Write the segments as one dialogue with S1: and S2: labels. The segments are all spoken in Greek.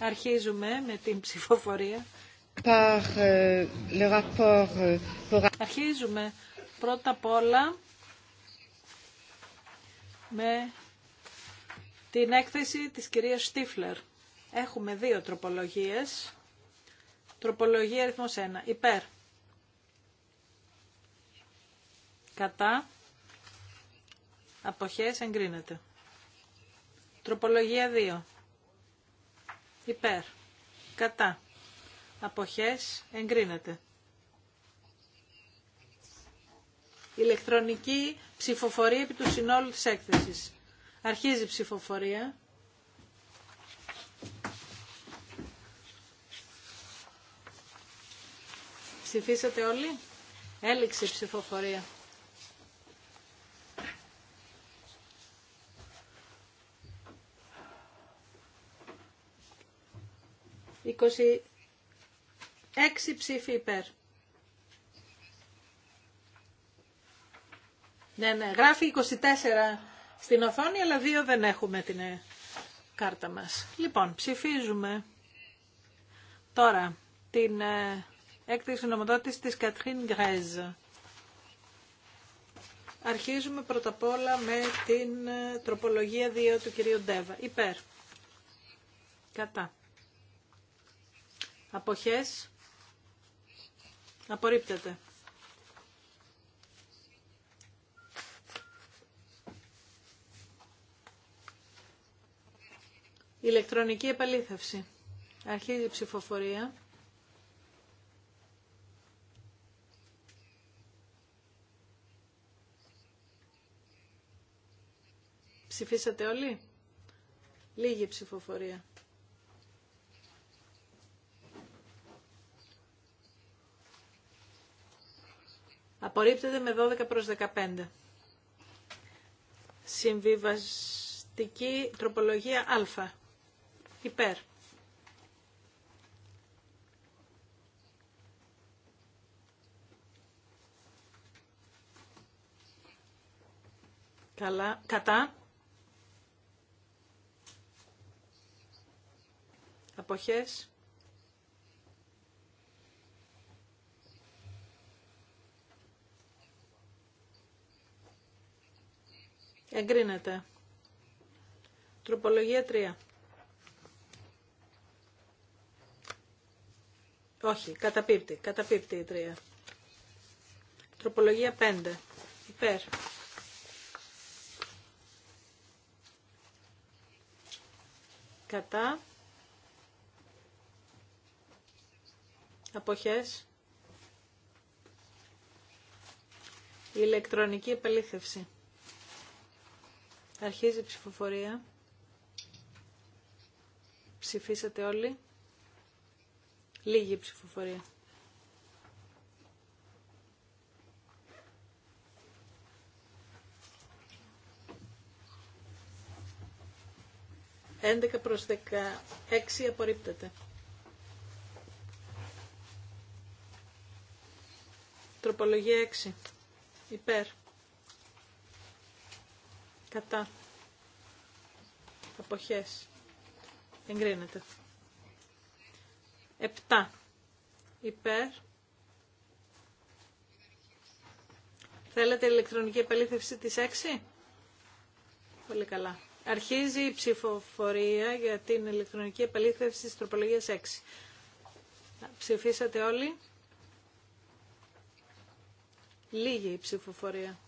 S1: Αρχίζουμε με την ψηφοφορία.
S2: Par, euh, euh,
S1: Αρχίζουμε πρώτα απ' όλα με την έκθεση της κυρίας Στίφλερ. Έχουμε δύο τροπολογίες. Τροπολογία αριθμός 1. Υπέρ. Κατά. Αποχές εγκρίνεται. Τροπολογία 2. Υπέρ. Κατά. Αποχές. Εγκρίνεται. Ηλεκτρονική ψηφοφορία επί του συνόλου της έκθεσης. Αρχίζει η ψηφοφορία. Ψηφίσατε όλοι. Έληξε η ψηφοφορία. 26 ψήφοι υπέρ. Ναι, ναι, γράφει 24 στην οθόνη, αλλά δύο δεν έχουμε την ε, κάρτα μας. Λοιπόν, ψηφίζουμε τώρα την ε, έκθεση νομοδότης της Κατρίν Γκρέζ. Αρχίζουμε πρώτα απ' όλα με την ε, τροπολογία 2 του κυρίου Ντέβα. Υπέρ. Κατά. Αποχές. Απορρίπτεται. Ηλεκτρονική επαλήθευση. Αρχίζει η ψηφοφορία. Ψηφίσατε όλοι. Λίγη ψηφοφορία. Απορρίπτεται με 12 προς 15. Συμβιβαστική τροπολογία α. Υπέρ. Καλά. Κατά. Αποχές. Εγκρίνεται. Τροπολογία 3. Όχι, καταπίπτει. Καταπίπτει η 3. Τροπολογία 5. Υπέρ. Κατά. Αποχές. Η ηλεκτρονική επελήθευση. Αρχίζει η ψηφοφορία. Ψηφίσατε όλοι. Λίγη ψηφοφορία. 11 προς 16 απορρίπτεται. Τροπολογία 6. Υπέρ. Κατά. Αποχές. Εγκρίνεται. 7. Υπέρ. Θέλετε ηλεκτρονική επαλήθευση της 6. Πολύ καλά. Αρχίζει η ψηφοφορία για την ηλεκτρονική επαλήθευση της τροπολογίας 6. Ψηφίσατε όλοι. Λίγη η ψηφοφορία.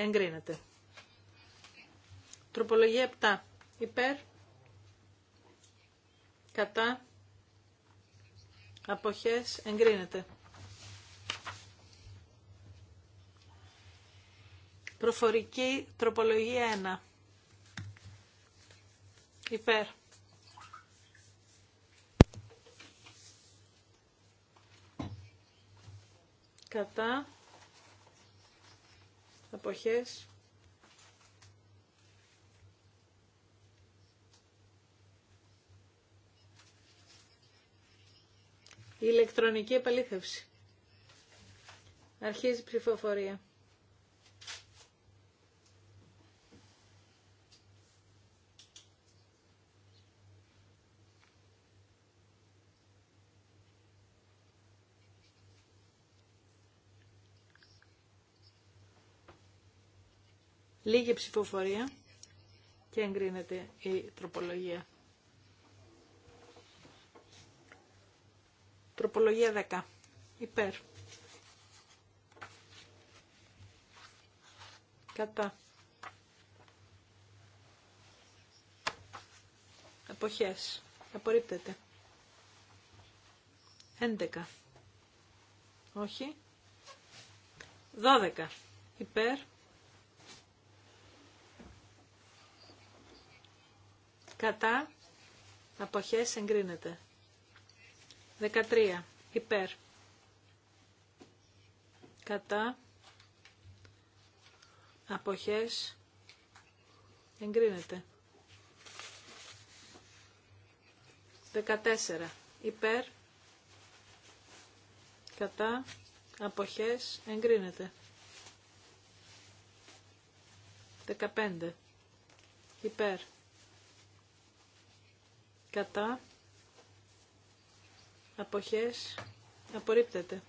S1: Εγκρίνεται. Τροπολογία 7. Υπέρ. Κατά. Αποχές. Εγκρίνεται. Προφορική τροπολογία 1. Υπέρ. Κατά αποχές ηλεκτρονική επαλήθευση αρχίζει η ψηφοφορία Λίγη ψηφοφορία και εγκρίνεται η τροπολογία. Τροπολογία 10. Υπέρ. Κατά. Εποχές. Απορρίπτεται. 11. Όχι. 12. Υπέρ. κατά, αποχές εγκρίνεται. 13. Υπέρ. Κατά. Αποχές. Εγκρίνεται. 14. Υπέρ. Κατά. Αποχές. Εγκρίνεται. 15. Υπέρ κατά αποχές απορρίπτεται.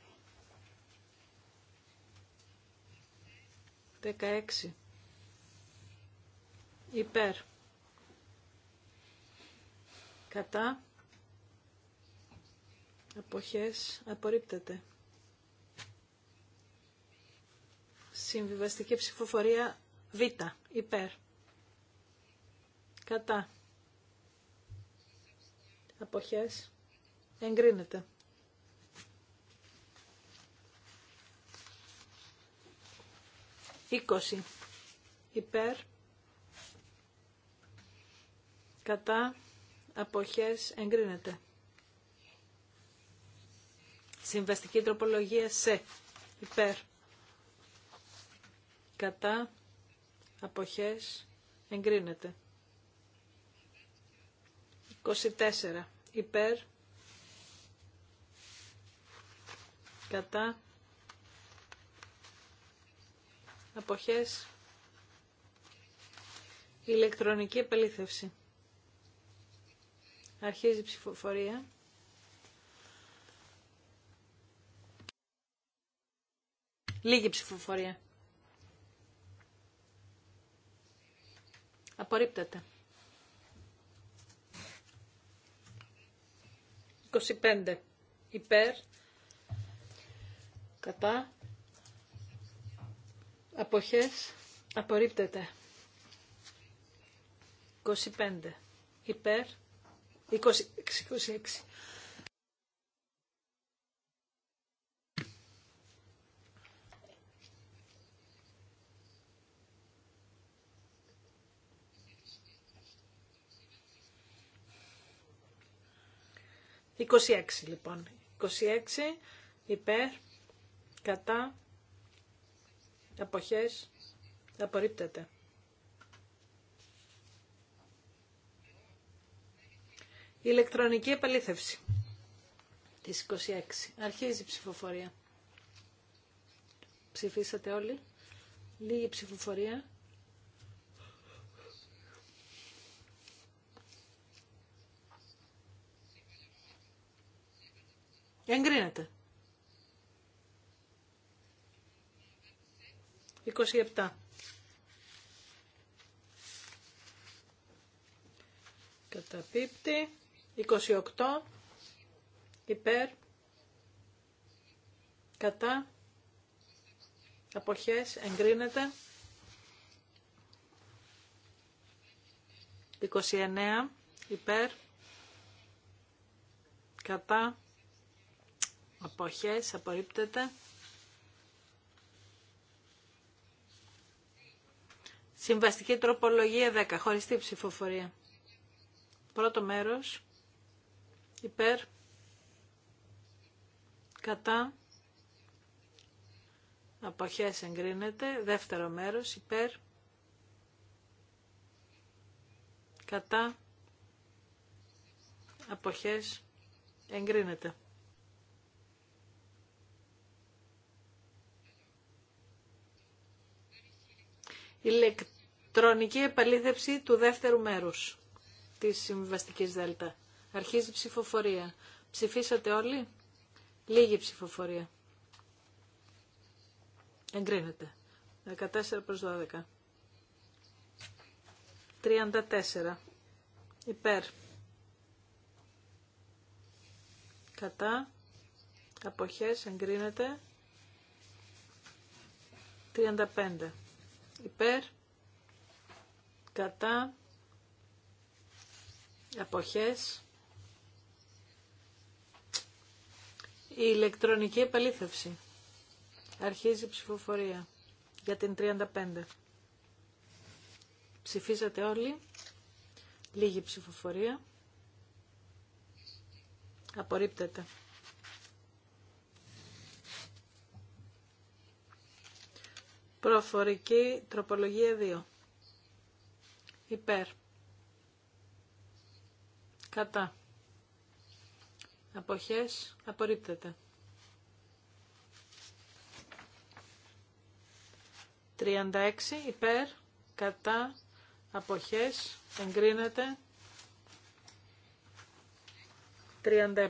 S1: 16. Υπέρ. Κατά. Αποχές απορρίπτεται. Συμβιβαστική ψηφοφορία Β. Υπέρ. Κατά αποχές εγκρίνεται. Είκοσι υπέρ κατά αποχές εγκρίνεται. Συμβαστική τροπολογία σε υπέρ κατά αποχές εγκρίνεται. 24 υπέρ κατά αποχές ηλεκτρονική επαλήθευση. Αρχίζει η ψηφοφορία. Λίγη ψηφοφορία. Απορρίπτεται. 25 υπέρ, κατά, αποχές, απορρίπτεται. 25 υπέρ, 20, 26 26 λοιπόν. 26 υπέρ, κατά, εποχές, απορρίπτεται. Ηλεκτρονική επαλήθευση της 26. Αρχίζει η ψηφοφορία. Ψηφίσατε όλοι. Λίγη ψηφοφορία. Εγκρίνεται. 27. Καταπίπτει. 28. Υπέρ. Κατά. Αποχές. Εγκρίνεται. 29. Υπέρ. Κατά αποχές απορρίπτεται. Συμβαστική τροπολογία 10, χωριστή ψηφοφορία. Πρώτο μέρος, υπέρ, κατά, αποχές εγκρίνεται. Δεύτερο μέρος, υπέρ, κατά, αποχές εγκρίνεται. ηλεκτρονική επαλήθευση του δεύτερου μέρους της συμβαστικής ΔΕΛΤΑ. Αρχίζει ψηφοφορία. Ψηφίσατε όλοι. Λίγη ψηφοφορία. Εγκρίνεται. 14 προς 12. 34. Υπέρ. Κατά. Αποχές εγκρίνεται. 35 υπέρ, κατά, αποχές, η ηλεκτρονική επαλήθευση. Αρχίζει ψηφοφορία για την 35. Ψηφίσατε όλοι. Λίγη ψηφοφορία. Απορρίπτεται. Προφορική τροπολογία 2. Υπέρ. Κατά. Αποχές απορρίπτεται. 36 υπέρ, κατά, αποχές, εγκρίνεται. 37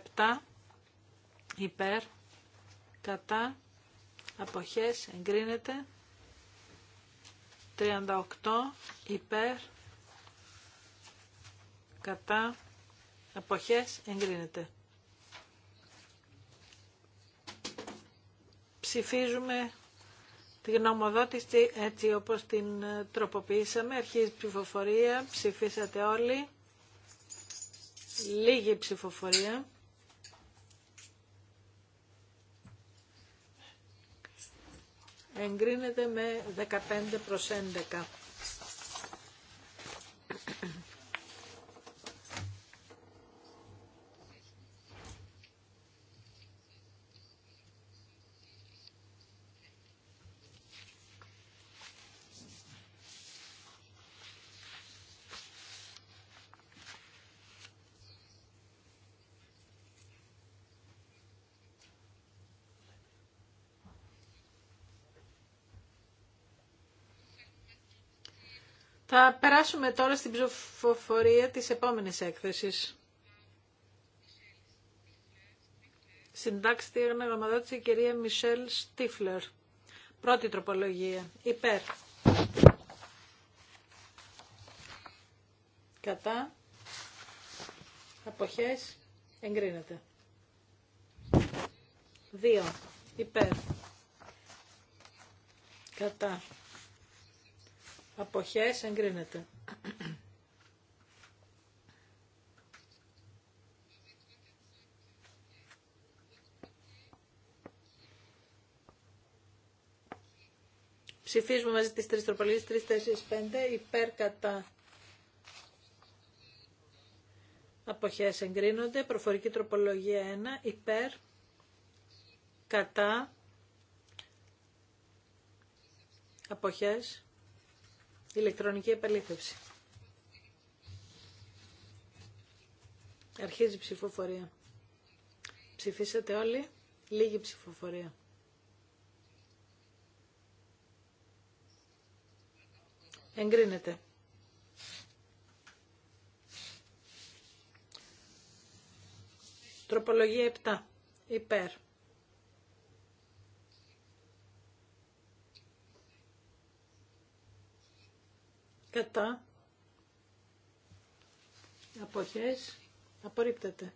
S1: υπέρ, κατά, αποχές, εγκρίνεται. 38 υπέρ κατά εποχές εγκρίνεται. Ψηφίζουμε τη γνωμοδότηση έτσι όπως την ε, τροποποιήσαμε. Αρχίζει ψηφοφορία, ψηφίσατε όλοι. Λίγη ψηφοφορία. εγκρίνεται με 15 προς 11. Θα περάσουμε τώρα στην ψηφοφορία της επόμενης έκθεσης. Συντάξτε γραμματότητα η κυρία Μισελ Στίφλερ. Πρώτη τροπολογία. Υπέρ. Κατά. Αποχές. Εγκρίνεται. Δύο. Υπέρ. Κατά. Αποχές εγκρίνεται. Ψηφίζουμε μαζί τις τρεις τροπολογίες, 3, 4, 5, υπέρ κατά αποχές εγκρίνονται, προφορική τροπολογία 1, υπέρ κατά αποχές Ηλεκτρονική επαλήθευση. Αρχίζει η ψηφοφορία. Ψηφίσατε όλοι. Λίγη ψηφοφορία. Εγκρίνεται. Τροπολογία 7. Υπέρ. κατά αποχές απορρίπτεται.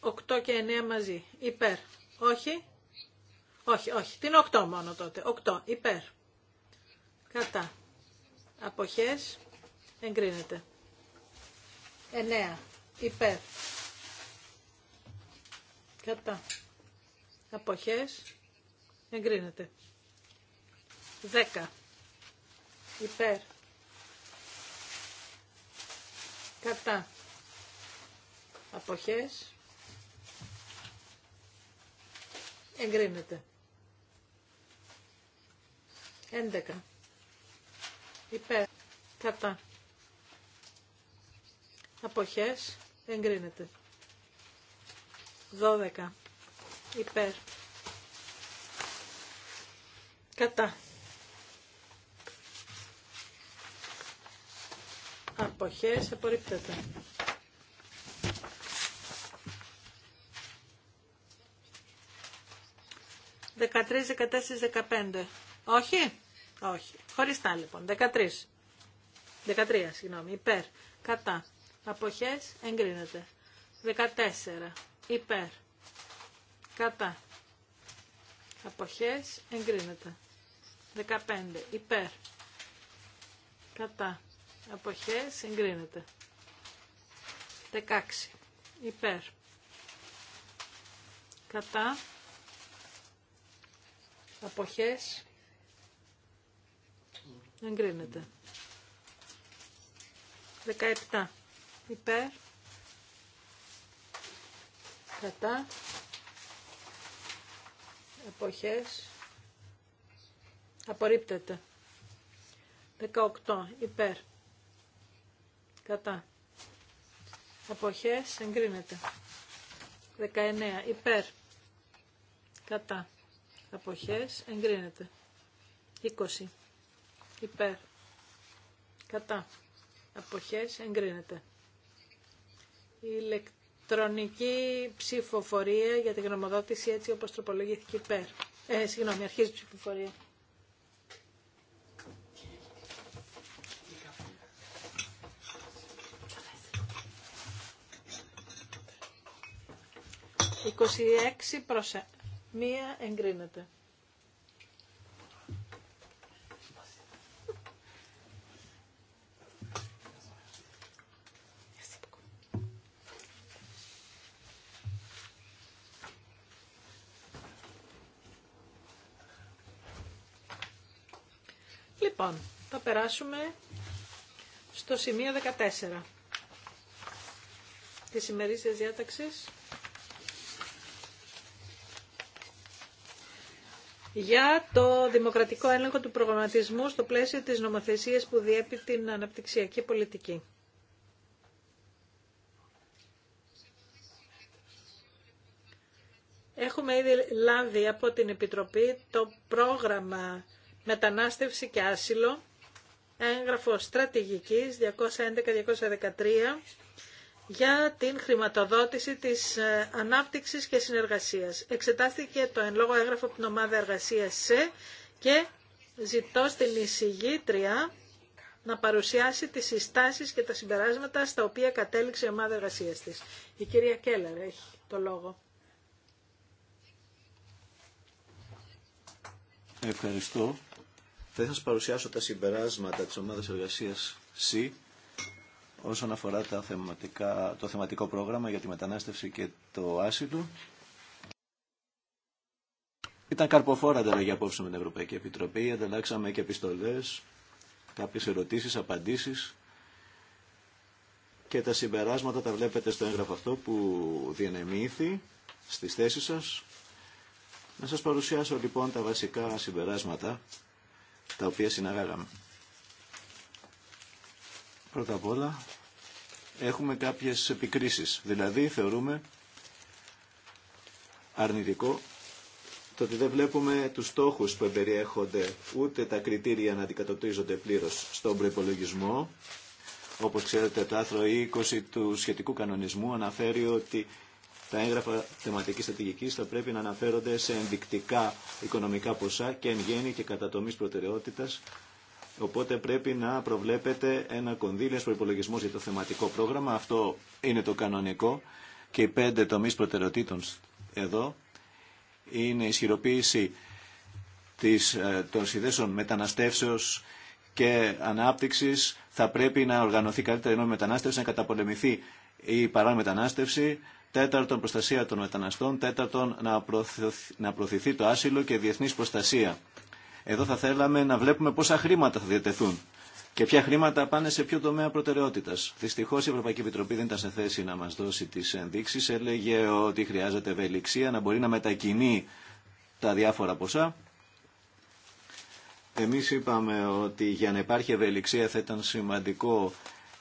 S1: 8 και 9 μαζί. Υπέρ. Όχι. Όχι, όχι. Την 8 μόνο τότε. 8. Υπέρ. Κατά. Αποχές. Εγκρίνεται. 9. Υπέρ. Κατά αποχές εγκρίνεται. 10 υπέρ κατά αποχές εγκρίνεται. 11 υπέρ κατά αποχές εγκρίνεται. 12 Υπέρ. Κατά. Αποχέ. Απορρίπτεται. 13, 14, 15. Όχι. Όχι. Χωριστά λοιπόν. 13. 13, συγγνώμη. Υπέρ. Κατά. αποχές Εγκρίνεται. 14. Υπέρ. Κατά. Αποχές εγκρίνεται. 15. Υπέρ. Κατά. Αποχές εγκρίνεται. 16. Υπέρ. Κατά. Αποχές εγκρίνεται. 17. Υπέρ. Κατά εποχές απορρίπτεται 18 υπέρ κατά αποχές εγκρίνεται 19 υπέρ κατά αποχές εγκρίνεται 20 υπέρ κατά αποχές εγκρίνεται λεκτή ηλεκτρονική ψηφοφορία για την γνωμοδότηση έτσι όπως τροπολογήθηκε υπέρ. Ε, συγγνώμη, αρχίζει η ψηφοφορία. «26 προς 1. Μία εγκρίνεται». περάσουμε στο σημείο 14 της ημερήσιας διάταξης για το δημοκρατικό έλεγχο του προγραμματισμού στο πλαίσιο της νομοθεσίας που διέπει την αναπτυξιακή πολιτική. Έχουμε ήδη λάβει από την Επιτροπή το πρόγραμμα μετανάστευση και άσυλο έγγραφο στρατηγικής 211-213 για την χρηματοδότηση της ε, ανάπτυξης και συνεργασίας. Εξετάστηκε το εν λόγω έγγραφο από την ομάδα εργασίας ΣΕ και ζητώ στην εισηγήτρια να παρουσιάσει τις συστάσεις και τα συμπεράσματα στα οποία κατέληξε η ομάδα εργασίας της. Η κυρία Κέλλερ έχει το λόγο.
S3: Ευχαριστώ. Θα σας παρουσιάσω τα συμπεράσματα της ομάδας εργασίας C όσον αφορά τα θεματικά, το θεματικό πρόγραμμα για τη μετανάστευση και το άσυλο. Ήταν καρποφόρα ανταλλαγή απόψε με την Ευρωπαϊκή Επιτροπή, ανταλλάξαμε και επιστολές, κάποιες ερωτήσεις, απαντήσεις και τα συμπεράσματα τα βλέπετε στο έγγραφο αυτό που διενεμήθη στις θέσεις σας. Να σας παρουσιάσω λοιπόν τα βασικά συμπεράσματα τα οποία συναγάγαμε. Πρώτα απ' όλα έχουμε κάποιες επικρίσεις. Δηλαδή θεωρούμε αρνητικό το ότι δεν βλέπουμε τους στόχους που εμπεριέχονται ούτε τα κριτήρια να αντικατοπτρίζονται πλήρως στον προϋπολογισμό. Όπως ξέρετε το άθρο 20 του σχετικού κανονισμού αναφέρει ότι τα έγγραφα θεματικής στρατηγικής θα πρέπει να αναφέρονται σε ενδεικτικά οικονομικά ποσά και εν γέννη και κατατομής προτεραιότητας Οπότε πρέπει να προβλέπετε ένα κονδύλιο προπολογισμό για το θεματικό πρόγραμμα. Αυτό είναι το κανονικό. Και οι πέντε τομεί προτεραιοτήτων εδώ είναι η ισχυροποίηση της, ε, των συνδέσεων μεταναστεύσεως και ανάπτυξη. Θα πρέπει να οργανωθεί καλύτερα νόμιμη μετανάστευση, να καταπολεμηθεί η παράνομη μετανάστευση, Τέταρτον, προστασία των μεταναστών. Τέταρτον, να προωθηθεί το άσυλο και διεθνή προστασία. Εδώ θα θέλαμε να βλέπουμε πόσα χρήματα θα διατεθούν και ποια χρήματα πάνε σε ποιο τομέα προτεραιότητα. Δυστυχώ η Ευρωπαϊκή Επιτροπή δεν ήταν σε θέση να μα δώσει τι ενδείξει. Έλεγε ότι χρειάζεται ευελιξία να μπορεί να μετακινεί τα διάφορα ποσά. Εμείς είπαμε ότι για να υπάρχει ευελιξία θα ήταν σημαντικό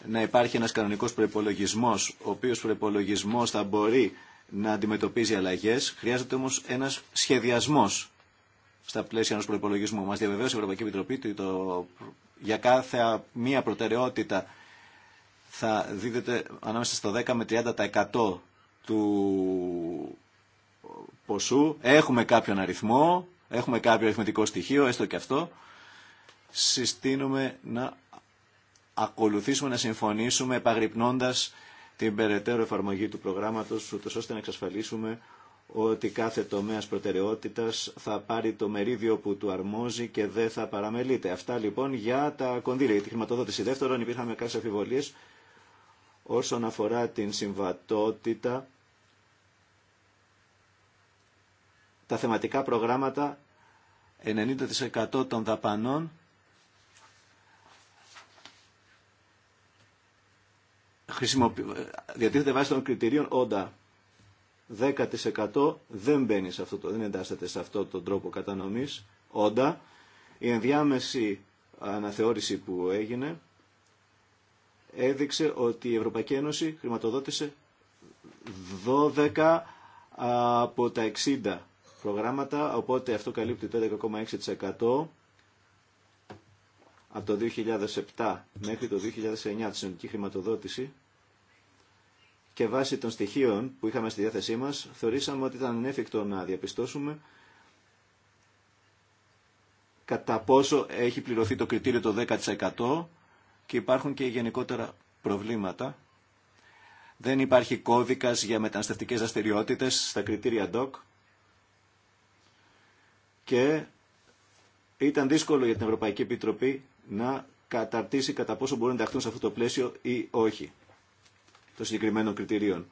S3: να υπάρχει ένας κανονικός προϋπολογισμός, ο οποίος προϋπολογισμός θα μπορεί να αντιμετωπίζει αλλαγές, χρειάζεται όμως ένας σχεδιασμός στα πλαίσια ενός προϋπολογισμού. Μας διαβεβαίωσε η Ευρωπαϊκή Επιτροπή ότι το, για κάθε μία προτεραιότητα θα δίδεται ανάμεσα στο 10 με 30% του ποσού. Έχουμε κάποιον αριθμό, έχουμε κάποιο αριθμητικό στοιχείο, έστω και αυτό. Συστήνουμε να ακολουθήσουμε να συμφωνήσουμε επαγρυπνώντας την περαιτέρω εφαρμογή του προγράμματος, ούτως ώστε να εξασφαλίσουμε ότι κάθε τομέας προτεραιότητας θα πάρει το μερίδιο που του αρμόζει και δεν θα παραμελείται. Αυτά λοιπόν για τα κονδύλια, για τη χρηματοδότηση. Δεύτερον, υπήρχαν κάποιες αφιβολίες όσον αφορά την συμβατότητα. Τα θεματικά προγράμματα, 90% των δαπανών διατίθεται βάσει των κριτηρίων όντα. 10% δεν μπαίνει σε αυτό το, δεν εντάσσεται σε αυτό τον τρόπο κατανομής, όντα. Η ενδιάμεση αναθεώρηση που έγινε έδειξε ότι η Ευρωπαϊκή Ένωση χρηματοδότησε 12 από τα 60 προγράμματα, οπότε αυτό καλύπτει το 11,6% από το 2007 μέχρι το 2009 τη συνολική χρηματοδότηση και βάσει των στοιχείων που είχαμε στη διάθεσή μας, θεωρήσαμε ότι ήταν ανέφικτο να διαπιστώσουμε κατά πόσο έχει πληρωθεί το κριτήριο το 10% και υπάρχουν και γενικότερα προβλήματα. Δεν υπάρχει κώδικας για μεταναστευτικές δραστηριότητε στα κριτήρια DOC και ήταν δύσκολο για την Ευρωπαϊκή Επιτροπή να καταρτήσει κατά πόσο μπορούν να ενταχθούν σε αυτό το πλαίσιο ή όχι των συγκεκριμένων κριτηρίων.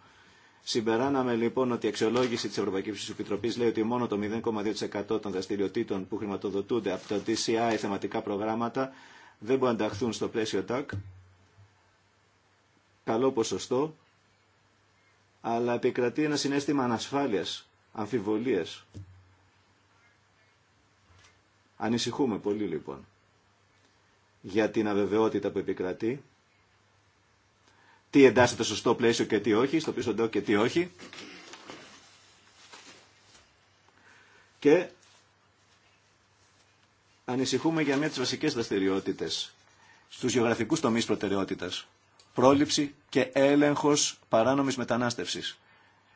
S3: Συμπεράναμε λοιπόν ότι η αξιολόγηση τη Ευρωπαϊκή Επιτροπή λέει ότι μόνο το 0,2% των δραστηριοτήτων που χρηματοδοτούνται από τα DCI θεματικά προγράμματα δεν μπορούν να ενταχθούν στο πλαίσιο τάκ Καλό ποσοστό, αλλά επικρατεί ένα συνέστημα ανασφάλειας, αμφιβολία. Ανησυχούμε πολύ λοιπόν για την αβεβαιότητα που επικρατεί τι εντάσσεται στο σωστό πλαίσιο και τι όχι, στο πίσω ντό και τι όχι. Και ανησυχούμε για μια από τις βασικές δραστηριότητες στους γεωγραφικούς τομείς προτεραιότητας. Πρόληψη και έλεγχος παράνομης μετανάστευσης.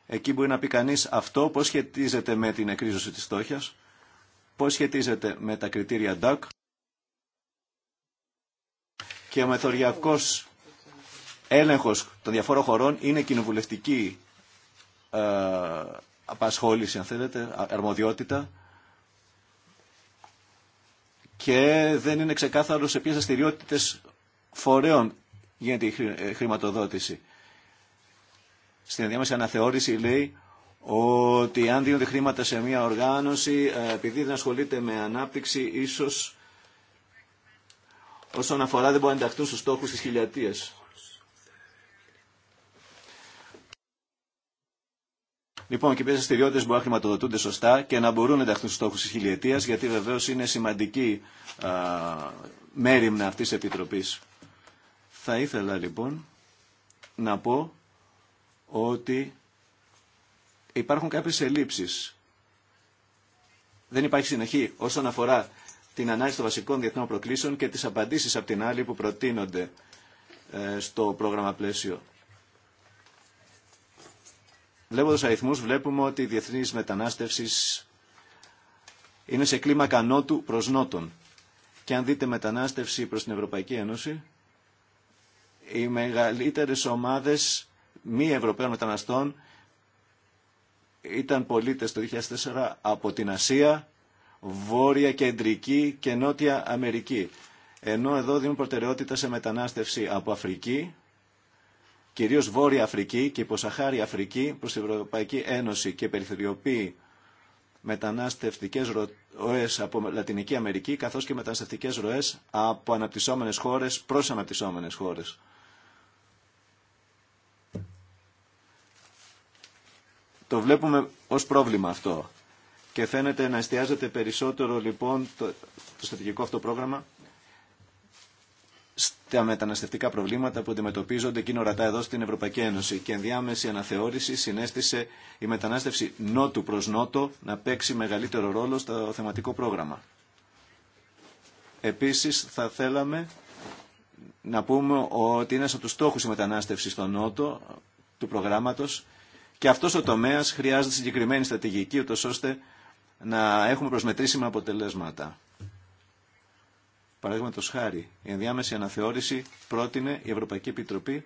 S3: Εκεί μπορεί να πει κανεί αυτό πώς σχετίζεται με την εκρίζωση της στόχιας, πώς σχετίζεται με τα κριτήρια DAC και ο μεθοριακός έλεγχος των διαφόρων χωρών είναι κοινοβουλευτική ε, απασχόληση, αν θέλετε, αρμοδιότητα και δεν είναι ξεκάθαρο σε ποιε δραστηριότητε φορέων γίνεται η ε, χρηματοδότηση. Στην ενδιάμεση αναθεώρηση λέει ότι αν δίνονται χρήματα σε μια οργάνωση, ε, επειδή δεν ασχολείται με ανάπτυξη, ίσως όσον αφορά δεν μπορεί να ενταχθούν στους στόχους της χιλιατίας. Λοιπόν, και ποιε δραστηριότητε μπορούν να χρηματοδοτούνται σωστά και να μπορούν να ενταχθούν στου στόχου τη χιλιετία, γιατί βεβαίω είναι σημαντική α, μέρημνα αυτή τη Επιτροπή. Θα ήθελα λοιπόν να πω ότι υπάρχουν κάποιες ελλείψεις. Δεν υπάρχει συνεχή όσον αφορά την ανάλυση των βασικών διεθνών προκλήσεων και τις απαντήσεις από την άλλη που προτείνονται ε, στο πρόγραμμα πλαίσιο. Βλέποντα αριθμού, βλέπουμε ότι η διεθνή μετανάστευση είναι σε κλίμακα νότου προ νότον. Και αν δείτε μετανάστευση προ την Ευρωπαϊκή Ένωση, οι μεγαλύτερε ομάδε μη Ευρωπαίων μεταναστών ήταν πολίτες το 2004 από την Ασία, Βόρεια, Κεντρική και Νότια Αμερική. Ενώ εδώ δίνουν προτεραιότητα σε μετανάστευση από Αφρική, κυρίως Βόρεια Αφρική και υποσαχάρη Αφρική προς την Ευρωπαϊκή Ένωση και περιθωριοποιεί μεταναστευτικές ροές από Λατινική Αμερική καθώς και μεταναστευτικές ροές από αναπτυσσόμενες χώρες προς αναπτυσσόμενες χώρες. Το βλέπουμε ως πρόβλημα αυτό και φαίνεται να εστιάζεται περισσότερο λοιπόν το, το στρατηγικό αυτό πρόγραμμα στα μεταναστευτικά προβλήματα που αντιμετωπίζονται και είναι εδώ στην Ευρωπαϊκή Ένωση. Και ενδιάμεση αναθεώρηση συνέστησε η μετανάστευση νότου προς νότο να παίξει μεγαλύτερο ρόλο στο θεματικό πρόγραμμα. Επίσης θα θέλαμε να πούμε ότι είναι από τους στόχους η μετανάστευση στο νότο του προγράμματος και αυτός ο τομέας χρειάζεται συγκεκριμένη στρατηγική ώστε να έχουμε προσμετρήσιμα αποτελέσματα. Παραδείγματο χάρη, η ενδιάμεση αναθεώρηση πρότεινε η Ευρωπαϊκή Επιτροπή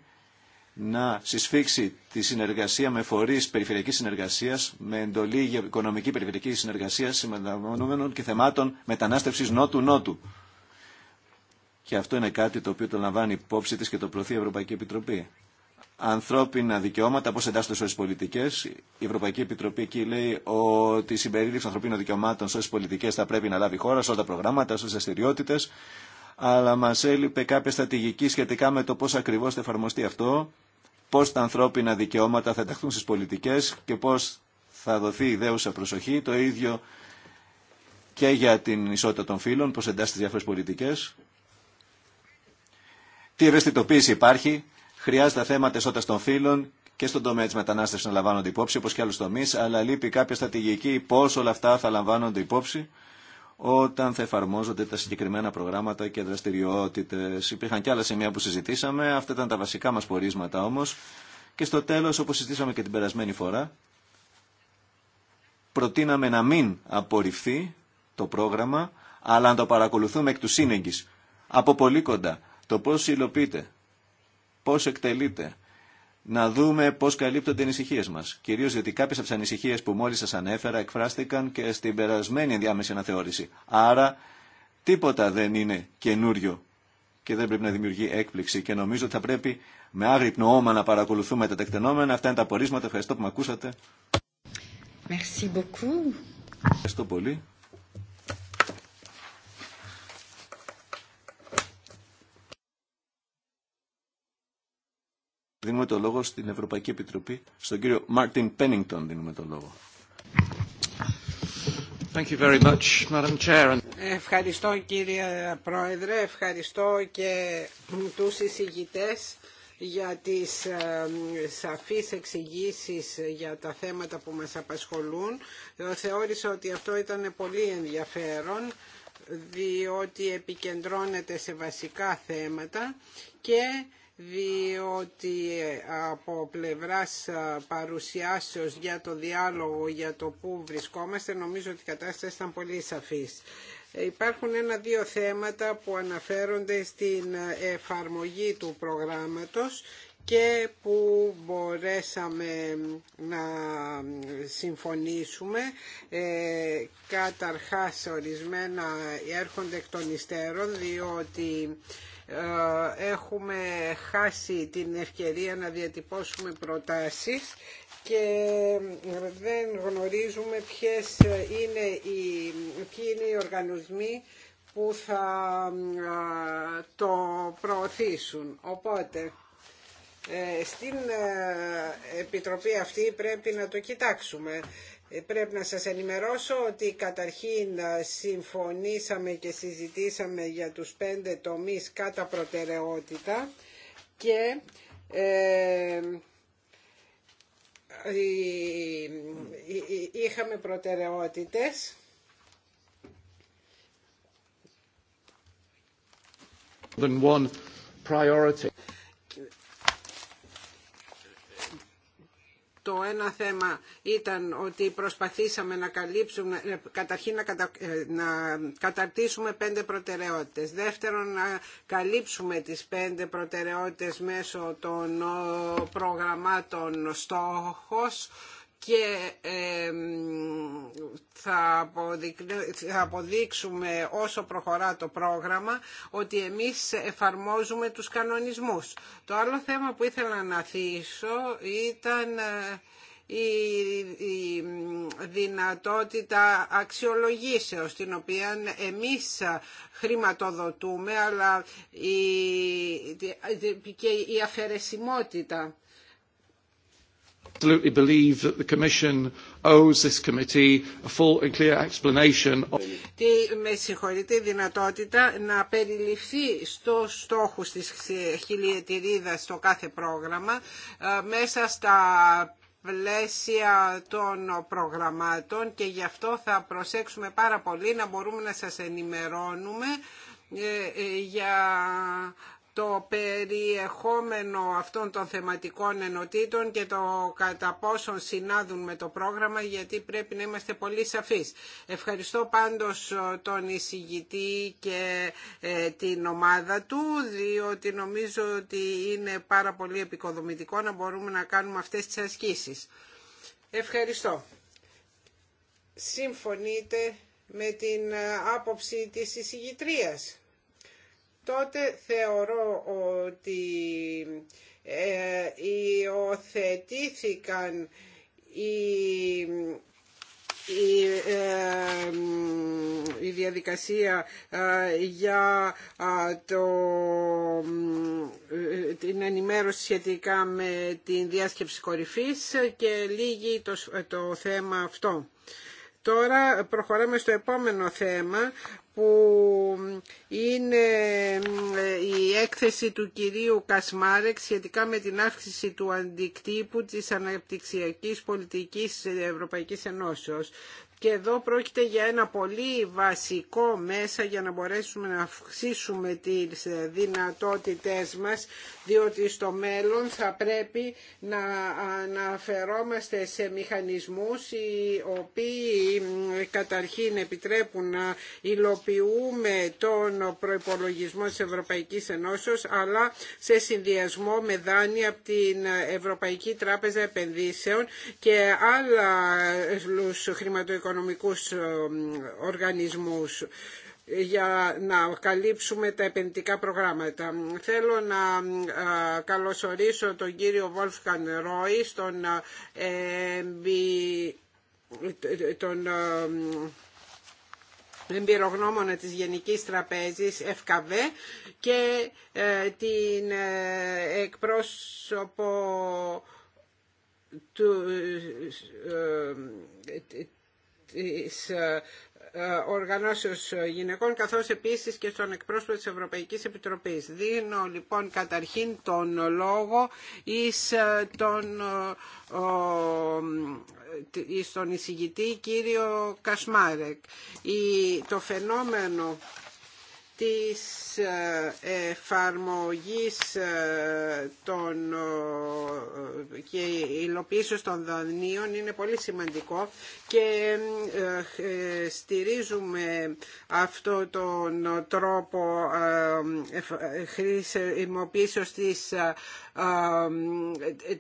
S3: να συσφίξει τη συνεργασία με φορείς περιφερειακή συνεργασίας, με εντολή για οικονομική περιφερειακή συνεργασία συμμεταμονούμενων και θεμάτων μετανάστευσης νότου-νότου. Και αυτό είναι κάτι το οποίο το λαμβάνει υπόψη της και το προωθεί η Ευρωπαϊκή Επιτροπή ανθρώπινα δικαιώματα, πώ εντάσσονται σε όλε πολιτικέ. Η Ευρωπαϊκή Επιτροπή εκεί λέει ότι η συμπερίληψη ανθρωπίνων δικαιωμάτων σε όλε πολιτικέ θα πρέπει να λάβει χώρα, σε όλα τα προγράμματα, σε όλε τι δραστηριότητε. Αλλά μα έλειπε κάποια στρατηγική σχετικά με το πώ ακριβώ θα εφαρμοστεί αυτό, πώ τα ανθρώπινα δικαιώματα θα ενταχθούν στι πολιτικέ και πώ θα δοθεί ιδέουσα προσοχή. Το ίδιο και για την ισότητα των φύλων, πώ εντάσσεται στι διάφορε πολιτικέ. Τι ευαισθητοποίηση υπάρχει Χρειάζεται θέματα ισότητα των φύλων και στον τομέα τη μετανάστευση να λαμβάνονται υπόψη, όπω και άλλου τομεί, αλλά λείπει κάποια στρατηγική πώ όλα αυτά θα λαμβάνονται υπόψη όταν θα εφαρμόζονται τα συγκεκριμένα προγράμματα και δραστηριότητε. Υπήρχαν και άλλα σημεία που συζητήσαμε, αυτά ήταν τα βασικά μα πορίσματα όμω. Και στο τέλο, όπω συζητήσαμε και την περασμένη φορά, προτείναμε να μην απορριφθεί το πρόγραμμα, αλλά να το παρακολουθούμε εκ του σύνεγγυ από Το πώ υλοποιείται πώς εκτελείται. Να δούμε πώς καλύπτονται οι ανησυχίε μας. Κυρίως γιατί κάποιες από τις ανησυχίε που μόλις σας ανέφερα εκφράστηκαν και στην περασμένη ενδιάμεση αναθεώρηση. Άρα τίποτα δεν είναι καινούριο και δεν πρέπει να δημιουργεί έκπληξη και νομίζω ότι θα πρέπει με άγρυπνο όμα να παρακολουθούμε τα τεκτενόμενα. Αυτά είναι τα απορίσματα. Ευχαριστώ που με ακούσατε. Ευχαριστώ πολύ. Δίνουμε το λόγο στην Ευρωπαϊκή Επιτροπή. Στον κύριο Μάρτιν Πένιγκτον δίνουμε
S2: Ευχαριστώ κύριε Πρόεδρε, ευχαριστώ και τους εισηγητές για τις ε, σαφείς εξηγήσει για τα θέματα που μας απασχολούν. Ε, θεώρησα ότι αυτό ήταν πολύ ενδιαφέρον διότι επικεντρώνεται σε βασικά θέματα και διότι ε, από πλευράς ε, παρουσιάσεως για το διάλογο για το που βρισκόμαστε νομίζω ότι η κατάσταση ήταν πολύ σαφής. Ε, υπάρχουν ένα-δύο θέματα που αναφέρονται στην εφαρμογή του προγράμματος και που μπορέσαμε να συμφωνήσουμε. Ε, καταρχάς ορισμένα έρχονται εκ των υστέρων διότι ε, έχουμε χάσει την ευκαιρία να διατυπώσουμε προτάσεις και δεν γνωρίζουμε ποιες είναι οι, ποιοι είναι οι οργανισμοί που θα το προωθήσουν. Οπότε, ε, στην ε, Επιτροπή αυτή πρέπει να το κοιτάξουμε. Ε, πρέπει να σας ενημερώσω ότι καταρχήν ε, συμφωνήσαμε και συζητήσαμε για τους πέντε τομείς κατά προτεραιότητα και ε, είχαμε προτεραιότητες. Το ένα θέμα ήταν ότι προσπαθήσαμε να καλύψουμε, ε, καταρχήν ε, να, καταρτήσουμε πέντε προτεραιότητες. Δεύτερον, να καλύψουμε τις πέντε προτεραιότητες μέσω των ε, προγραμμάτων στόχος και θα αποδείξουμε όσο προχωρά το πρόγραμμα ότι εμείς εφαρμόζουμε τους κανονισμούς. Το άλλο θέμα που ήθελα να θίσω ήταν ε, η δυνατότητα αξιολογήσεως την οποία εμείς χρηματοδοτούμε αλλά και η αφαιρεσιμότητα
S1: absolutely
S2: με συγχωρείτε δυνατότητα να περιληφθεί στο στόχο της χιλιετηρίδας στο κάθε πρόγραμμα ε, μέσα στα πλαίσια των προγραμμάτων και γι' αυτό θα προσέξουμε πάρα πολύ να μπορούμε να σας ενημερώνουμε ε, ε, για το περιεχόμενο αυτών των θεματικών ενωτήτων και το κατά πόσον συνάδουν με το πρόγραμμα γιατί πρέπει να είμαστε πολύ σαφείς. Ευχαριστώ πάντως ε, τον εισηγητή και ε, την ομάδα του διότι νομίζω ότι είναι πάρα πολύ επικοδομητικό να μπορούμε να κάνουμε αυτές τις ασκήσεις. Ευχαριστώ. Συμφωνείτε με την ε, άποψη της εισηγητρίας τότε θεωρώ ότι ε, υιοθετήθηκαν η, ε, η διαδικασία ε, για το, ε, την ενημέρωση σχετικά με την διάσκεψη κορυφής και λίγη το, το θέμα αυτό. Τώρα προχωράμε στο επόμενο θέμα που είναι ε, η έκθεση του κυρίου Κασμάρεξ σχετικά με την αύξηση του αντικτύπου της αναπτυξιακής πολιτικής της Ευρωπαϊκής Ενώσεως. Και εδώ πρόκειται για ένα πολύ βασικό μέσα για να μπορέσουμε να αυξήσουμε τις δυνατότητές μας διότι στο μέλλον θα πρέπει να αναφερόμαστε σε μηχανισμούς οι οποίοι καταρχήν επιτρέπουν να υλοποιούμε τον προϋπολογισμό της Ευρωπαϊκής Ενώσεως αλλά σε συνδυασμό με δάνεια από την Ευρωπαϊκή Τράπεζα Επενδύσεων και άλλους χρηματοοικονομικούς οργανισμούς για να καλύψουμε τα επενδυτικά προγράμματα. Θέλω να ε, καλωσορίσω τον κύριο Βόλφκαν Ρόι, στον τον ε, ε, εμπειρογνώμονα της Γενικής Τραπέζης FKV και την εκπρόσωπο του, της ε, οργανώσεως γυναικών καθώς επίσης και στον εκπρόσωπο της Ευρωπαϊκής Επιτροπής. Δίνω λοιπόν καταρχήν τον λόγο εις ε, τον, εις ε, τον εισηγητή κύριο Κασμάρεκ. Η, το φαινόμενο της ε, εφαρμογής ε, των, ε, και υλοποίησης των δανείων είναι πολύ σημαντικό και στηρίζουμε αυτό τον τρόπο χρησιμοποίησης της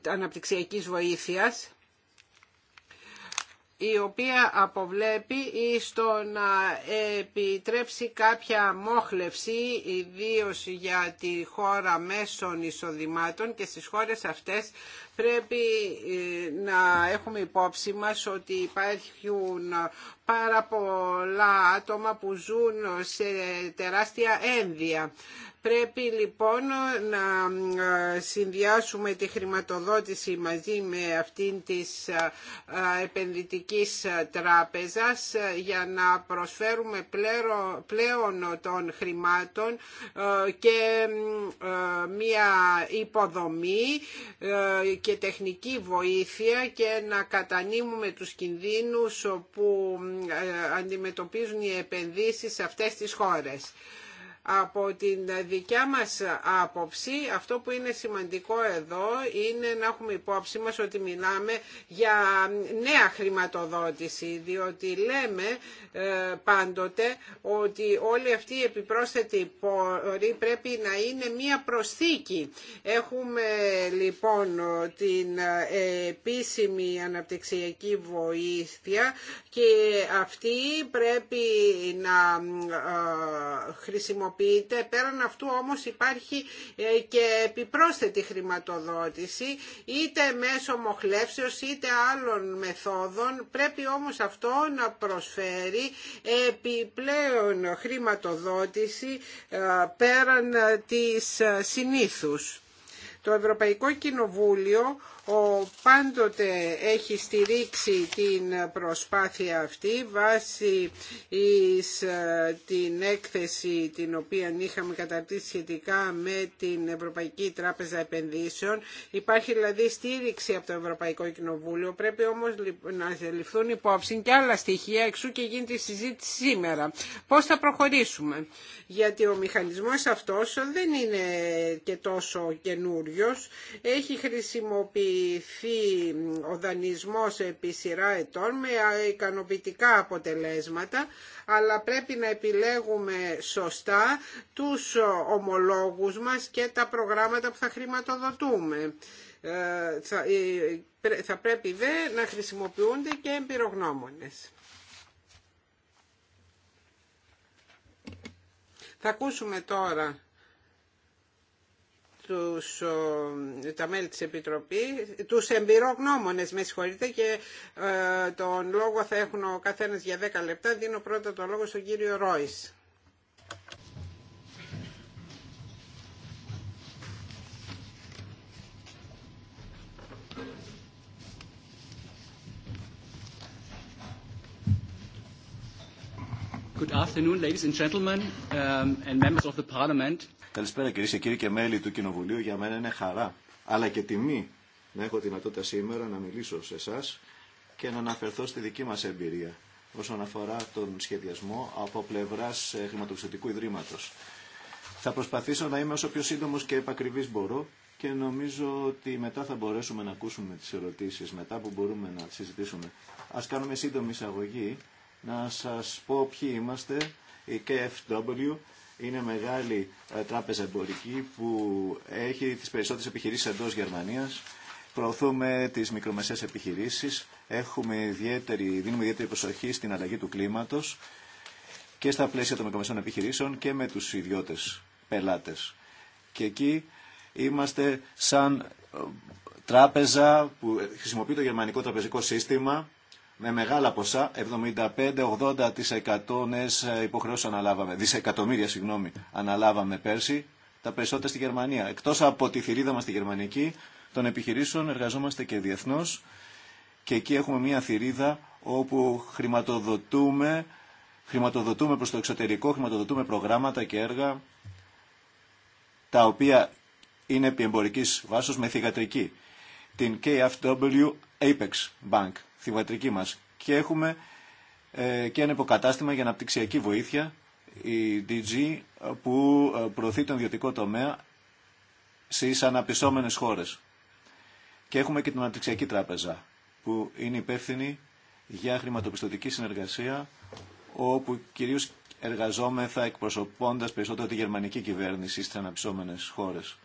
S2: αναπτυξιακής βοήθειας η οποία αποβλέπει στο να επιτρέψει κάποια μόχλευση ιδίως για τη χώρα μέσων εισοδημάτων και στις χώρες αυτές πρέπει ε, να έχουμε υπόψη μας ότι υπάρχουν πάρα πολλά άτομα που ζουν σε τεράστια ένδια. Πρέπει λοιπόν να ε, συνδυάσουμε τη χρηματοδότηση μαζί με αυτήν της ε, επενδυτικής τράπεζας για να προσφέρουμε πλέον των χρημάτων και μια υποδομή και τεχνική βοήθεια και να κατανείμουμε τους κινδύνους που ε, αντιμετωπίζουν οι επενδύσεις σε αυτές τις χώρες. Από την δικιά μας άποψη, αυτό που είναι σημαντικό εδώ είναι να έχουμε υπόψη μας ότι μιλάμε για νέα χρηματοδότηση, διότι λέμε ε, πάντοτε ότι όλη αυτή η επιπρόσθετοι πόροι πρέπει να είναι μία προσθήκη. Έχουμε λοιπόν την ε, επίσημη αναπτυξιακή βοήθεια και αυτή πρέπει να ε, χρησιμοποιηθεί χρησιμοποιείται. Πέραν αυτού όμως υπάρχει ε, και επιπρόσθετη χρηματοδότηση είτε μέσω μοχλεύσεως είτε άλλων μεθόδων. Πρέπει όμως αυτό να προσφέρει επιπλέον χρηματοδότηση ε, πέραν της ε, συνήθους. Το Ευρωπαϊκό Κοινοβούλιο ο πάντοτε έχει στηρίξει την προσπάθεια αυτή βάσει εις, ε, την έκθεση την οποία είχαμε καταρτήσει σχετικά με την Ευρωπαϊκή Τράπεζα Επενδύσεων. Υπάρχει δηλαδή στήριξη από το Ευρωπαϊκό Κοινοβούλιο. Πρέπει όμως να ληφθούν υπόψη και άλλα στοιχεία εξού και γίνεται η συζήτηση σήμερα. Πώς θα προχωρήσουμε. Γιατί ο μηχανισμός αυτός δεν είναι και τόσο καινούριο. Έχει χρησιμοποιηθεί ο δανεισμός επί σειρά ετών με ικανοποιητικά αποτελέσματα, αλλά πρέπει να επιλέγουμε σωστά τους ομολόγους μας και τα προγράμματα που θα χρηματοδοτούμε. Ε, ε, θα πρέπει δε να χρησιμοποιούνται και εμπειρογνώμονες. Θα ακούσουμε τώρα τους, τα μέλη της Επιτροπής, τους εμπειρογνώμονες με συγχωρείτε και ε, τον λόγο θα έχουν ο καθένας για 10 λεπτά. Δίνω πρώτα το λόγο στον κύριο Ρόις.
S3: Good afternoon, ladies and gentlemen, um, and members of the parliament. Καλησπέρα κυρίε και κύριοι και μέλη του Κοινοβουλίου. Για μένα είναι χαρά, αλλά και τιμή να έχω τη δυνατότητα σήμερα να μιλήσω σε εσά και να αναφερθώ στη δική μα εμπειρία όσον αφορά τον σχεδιασμό από πλευρά ε, χρηματοπιστωτικού ιδρύματο. Θα προσπαθήσω να είμαι όσο πιο σύντομο και επακριβή μπορώ και νομίζω ότι μετά θα μπορέσουμε να ακούσουμε τι ερωτήσει, μετά που μπορούμε να συζητήσουμε. α κάνουμε σύντομη εισαγωγή, να σας πω ποιοι είμαστε, η KFW είναι μεγάλη ε, τράπεζα εμπορική που έχει τις περισσότερες επιχειρήσεις εντός Γερμανίας. Προωθούμε τις μικρομεσαίες επιχειρήσεις, έχουμε ιδιαίτερη, δίνουμε ιδιαίτερη προσοχή στην αλλαγή του κλίματος και στα πλαίσια των μικρομεσαίων επιχειρήσεων και με τους ιδιώτες πελάτες. Και εκεί είμαστε σαν ε, τράπεζα που χρησιμοποιεί το γερμανικό τραπεζικό σύστημα με μεγάλα ποσά, 75-80% νέες ε, υποχρεώσεις αναλάβαμε, δισεκατομμύρια συγγνώμη, αναλάβαμε πέρσι, τα περισσότερα στη Γερμανία. Εκτός από τη θηρίδα μας στη γερμανική, των επιχειρήσεων εργαζόμαστε και διεθνώς και εκεί έχουμε μια θηρίδα όπου χρηματοδοτούμε, χρηματοδοτούμε προς το εξωτερικό, χρηματοδοτούμε προγράμματα και έργα τα οποία είναι επί εμπορικής με θηγατρική. Την KFW Apex Bank μας. Και έχουμε ε, και ένα υποκατάστημα για αναπτυξιακή βοήθεια, η DG, που ε, προωθεί τον ιδιωτικό τομέα στις αναπτυσσόμενες χώρες. Και έχουμε και την Αναπτυξιακή Τράπεζα, που είναι υπεύθυνη για χρηματοπιστωτική συνεργασία, όπου κυρίως εργαζόμεθα εκπροσωπώντας περισσότερο τη γερμανική κυβέρνηση στις αναπτυσσόμενες χώρες.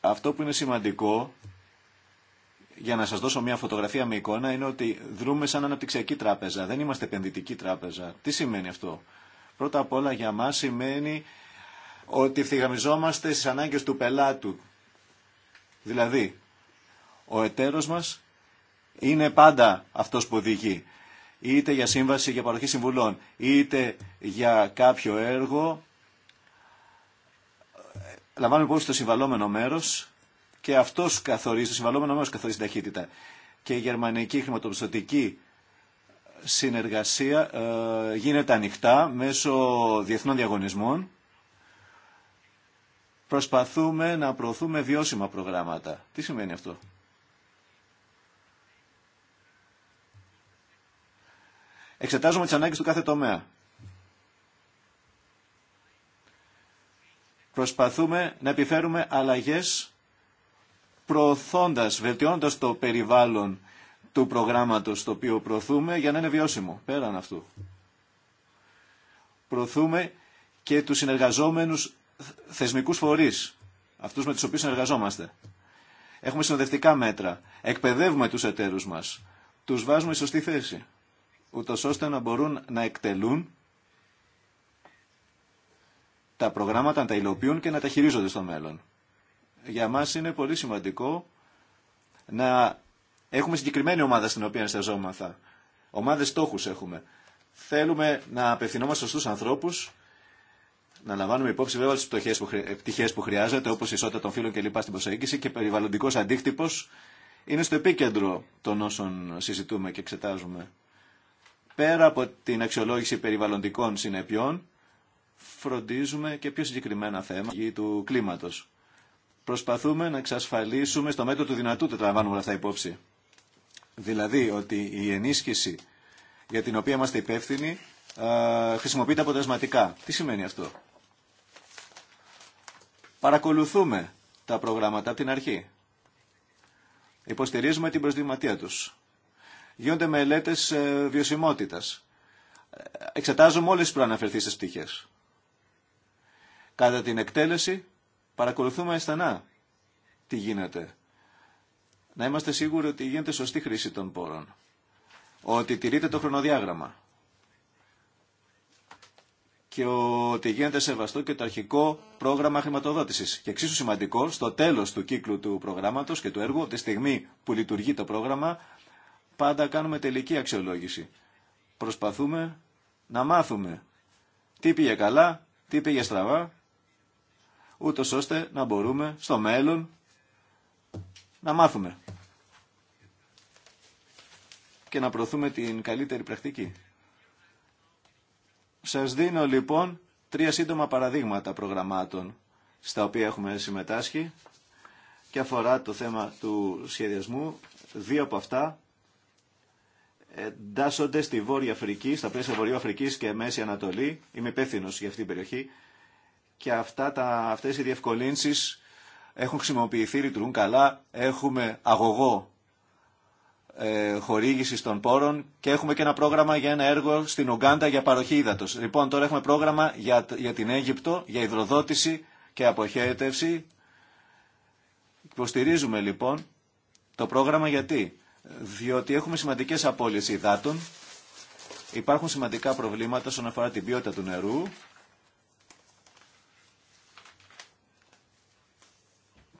S3: Αυτό που είναι σημαντικό για να σας δώσω μια φωτογραφία με εικόνα, είναι ότι δρούμε σαν αναπτυξιακή τράπεζα, δεν είμαστε επενδυτική τράπεζα. Τι σημαίνει αυτό. Πρώτα απ' όλα για μας σημαίνει ότι ευθυγραμμιζόμαστε στις ανάγκες του πελάτου. Δηλαδή, ο εταίρος μας είναι πάντα αυτός που οδηγεί. Είτε για σύμβαση για παροχή συμβουλών, είτε για κάποιο έργο. Λαμβάνουμε υπόψη το συμβαλόμενο μέρος και αυτό καθορίζει, το συμβαλόμενο μέρο καθορίζει την ταχύτητα. Και η γερμανική χρηματοπιστωτική συνεργασία ε, γίνεται ανοιχτά μέσω διεθνών διαγωνισμών. Προσπαθούμε να προωθούμε βιώσιμα προγράμματα. Τι σημαίνει αυτό. Εξετάζουμε τις ανάγκες του κάθε τομέα. Προσπαθούμε να επιφέρουμε αλλαγές προωθώντας, βελτιώνοντας το περιβάλλον του προγράμματος το οποίο προωθούμε για να είναι βιώσιμο πέραν αυτού. Προωθούμε και τους συνεργαζόμενους θεσμικούς φορείς, αυτούς με τους οποίους συνεργαζόμαστε. Έχουμε συνοδευτικά μέτρα, εκπαιδεύουμε τους εταίρους μας, τους βάζουμε σωστή θέση, ούτως ώστε να μπορούν να εκτελούν τα προγράμματα, να τα υλοποιούν και να τα χειρίζονται στο μέλλον για μας είναι πολύ σημαντικό να έχουμε συγκεκριμένη ομάδα στην οποία στεζόμαθα. Ομάδες στόχους έχουμε. Θέλουμε να απευθυνόμαστε στους ανθρώπους, να λαμβάνουμε υπόψη βέβαια τις ε, πτυχές που, που χρειάζεται, όπως η ισότητα των φύλων λοιπά στην προσέγγιση και περιβαλλοντικός αντίκτυπος είναι στο επίκεντρο των όσων συζητούμε και εξετάζουμε. Πέρα από την αξιολόγηση περιβαλλοντικών συνεπειών, φροντίζουμε και πιο συγκεκριμένα θέματα του κλίματος. Προσπαθούμε να εξασφαλίσουμε στο μέτρο του δυνατού, τα λαμβάνουμε όλα αυτά υπόψη. Δηλαδή ότι η ενίσχυση για την οποία είμαστε υπεύθυνοι χρησιμοποιείται αποτελεσματικά. Τι σημαίνει αυτό. Παρακολουθούμε τα προγράμματα από την αρχή. Υποστηρίζουμε την προσδηματία τους. Γίνονται μελέτες ε, βιωσιμότητας. Ε, εξετάζουμε όλες τις στις πτυχές. Κατά την εκτέλεση Παρακολουθούμε αισθανά τι γίνεται. Να είμαστε σίγουροι ότι γίνεται σωστή χρήση των πόρων. Ότι τηρείται το χρονοδιάγραμμα. Και ότι γίνεται σεβαστό και το αρχικό πρόγραμμα χρηματοδότησης. Και εξίσου σημαντικό, στο τέλος του κύκλου του προγράμματος και του έργου, τη στιγμή που λειτουργεί το πρόγραμμα, πάντα κάνουμε τελική αξιολόγηση. Προσπαθούμε να μάθουμε τι πήγε καλά, τι πήγε στραβά ούτως ώστε να μπορούμε στο μέλλον να μάθουμε και να προωθούμε την καλύτερη πρακτική. Σας δίνω λοιπόν τρία σύντομα παραδείγματα προγραμμάτων στα οποία έχουμε συμμετάσχει και αφορά το θέμα του σχεδιασμού. Δύο από αυτά εντάσσονται στη Βόρεια Αφρική, στα πλαίσια Βορειοαφρικής και Μέση Ανατολή. Είμαι υπεύθυνο για αυτή την περιοχή και αυτά τα, αυτές οι διευκολύνσεις έχουν χρησιμοποιηθεί, λειτουργούν καλά, έχουμε αγωγό ε, χορήγησης των πόρων και έχουμε και ένα πρόγραμμα για ένα έργο στην Ουγγάντα για παροχή ύδατος. Λοιπόν, τώρα έχουμε πρόγραμμα για, για την Αίγυπτο, για υδροδότηση και αποχέτευση. Υποστηρίζουμε λοιπόν το πρόγραμμα γιατί. Διότι έχουμε σημαντικές απώλειες υδάτων, υπάρχουν σημαντικά προβλήματα όσον αφορά την ποιότητα του νερού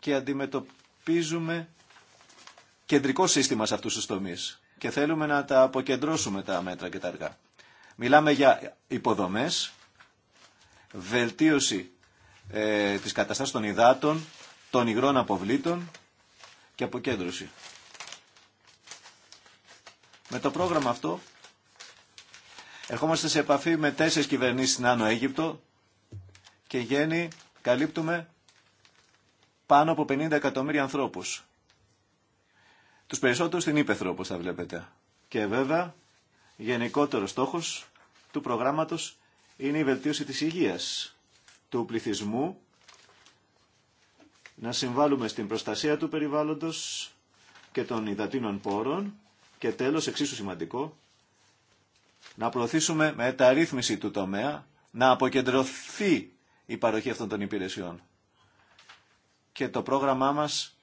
S3: και αντιμετωπίζουμε κεντρικό σύστημα σε αυτούς τους τομείς και θέλουμε να τα αποκεντρώσουμε τα μέτρα και τα αργά. Μιλάμε για υποδομές, βελτίωση ε, της κατάστασης των υδάτων, των υγρών αποβλήτων και αποκέντρωση. Με το πρόγραμμα αυτό ερχόμαστε σε επαφή με τέσσερις κυβερνήσεις στην Άνω Αίγυπτο και γέννη καλύπτουμε πάνω από 50 εκατομμύρια ανθρώπους. Τους περισσότερους στην Ήπεθρο, όπως θα βλέπετε. Και βέβαια, γενικότερο στόχος του προγράμματος είναι η βελτίωση της υγείας του πληθυσμού, να συμβάλλουμε στην προστασία του περιβάλλοντος και των υδατίνων πόρων και τέλος, εξίσου σημαντικό, να προωθήσουμε μεταρρύθμιση του τομέα, να αποκεντρωθεί η παροχή αυτών των υπηρεσιών και το πρόγραμμά μας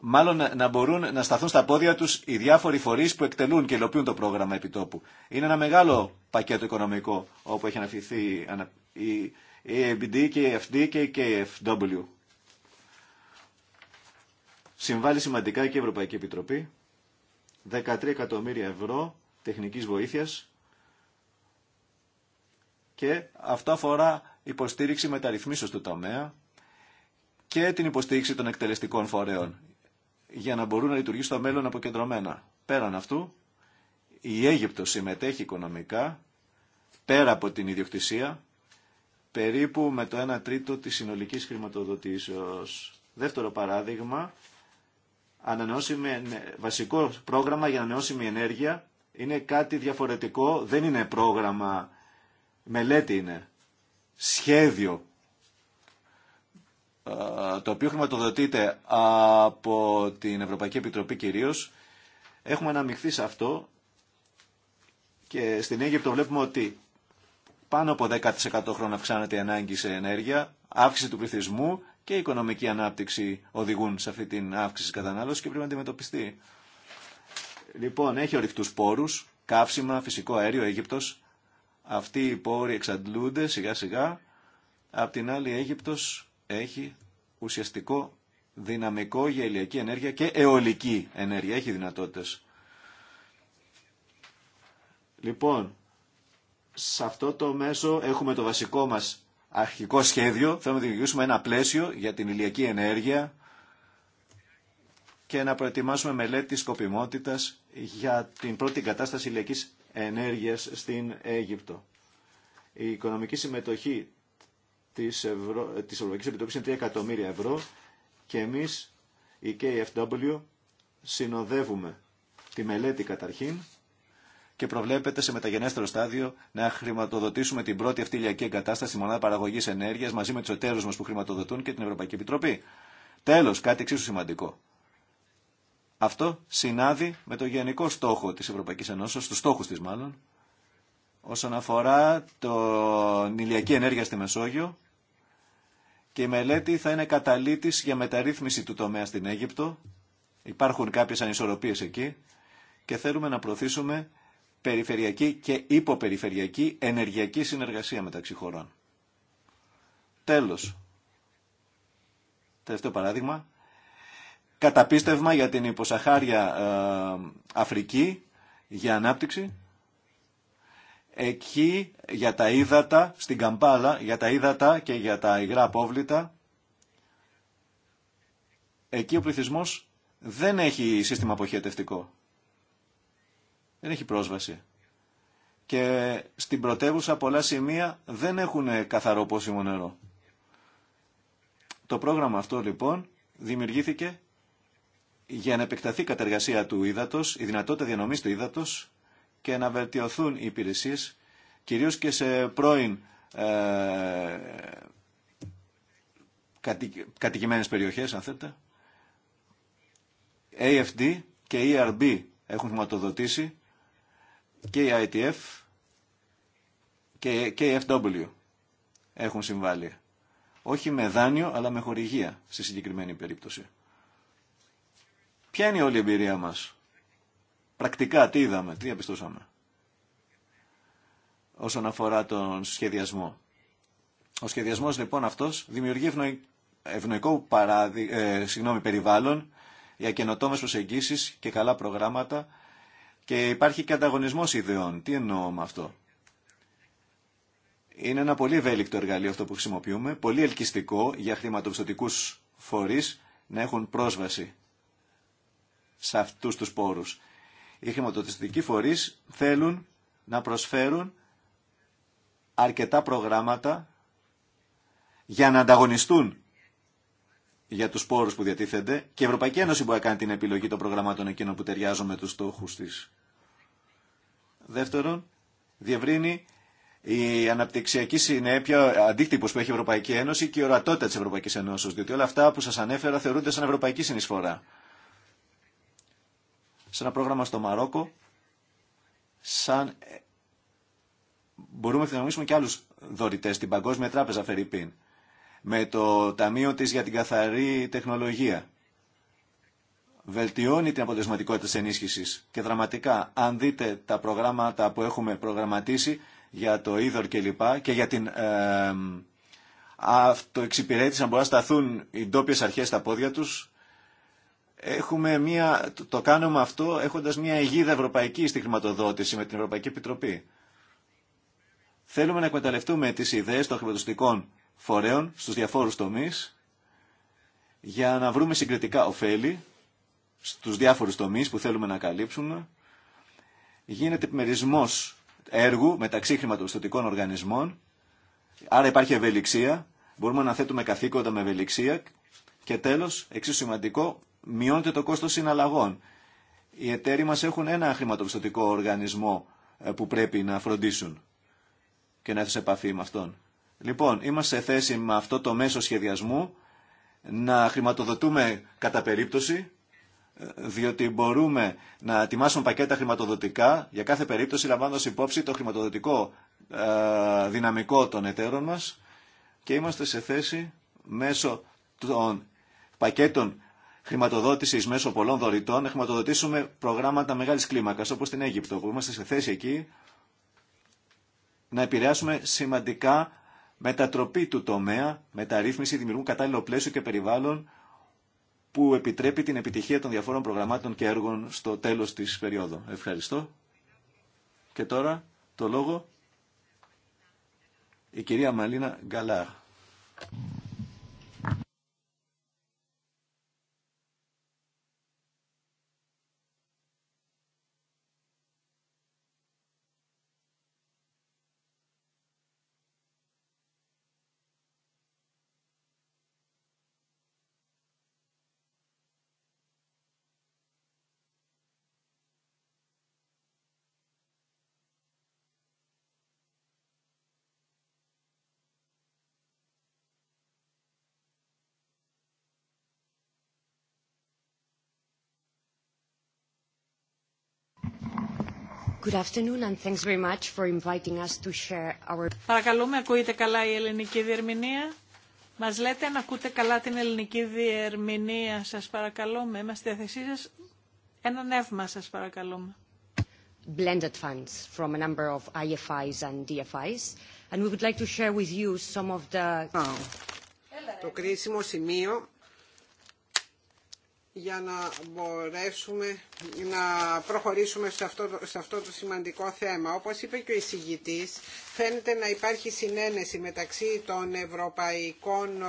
S3: μάλλον να μπορούν να σταθούν στα πόδια τους οι διάφοροι φορείς που εκτελούν και υλοποιούν το πρόγραμμα επιτόπου. Είναι ένα μεγάλο πακέτο οικονομικό όπου έχει αναφηθεί η ABD και η FD και η KFW. Συμβάλλει σημαντικά και η Ευρωπαϊκή Επιτροπή. 13 εκατομμύρια ευρώ τεχνικής βοήθειας και αυτό αφορά υποστήριξη μεταρρυθμίσεως του τομέα και την υποστήριξη των εκτελεστικών φορέων για να μπορούν να λειτουργήσουν στο μέλλον αποκεντρωμένα. Πέραν αυτού, η Αίγυπτος συμμετέχει οικονομικά πέρα από την ιδιοκτησία περίπου με το 1 τρίτο της συνολικής χρηματοδοτήσεως. Δεύτερο παράδειγμα, ανανεώσιμη, βασικό πρόγραμμα για ανανεώσιμη ενέργεια είναι κάτι διαφορετικό, δεν είναι πρόγραμμα, μελέτη είναι, σχέδιο ε, το οποίο χρηματοδοτείται από την Ευρωπαϊκή Επιτροπή κυρίως, έχουμε αναμειχθεί σε αυτό και στην Αίγυπτο βλέπουμε ότι πάνω από 10% χρόνο αυξάνεται η ανάγκη σε ενέργεια, αύξηση του πληθυσμού και η οικονομική ανάπτυξη οδηγούν σε αυτή την αύξηση κατανάλωση και πρέπει να αντιμετωπιστεί. Λοιπόν, έχει ορυκτούς πόρους, καύσιμα, φυσικό αέριο, Αίγυπτος. Αυτοί οι πόροι εξαντλούνται σιγά σιγά. Απ' την άλλη, η Αίγυπτος έχει ουσιαστικό δυναμικό για ηλιακή ενέργεια και αιωλική ενέργεια. Έχει δυνατότητες. Λοιπόν, σε αυτό το μέσο έχουμε το βασικό μας αρχικό σχέδιο. Θέλουμε να δημιουργήσουμε ένα πλαίσιο για την ηλιακή ενέργεια και να προετοιμάσουμε μελέτη σκοπιμότητας για την πρώτη κατάσταση ηλιακής ενέργειας στην Αίγυπτο. Η οικονομική συμμετοχή της, Ευρω... της Ευρωπαϊκής Επιτροπής είναι 3 εκατομμύρια ευρώ και εμείς η KFW συνοδεύουμε τη μελέτη καταρχήν και προβλέπεται σε μεταγενέστερο στάδιο να χρηματοδοτήσουμε την πρώτη αυτή ηλιακή εγκατάσταση μονάδα παραγωγή ενέργεια μαζί με του εταίρου μα που χρηματοδοτούν και την Ευρωπαϊκή Επιτροπή. Τέλο, κάτι εξίσου σημαντικό. Αυτό συνάδει με το γενικό στόχο τη Ευρωπαϊκή Ενώση, του στόχου τη μάλλον, όσον αφορά την ηλιακή ενέργεια στη Μεσόγειο και η μελέτη θα είναι καταλήτη για μεταρρύθμιση του τομέα στην Αίγυπτο. Υπάρχουν κάποιες ανισορροπίες εκεί και θέλουμε να προωθήσουμε περιφερειακή και υποπεριφερειακή ενεργειακή συνεργασία μεταξύ χωρών. Τέλος, τελευταίο παράδειγμα, καταπίστευμα για την υποσαχάρια ε, Αφρική για ανάπτυξη Εκεί για τα ύδατα, στην Καμπάλα, για τα ύδατα και για τα υγρά απόβλητα, εκεί ο πληθυσμός δεν έχει σύστημα αποχαιρετευτικό. Δεν έχει πρόσβαση. Και στην πρωτεύουσα πολλά σημεία δεν έχουν καθαρό πόσιμο νερό. Το πρόγραμμα αυτό λοιπόν δημιουργήθηκε για να επεκταθεί η κατεργασία του ύδατος, η δυνατότητα διανομής του ύδατος και να βελτιωθούν οι υπηρεσίες, κυρίως και σε πρώην ε, κατοικημένες περιοχές, αν θέλετε. AFD ε και ERB ε έχουν χρηματοδοτήσει και η ITF ε και η FW έχουν συμβάλει. Όχι με δάνειο, αλλά με χορηγία στη συγκεκριμένη περίπτωση. Ποια είναι όλη εμπειρία μας. Πρακτικά τι είδαμε, τι διαπιστώσαμε όσον αφορά τον σχεδιασμό. Ο σχεδιασμός λοιπόν αυτός δημιουργεί ευνοϊκό παράδει, ε, περιβάλλον για καινοτόμες προσεγγίσεις και καλά προγράμματα και υπάρχει και ανταγωνισμός ιδεών. Τι εννοώ με αυτό. Είναι ένα πολύ ευέλικτο εργαλείο αυτό που χρησιμοποιούμε, πολύ ελκυστικό για χρηματοπιστωτικούς φορείς να έχουν πρόσβαση σε αυτούς τους πόρους οι χρηματοδοτιστικοί φορείς θέλουν να προσφέρουν αρκετά προγράμματα για να ανταγωνιστούν για τους πόρους που διατίθενται και η Ευρωπαϊκή Ένωση μπορεί να κάνει την επιλογή των προγραμμάτων εκείνων που ταιριάζουν με τους στόχους της. Δεύτερον, διευρύνει η αναπτυξιακή συνέπεια, αντίκτυπο που έχει η Ευρωπαϊκή Ένωση και η ορατότητα τη Ευρωπαϊκή Ένωση. Διότι όλα αυτά που σα ανέφερα θεωρούνται σαν ευρωπαϊκή συνεισφορά σε ένα πρόγραμμα στο Μαρόκο, σαν ε, μπορούμε να χρησιμοποιήσουμε και άλλους δωρητές, την Παγκόσμια Τράπεζα Φερρυπίν, με το Ταμείο της για την Καθαρή Τεχνολογία. Βελτιώνει την αποτελεσματικότητα της ενίσχυσης και δραματικά, αν δείτε τα προγράμματα που έχουμε προγραμματίσει για το Ίδωρ και λοιπά και για την ε, αυτοεξυπηρέτηση, να μπορούν να σταθούν οι ντόπιε αρχές στα πόδια τους, έχουμε μια, το κάνουμε αυτό έχοντας μια αιγίδα ευρωπαϊκή στη χρηματοδότηση με την Ευρωπαϊκή Επιτροπή. Θέλουμε να εκμεταλλευτούμε τις ιδέες των χρηματοδοτικών φορέων στους διαφόρους τομείς για να βρούμε συγκριτικά ωφέλη στους διάφορους τομείς που θέλουμε να καλύψουμε. Γίνεται επιμερισμός έργου μεταξύ χρηματοδοτικών οργανισμών, άρα υπάρχει ευελιξία, μπορούμε να θέτουμε καθήκοντα με ευελιξία και τέλος, εξίσου σημαντικό, μειώνεται το κόστος συναλλαγών. Οι εταίροι μας έχουν ένα χρηματοπιστωτικό οργανισμό ε, που πρέπει να φροντίσουν και να έρθουν σε επαφή με αυτόν. Λοιπόν, είμαστε σε θέση με αυτό το μέσο σχεδιασμού να χρηματοδοτούμε κατά περίπτωση, ε, διότι μπορούμε να ετοιμάσουμε πακέτα χρηματοδοτικά για κάθε περίπτωση λαμβάνοντας υπόψη το χρηματοδοτικό ε, δυναμικό των εταίρων μας και είμαστε σε θέση μέσω των πακέτων χρηματοδότηση μέσω πολλών δωρητών να χρηματοδοτήσουμε προγράμματα μεγάλη κλίμακα όπω στην Αίγυπτο, που είμαστε σε θέση εκεί να επηρεάσουμε σημαντικά μετατροπή του τομέα, μεταρρύθμιση, δημιουργούν κατάλληλο πλαίσιο και περιβάλλον που επιτρέπει την επιτυχία των διαφόρων προγραμμάτων και έργων στο τέλος της περίοδου. Ευχαριστώ. Και τώρα το λόγο η κυρία Μαλίνα Γκαλάρ.
S2: Good afternoon and thanks very much for inviting us to share our...
S1: Παρακαλούμε, ακούτε καλά η ελληνική διερμηνία. Μας λέτε αν ακούτε καλά την ελληνική διερμηνία, σας παρακαλούμε. Είμαστε διαθεσή σας. Ένα νεύμα σας παρακαλούμε.
S2: Blended funds from a number of IFIs and DFIs. And we would like to share with you some of the... Το κρίσιμο σημείο για να μπορέσουμε να προχωρήσουμε σε αυτό, σε αυτό το σημαντικό θέμα. Όπως είπε και ο εισηγητής, φαίνεται να υπάρχει συνένεση μεταξύ των ευρωπαϊκών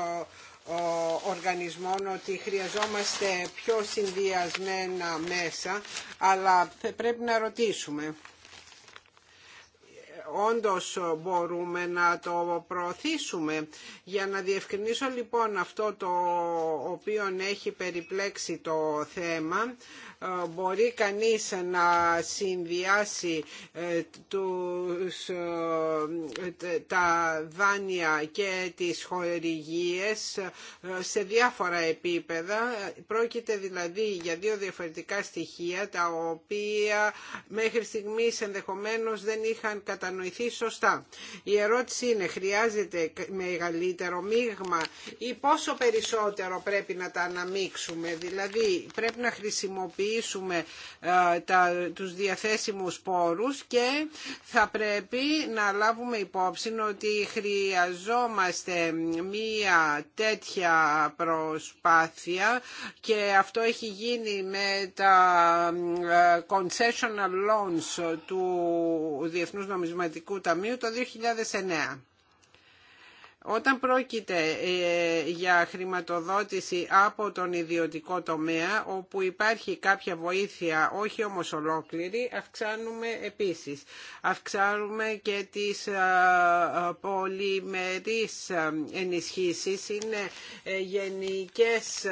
S2: οργανισμών ότι χρειαζόμαστε πιο συνδυασμένα μέσα, αλλά πρέπει να ρωτήσουμε όντως μπορούμε να το προωθήσουμε. Για να διευκρινίσω λοιπόν αυτό το οποίο έχει περιπλέξει το θέμα, ε, μπορεί κανείς να συνδυάσει ε, τους, ε, τα δάνεια και τις χορηγίες σε διάφορα επίπεδα. Πρόκειται δηλαδή για δύο διαφορετικά στοιχεία τα οποία μέχρι στιγμής ενδεχομένως δεν είχαν κατανοηθεί σωστά. Η ερώτηση είναι χρειάζεται μεγαλύτερο μείγμα ή πόσο περισσότερο πρέπει να τα αναμίξουμε. Δηλαδή πρέπει να χρησιμοποιήσουμε χρησιμοποιήσουμε ε, τα, τους διαθέσιμους πόρους και θα πρέπει να λάβουμε υπόψη ότι χρειαζόμαστε μία τέτοια προσπάθεια και αυτό έχει γίνει με τα ε, concessional loans του Διεθνούς Νομισματικού Ταμείου το 2009. Όταν πρόκειται ε, για χρηματοδότηση από τον ιδιωτικό τομέα, όπου υπάρχει κάποια βοήθεια, όχι όμως ολόκληρη, αυξάνουμε επίσης. Αυξάνουμε και τις ε, πολυμερείς ε, ενισχύσεις. Είναι γενικές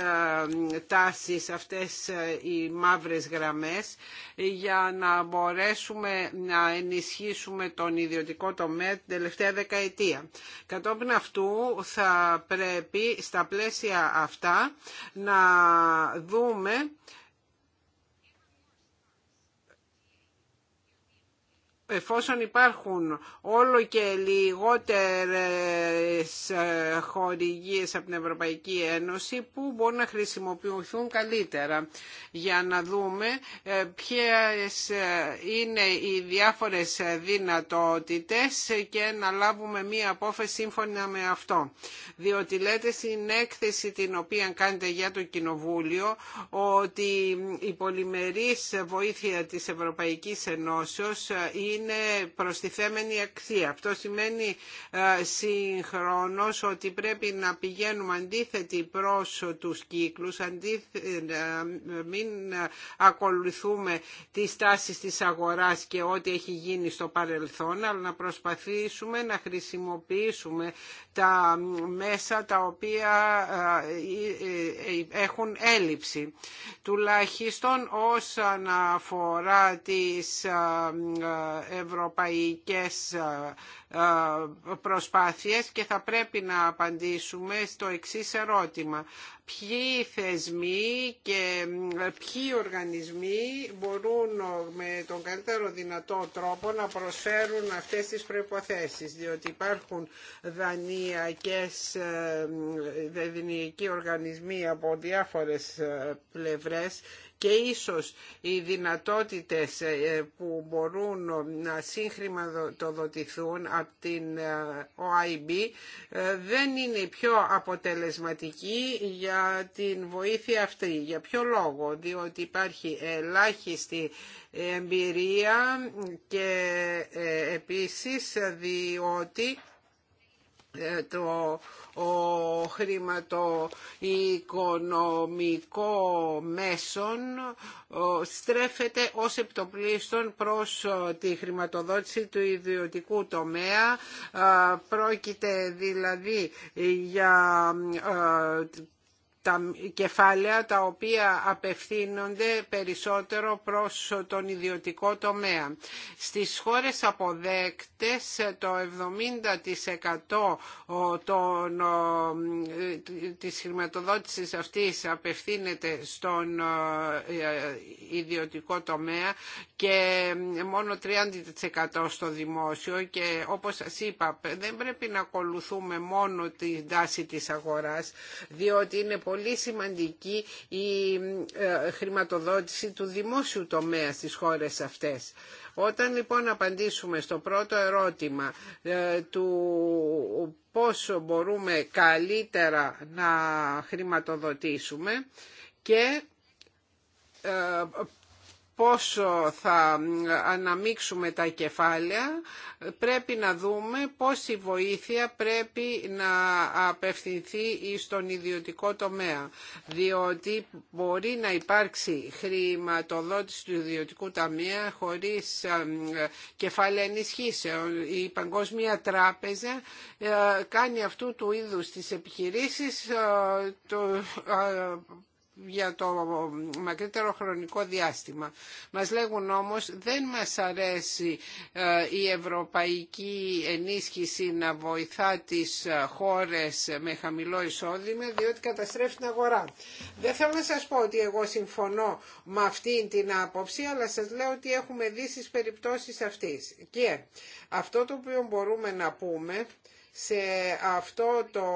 S2: τάσεις αυτές οι μαύρες γραμμές για να μπορέσουμε να ενισχύσουμε τον ιδιωτικό τομέα την τελευταία δεκαετία. Κατόπιν αυτού θα πρέπει στα πλαίσια αυτά να δούμε εφόσον υπάρχουν όλο και λιγότερες ε, χορηγίες από την Ευρωπαϊκή Ένωση που μπορούν να χρησιμοποιηθούν καλύτερα για να δούμε ε, ποιες ε, είναι οι διάφορες δυνατότητες και να λάβουμε μία απόφαση σύμφωνα με αυτό. Διότι λέτε στην έκθεση την οποία κάνετε για το Κοινοβούλιο ότι η πολυμερής βοήθεια της Ευρωπαϊκής Ενώσεως είναι είναι προστιθέμενη αξία. Αυτό σημαίνει ε, συγχρόνως ότι πρέπει να πηγαίνουμε αντίθετη προς τους κύκλους, αντίθετα ε, ε, μην ακολουθούμε τις τάσεις της αγοράς και ό,τι έχει γίνει στο παρελθόν, αλλά να προσπαθήσουμε να χρησιμοποιήσουμε τα μέσα τα οποία έχουν έλλειψη. Τουλάχιστον όσον αφορά τις ευρωπαϊκές ε, ε, προσπάθειες και θα πρέπει να απαντήσουμε στο εξής ερώτημα. Ποιοι θεσμοί και ε, ποιοι οργανισμοί μπορούν με τον καλύτερο δυνατό τρόπο να προσφέρουν αυτές τις προϋποθέσεις, διότι υπάρχουν δανειακές δανειακοί οργανισμοί από διάφορες πλευρές και ίσως οι δυνατότητες ε, που μπορούν να συγχρηματοδοτηθούν από την OIB ε, ε, δεν είναι πιο αποτελεσματική για την βοήθεια αυτή. Για ποιο λόγο, διότι υπάρχει ελάχιστη εμπειρία και επίσης διότι ε, το ο χρηματοοικονομικό μέσον στρέφεται ως επιτοπλίστων προς τη χρηματοδότηση του ιδιωτικού τομέα. Πρόκειται δηλαδή για τα κεφάλαια τα οποία απευθύνονται περισσότερο προς τον ιδιωτικό τομέα. Στις χώρες αποδέκτες το 70% των, της χρηματοδότησης αυτής απευθύνεται στον ε, ιδιωτικό τομέα και μόνο 30% στο δημόσιο και όπως σας είπα δεν πρέπει να ακολουθούμε μόνο την τάση της αγοράς διότι είναι πολύ πολύ σημαντική η ε, χρηματοδότηση του δημόσιου τομέα στις χώρες αυτές. Όταν λοιπόν απαντήσουμε στο πρώτο ερώτημα ε, του πόσο μπορούμε καλύτερα να χρηματοδοτήσουμε και ε, πόσο θα αναμίξουμε τα κεφάλαια, πρέπει να δούμε πώς η βοήθεια πρέπει να απευθυνθεί στον ιδιωτικό τομέα. Διότι μπορεί να υπάρξει χρηματοδότηση του ιδιωτικού ταμεία χωρίς ε, κεφάλαια ενισχύσεων. Η Παγκόσμια Τράπεζα ε, κάνει αυτού του είδους τις επιχειρήσεις ε, για το μακρύτερο χρονικό διάστημα. Μας λέγουν όμως δεν μας αρέσει ε, η ευρωπαϊκή ενίσχυση να βοηθά τις ε, χώρες με χαμηλό εισόδημα διότι καταστρέφει την αγορά. Δεν θέλω να σας πω ότι εγώ συμφωνώ με αυτή την άποψη αλλά σας λέω ότι έχουμε δει στις περιπτώσεις αυτής. Και αυτό το οποίο μπορούμε να πούμε σε αυτό το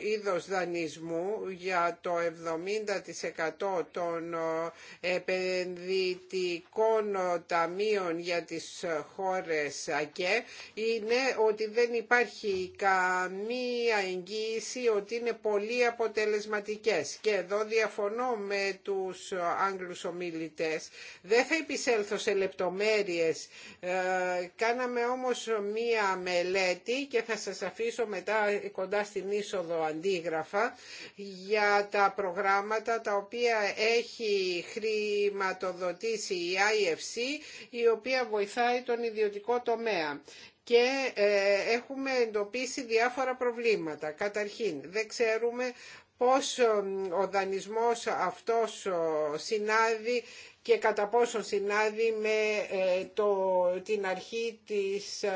S2: είδος δανεισμού για το 70% των ε, επενδυτικών ε, ταμείων για τις χώρες ΑΚΕ είναι ότι δεν υπάρχει καμία εγγύηση ότι είναι πολύ αποτελεσματικές και εδώ διαφωνώ με τους Άγγλους ομιλητές δεν θα επισέλθω σε λεπτομέρειες ε, κάναμε όμως μία μελέτη και θα σας αφήσω μετά κοντά στην είσοδο αντίγραφα για τα προγράμματα τα οποία έχει χρηματοδοτήσει η IFC η οποία βοηθάει τον ιδιωτικό τομέα και ε, έχουμε εντοπίσει διάφορα προβλήματα. Καταρχήν, δεν ξέρουμε πώς ε, ο δανεισμός αυτός ε, συνάδει και κατά πόσον συνάδει με ε, την αρχή της ε,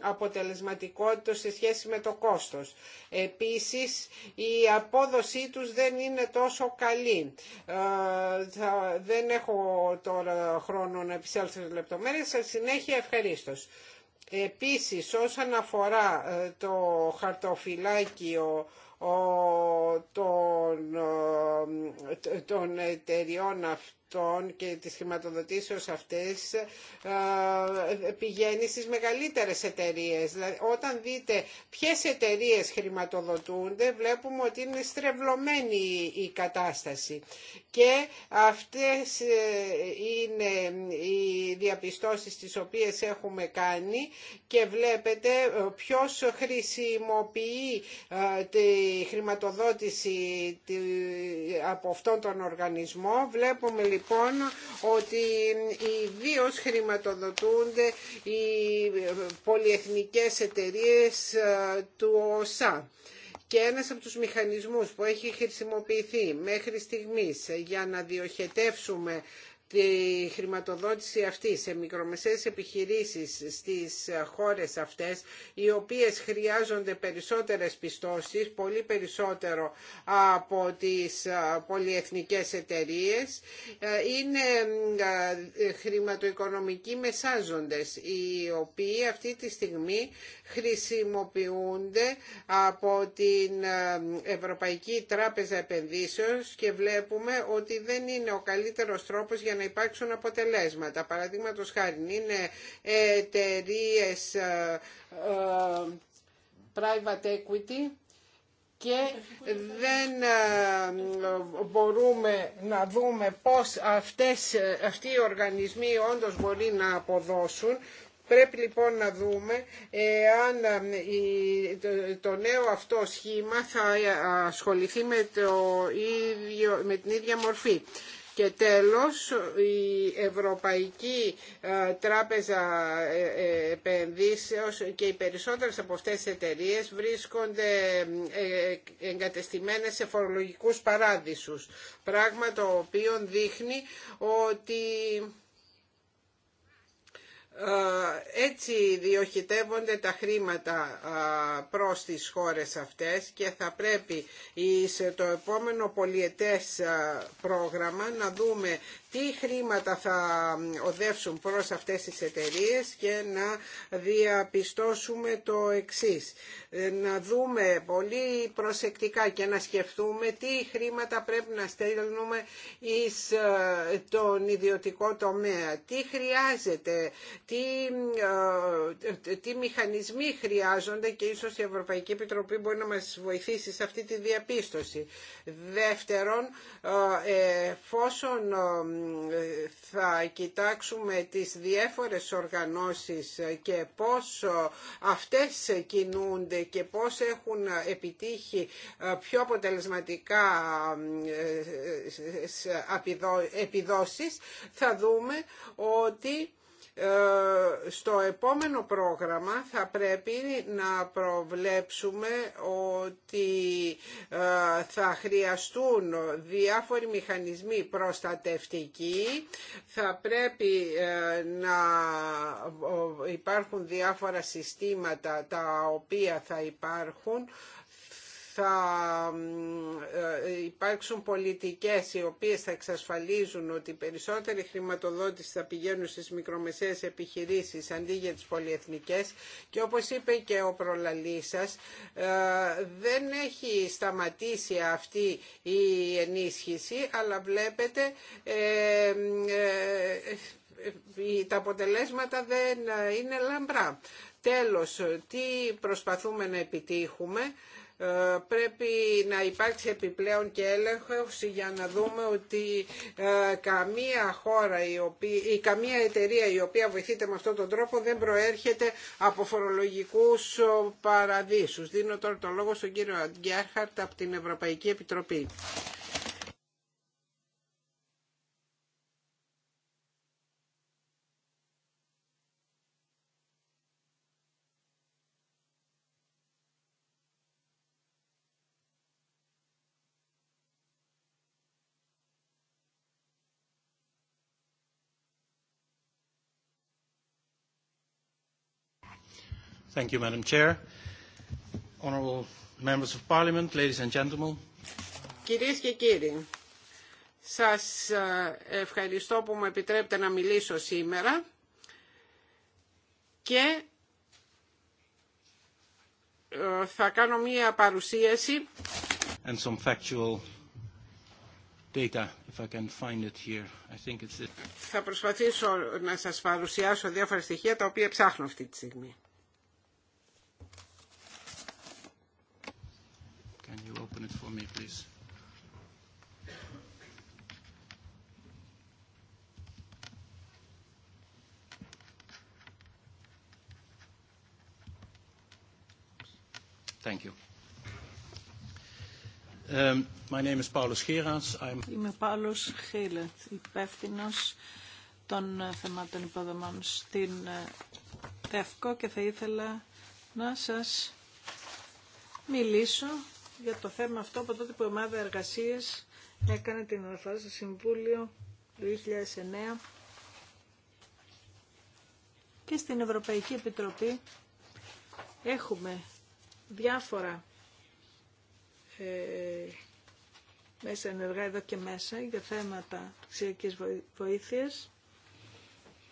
S2: αποτελεσματικότητας σε σχέση με το κόστος. Επίσης, η απόδοσή τους δεν είναι τόσο καλή. Ε, δεν έχω τώρα χρόνο να επισέλθω σε λεπτομέρειες, σε συνέχεια ευχαρίστως. Επίσης, όσον αφορά το χαρτοφυλάκιο των, των εταιριών αυτών, και της χρηματοδοτήσεως αυτές ε, πηγαίνει στις μεγαλύτερες εταιρείες. όταν δείτε ποιες εταιρείες χρηματοδοτούνται βλέπουμε ότι είναι στρεβλωμένη η κατάσταση και αυτές ε, είναι οι διαπιστώσεις τις οποίες έχουμε κάνει και βλέπετε ε, ποιος χρησιμοποιεί τη χρηματοδότηση από αυτόν τον οργανισμό. Βλέπουμε λοιπόν ότι ιδίω χρηματοδοτούνται οι πολυεθνικές εταιρείες ε, του ΟΣΑ. Και ένας από τους μηχανισμούς που έχει χρησιμοποιηθεί μέχρι στιγμής για να διοχετεύσουμε τη χρηματοδότηση αυτή σε μικρομεσαίες επιχειρήσεις στις χώρες αυτές οι οποίες χρειάζονται περισσότερες πιστώσεις, πολύ περισσότερο από τις πολυεθνικές εταιρείες ε, είναι χρηματοοικονομικοί μεσάζοντες οι οποίοι αυτή τη στιγμή χρησιμοποιούνται από την ε, Ευρωπαϊκή Τράπεζα Επενδύσεως και βλέπουμε ότι δεν είναι ο καλύτερος τρόπος για να υπάρξουν αποτελέσματα. Παραδείγματο χάρη είναι εταιρείε ε, ε, private equity και δεν ε, μπορούμε να δούμε πώς αυτές, αυτοί οι οργανισμοί όντως μπορεί να αποδώσουν. Πρέπει λοιπόν να δούμε αν το νέο αυτό σχήμα θα ασχοληθεί με, το ίδιο, με την ίδια μορφή. Και τέλος, η Ευρωπαϊκή ε, Τράπεζα ε, ε, Επενδύσεως και οι περισσότερες από αυτές τις εταιρείες βρίσκονται εγκατεστημένες σε φορολογικούς παράδεισους. Πράγμα το οποίο δείχνει ότι ε, έτσι διοχετεύονται τα χρήματα ε, προς τις χώρες αυτές και θα πρέπει σε το επόμενο πολιετές ε, πρόγραμμα να δούμε τι χρήματα θα οδεύσουν προς αυτές τις εταιρείες και να διαπιστώσουμε το εξής. Να δούμε πολύ προσεκτικά και να σκεφτούμε τι χρήματα πρέπει να στέλνουμε εις τον ιδιωτικό τομέα. Τι χρειάζεται τι, ε, ε, τι μηχανισμοί χρειάζονται και ίσως η Ευρωπαϊκή Επιτροπή μπορεί να μας βοηθήσει σε αυτή τη διαπίστωση. Δεύτερον, ε, εφόσον θα κοιτάξουμε τις διάφορες οργανώσεις και πώς αυτές κινούνται και πώς έχουν επιτύχει πιο αποτελεσματικά επιδόσεις, θα δούμε ότι ε, στο επόμενο πρόγραμμα θα πρέπει να προβλέψουμε ότι ε, θα χρειαστούν διάφοροι μηχανισμοί προστατευτικοί, θα πρέπει ε, να υπάρχουν διάφορα συστήματα τα οποία θα υπάρχουν θα ε, ε, υπάρξουν πολιτικές οι οποίες θα εξασφαλίζουν ότι περισσότερη χρηματοδότηση θα πηγαίνουν στις μικρομεσαίες επιχειρήσεις αντί για τις πολυεθνικές και όπως είπε και ο προλαλής σας, ε, δεν έχει σταματήσει αυτή η ενίσχυση αλλά βλέπετε τα αποτελέσματα δεν είναι λαμπρά. Τέλος, τι προσπαθούμε να επιτύχουμε ε, πρέπει να υπάρξει επιπλέον και έλεγχος για να δούμε ότι ε, καμία χώρα η οποία, ή καμία εταιρεία η οποία βοηθείται με αυτόν τον τρόπο δεν προέρχεται από φορολογικούς ε, παραδείσους. Δίνω τώρα το λόγο στον κύριο Γκέρχαρτ από την Ευρωπαϊκή Επιτροπή. Thank you, Madam Chair. Honourable Members of Parliament, ladies and gentlemen. Κυρίες και κύριοι, σας ε, ευχαριστώ που μου επιτρέπετε να μιλήσω σήμερα και ε, θα κάνω μία παρουσίαση. And some factual data, if I can find it here. I think it's it. Θα προσπαθήσω να σας παρουσιάσω διάφορα στοιχεία τα οποία ψάχνω αυτή τη στιγμή. minute
S3: for me,
S1: um, Χίλετ, υπεύθυνο των ε, θεμάτων υποδομών στην ε, ΤΕΦΚΟ και θα ήθελα να σας μιλήσω για το θέμα αυτό από τότε που η ομάδα εργασίας έκανε την αναφορά στο Συμβούλιο του 2009 και στην Ευρωπαϊκή Επιτροπή έχουμε διάφορα ε, μέσα ενεργά εδώ και μέσα για θέματα ψυχικής βοήθειας.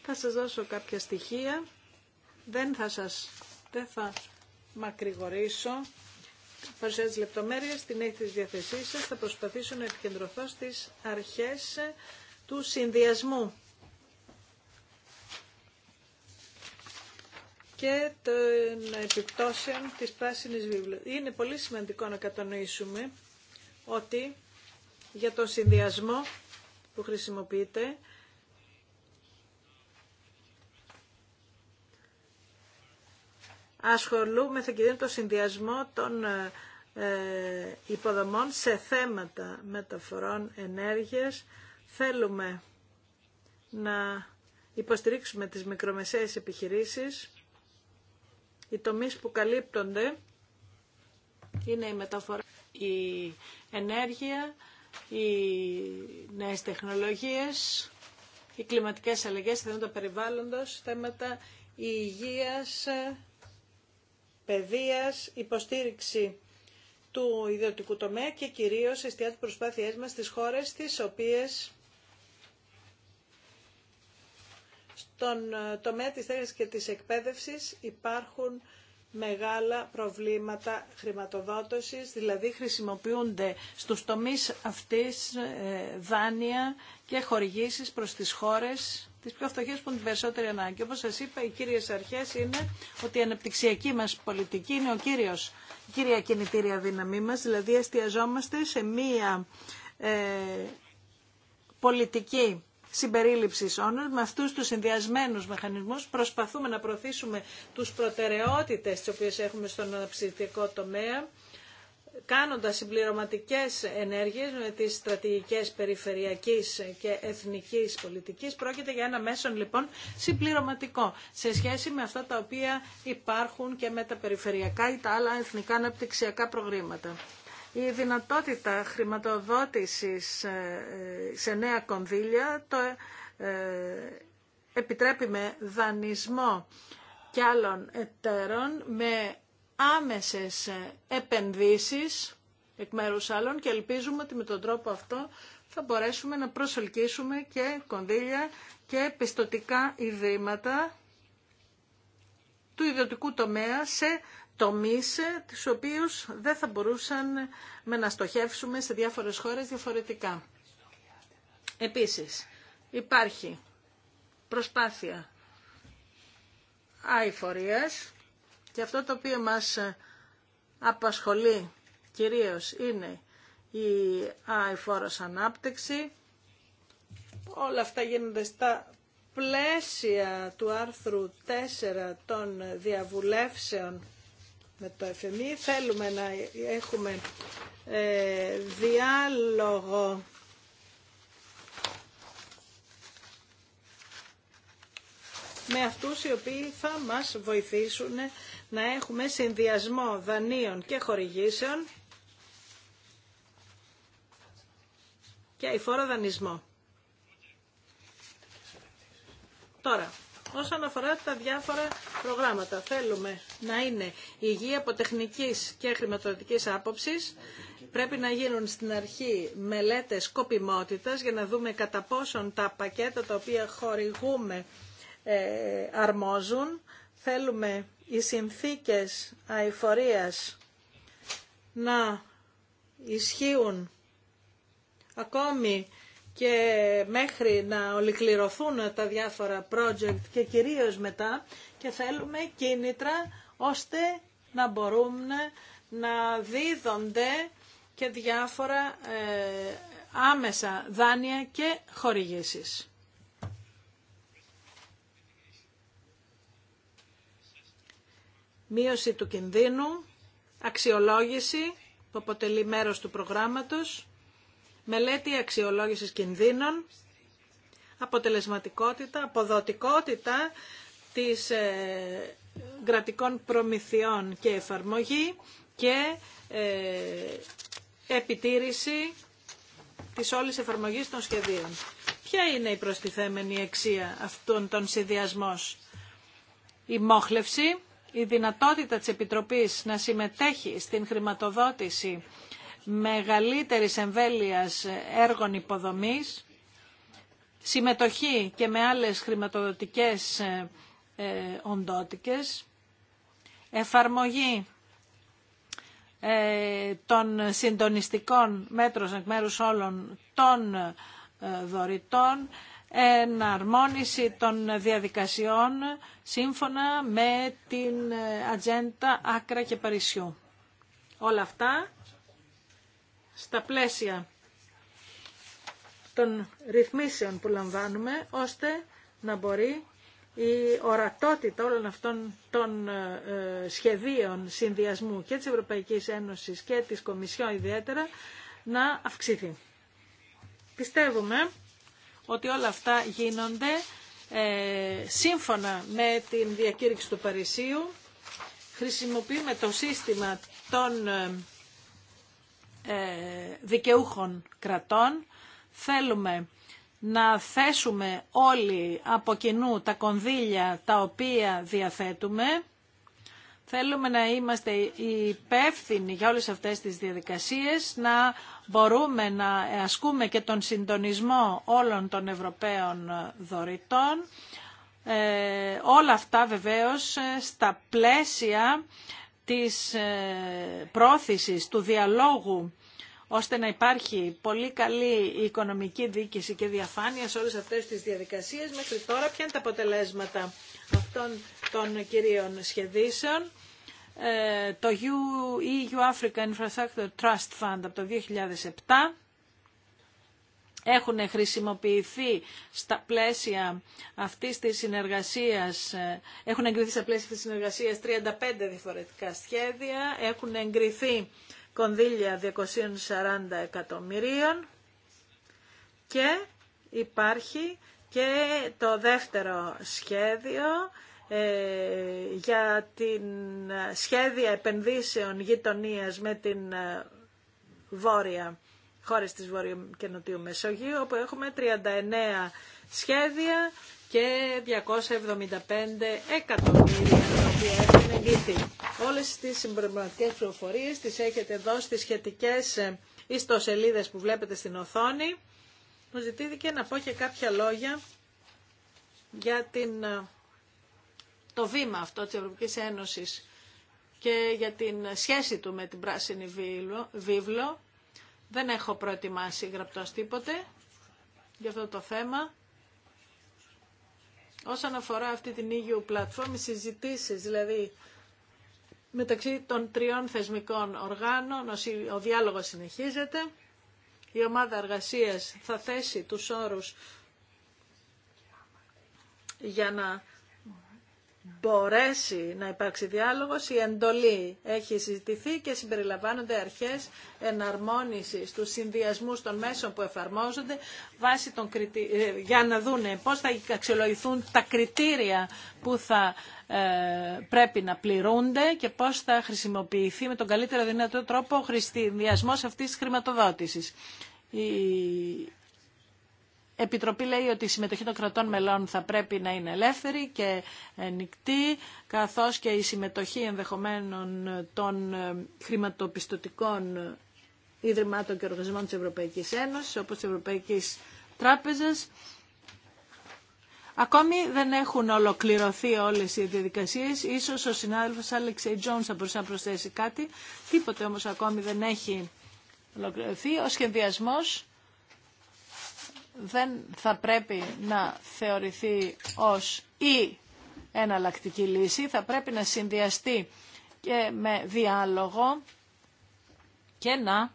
S1: Θα σας δώσω κάποια στοιχεία. Δεν θα σας δεν θα μακρηγορήσω παρουσιάζει τι λεπτομέρειες, την έχετε στη διαθεσή σα Θα προσπαθήσω να επικεντρωθώ στις αρχές του συνδυασμού και των επιπτώσεων της πράσινης βίβλου. Είναι πολύ σημαντικό να κατανοήσουμε ότι για τον συνδυασμό που χρησιμοποιείται ασχολούμεθα κυρίως το συνδυασμό των ε, ε, υποδομών σε θέματα μεταφορών ενέργειας. Θέλουμε να υποστηρίξουμε τις μικρομεσαίες επιχειρήσεις. Οι τομείς που καλύπτονται είναι η μεταφορά, η ενέργεια, οι νέες τεχνολογίες, οι κλιματικές αλλαγές, θέματα περιβάλλοντος, θέματα υγείας, παιδείας, υποστήριξη του ιδιωτικού τομέα και κυρίως εστιάζει προσπάθειές μας στις χώρες τις οποίες στον ε, τομέα της θέλησης και της εκπαίδευσης υπάρχουν μεγάλα προβλήματα χρηματοδότησης, δηλαδή χρησιμοποιούνται στους τομείς αυτής ε, δάνεια και χορηγήσεις προς τις χώρες τις πιο φτωχέ που είναι την περισσότερη ανάγκη. Όπως σας είπα, οι κύριε αρχέ είναι ότι η αναπτυξιακή μας πολιτική είναι ο κύριος, η κύρια κινητήρια δύναμή μας, δηλαδή εστιαζόμαστε σε μία ε, πολιτική συμπερίληψη όνων, με αυτού του συνδυασμένου μηχανισμού προσπαθούμε να προωθήσουμε του προτεραιότητε τι οποίε έχουμε στον αναψηφιακό τομέα κάνοντας συμπληρωματικές ενέργειες με τις στρατηγικές περιφερειακής και εθνικής πολιτικής. Πρόκειται για ένα μέσον λοιπόν συμπληρωματικό σε σχέση με αυτά τα οποία υπάρχουν και με τα περιφερειακά ή τα άλλα εθνικά αναπτυξιακά προγράμματα. Η δυνατότητα χρηματοδότησης ε, σε νέα κονδύλια το ε, επιτρέπει με δανεισμό και άλλων εταίρων με άμεσες ε, επενδύσεις εκ μέρους άλλων και ελπίζουμε ότι με τον τρόπο αυτό θα μπορέσουμε να προσελκύσουμε και κονδύλια και πιστοτικά ιδρύματα του ιδιωτικού τομέα σε τομείς ε, τις οποίους δεν θα μπορούσαν με να στοχεύσουμε σε διάφορες χώρες διαφορετικά. Επίσης, υπάρχει προσπάθεια αηφορίας και αυτό το οποίο μας ε, απασχολεί κυρίως είναι η αηφόρος ανάπτυξη. Όλα αυτά γίνονται στα πλαίσια του άρθρου 4 των διαβουλεύσεων με το FMI. Θέλουμε να έχουμε ε, διάλογο με αυτούς οι οποίοι θα μας βοηθήσουν να έχουμε συνδυασμό δανείων και χορηγήσεων και αηφόρο δανεισμό. Τώρα, όσον αφορά τα διάφορα προγράμματα, θέλουμε να είναι υγεία από τεχνικής και χρηματοδοτικής άποψης. Πρέπει να γίνουν στην αρχή μελέτες κοπιμότητας για να δούμε κατά πόσον τα πακέτα τα οποία χορηγούμε ε, αρμόζουν. Θέλουμε οι συνθήκες αηφορίας να ισχύουν ακόμη και μέχρι να ολοκληρωθούν τα διάφορα project και κυρίως μετά και θέλουμε κίνητρα ώστε να μπορούν να δίδονται και διάφορα ε, άμεσα δάνεια και χορηγήσεις. μείωση του κινδύνου, αξιολόγηση που αποτελεί μέρος του προγράμματος, μελέτη αξιολόγησης κινδύνων, αποτελεσματικότητα, αποδοτικότητα της ε, κρατικών προμηθειών και εφαρμογή και ε, επιτήρηση της όλης εφαρμογής των σχεδίων. Ποια είναι η προστιθέμενη αξία αυτών των συνδυασμών. Η μόχλευση η δυνατότητα της Επιτροπής να συμμετέχει στην χρηματοδότηση μεγαλύτερης εμβέλειας έργων υποδομής, συμμετοχή και με άλλες χρηματοδοτικές ε, ε, οντότικες, εφαρμογή ε, των συντονιστικών μέτρων εκ μέρους όλων των δωρητών, εναρμόνιση των διαδικασιών σύμφωνα με την ατζέντα Άκρα και Παρισιού. Όλα αυτά στα πλαίσια των ρυθμίσεων που λαμβάνουμε, ώστε να μπορεί η ορατότητα όλων αυτών των ε, σχεδίων συνδυασμού και της Ευρωπαϊκής Ένωσης και της Κομισιόν ιδιαίτερα να αυξηθεί. Πιστεύουμε ότι όλα αυτά γίνονται ε, σύμφωνα με την διακήρυξη του Παρισίου. Χρησιμοποιούμε το σύστημα των ε, ε, δικαιούχων κρατών. Θέλουμε να θέσουμε όλοι από κοινού τα κονδύλια τα οποία διαθέτουμε. Θέλουμε να είμαστε υπεύθυνοι για όλες αυτές τις διαδικασίες, να μπορούμε να ασκούμε και τον συντονισμό όλων των Ευρωπαίων δωρητών. Ε, όλα αυτά βεβαίως ε, στα πλαίσια της ε, πρόθεσης του διαλόγου ώστε να υπάρχει πολύ καλή οικονομική δίκηση και διαφάνεια σε όλες αυτές τις διαδικασίες. Μέχρι τώρα ποια είναι τα αποτελέσματα αυτών των κυρίων σχεδίσεων. Ε, το EU Africa Infrastructure Trust Fund από το 2007 έχουν χρησιμοποιηθεί στα πλαίσια αυτής της συνεργασίας, ε, έχουν εγκριθεί στα πλαίσια της συνεργασίας 35 διαφορετικά σχέδια, έχουν εγκριθεί κονδύλια 240 εκατομμυρίων και υπάρχει και το δεύτερο σχέδιο ε, για την σχέδια επενδύσεων γειτονίας με την ε, βόρεια, χώρες της Βόρειου και Νοτιού Μεσογείου, όπου έχουμε 39 σχέδια και 275 εκατομμύρια τα οποία έχουν εγγύθει. Όλες τις συμπροματικές πληροφορίες τις έχετε εδώ στις σχετικές ε, ιστοσελίδες που βλέπετε στην οθόνη. Μου ζητήθηκε να πω και κάποια λόγια για την το βήμα αυτό της Ευρωπαϊκής Ένωσης και για την σχέση του με την Πράσινη Βίβλο. Δεν έχω προετοιμάσει γραπτός τίποτε για αυτό το θέμα. Όσον αφορά αυτή την EU πλατφόρμα, οι συζητήσεις δηλαδή μεταξύ των τριών θεσμικών οργάνων, ο διάλογος συνεχίζεται. Η ομάδα εργασίας θα θέσει τους όρους για να μπορέσει να υπάρξει διάλογος, η εντολή έχει συζητηθεί και συμπεριλαμβάνονται αρχές εναρμόνισης του συνδυασμού των μέσων που εφαρμόζονται βάσει των ε, για να δούνε πώς θα αξιολογηθούν τα κριτήρια που θα ε, πρέπει να πληρούνται και πώς θα χρησιμοποιηθεί με τον καλύτερο δυνατό τρόπο ο συνδυασμός αυτής της χρηματοδότησης. Η Επιτροπή λέει ότι η συμμετοχή των κρατών μελών θα πρέπει να είναι ελεύθερη και ανοιχτή, καθώς και η συμμετοχή ενδεχομένων των ε, χρηματοπιστωτικών ιδρυμάτων και οργανισμών της Ευρωπαϊκής Ένωσης, όπως της Ευρωπαϊκής Τράπεζας. Ακόμη δεν έχουν ολοκληρωθεί όλες οι διαδικασίες. Ίσως ο συνάδελφος Άλεξ Τζόνς θα μπορούσε να προσθέσει κάτι. Τίποτε όμως ακόμη δεν έχει ολοκληρωθεί. Ο σχεδιασμός δεν θα πρέπει να θεωρηθεί ως η εναλλακτική λύση, θα πρέπει να συνδυαστεί και με διάλογο και να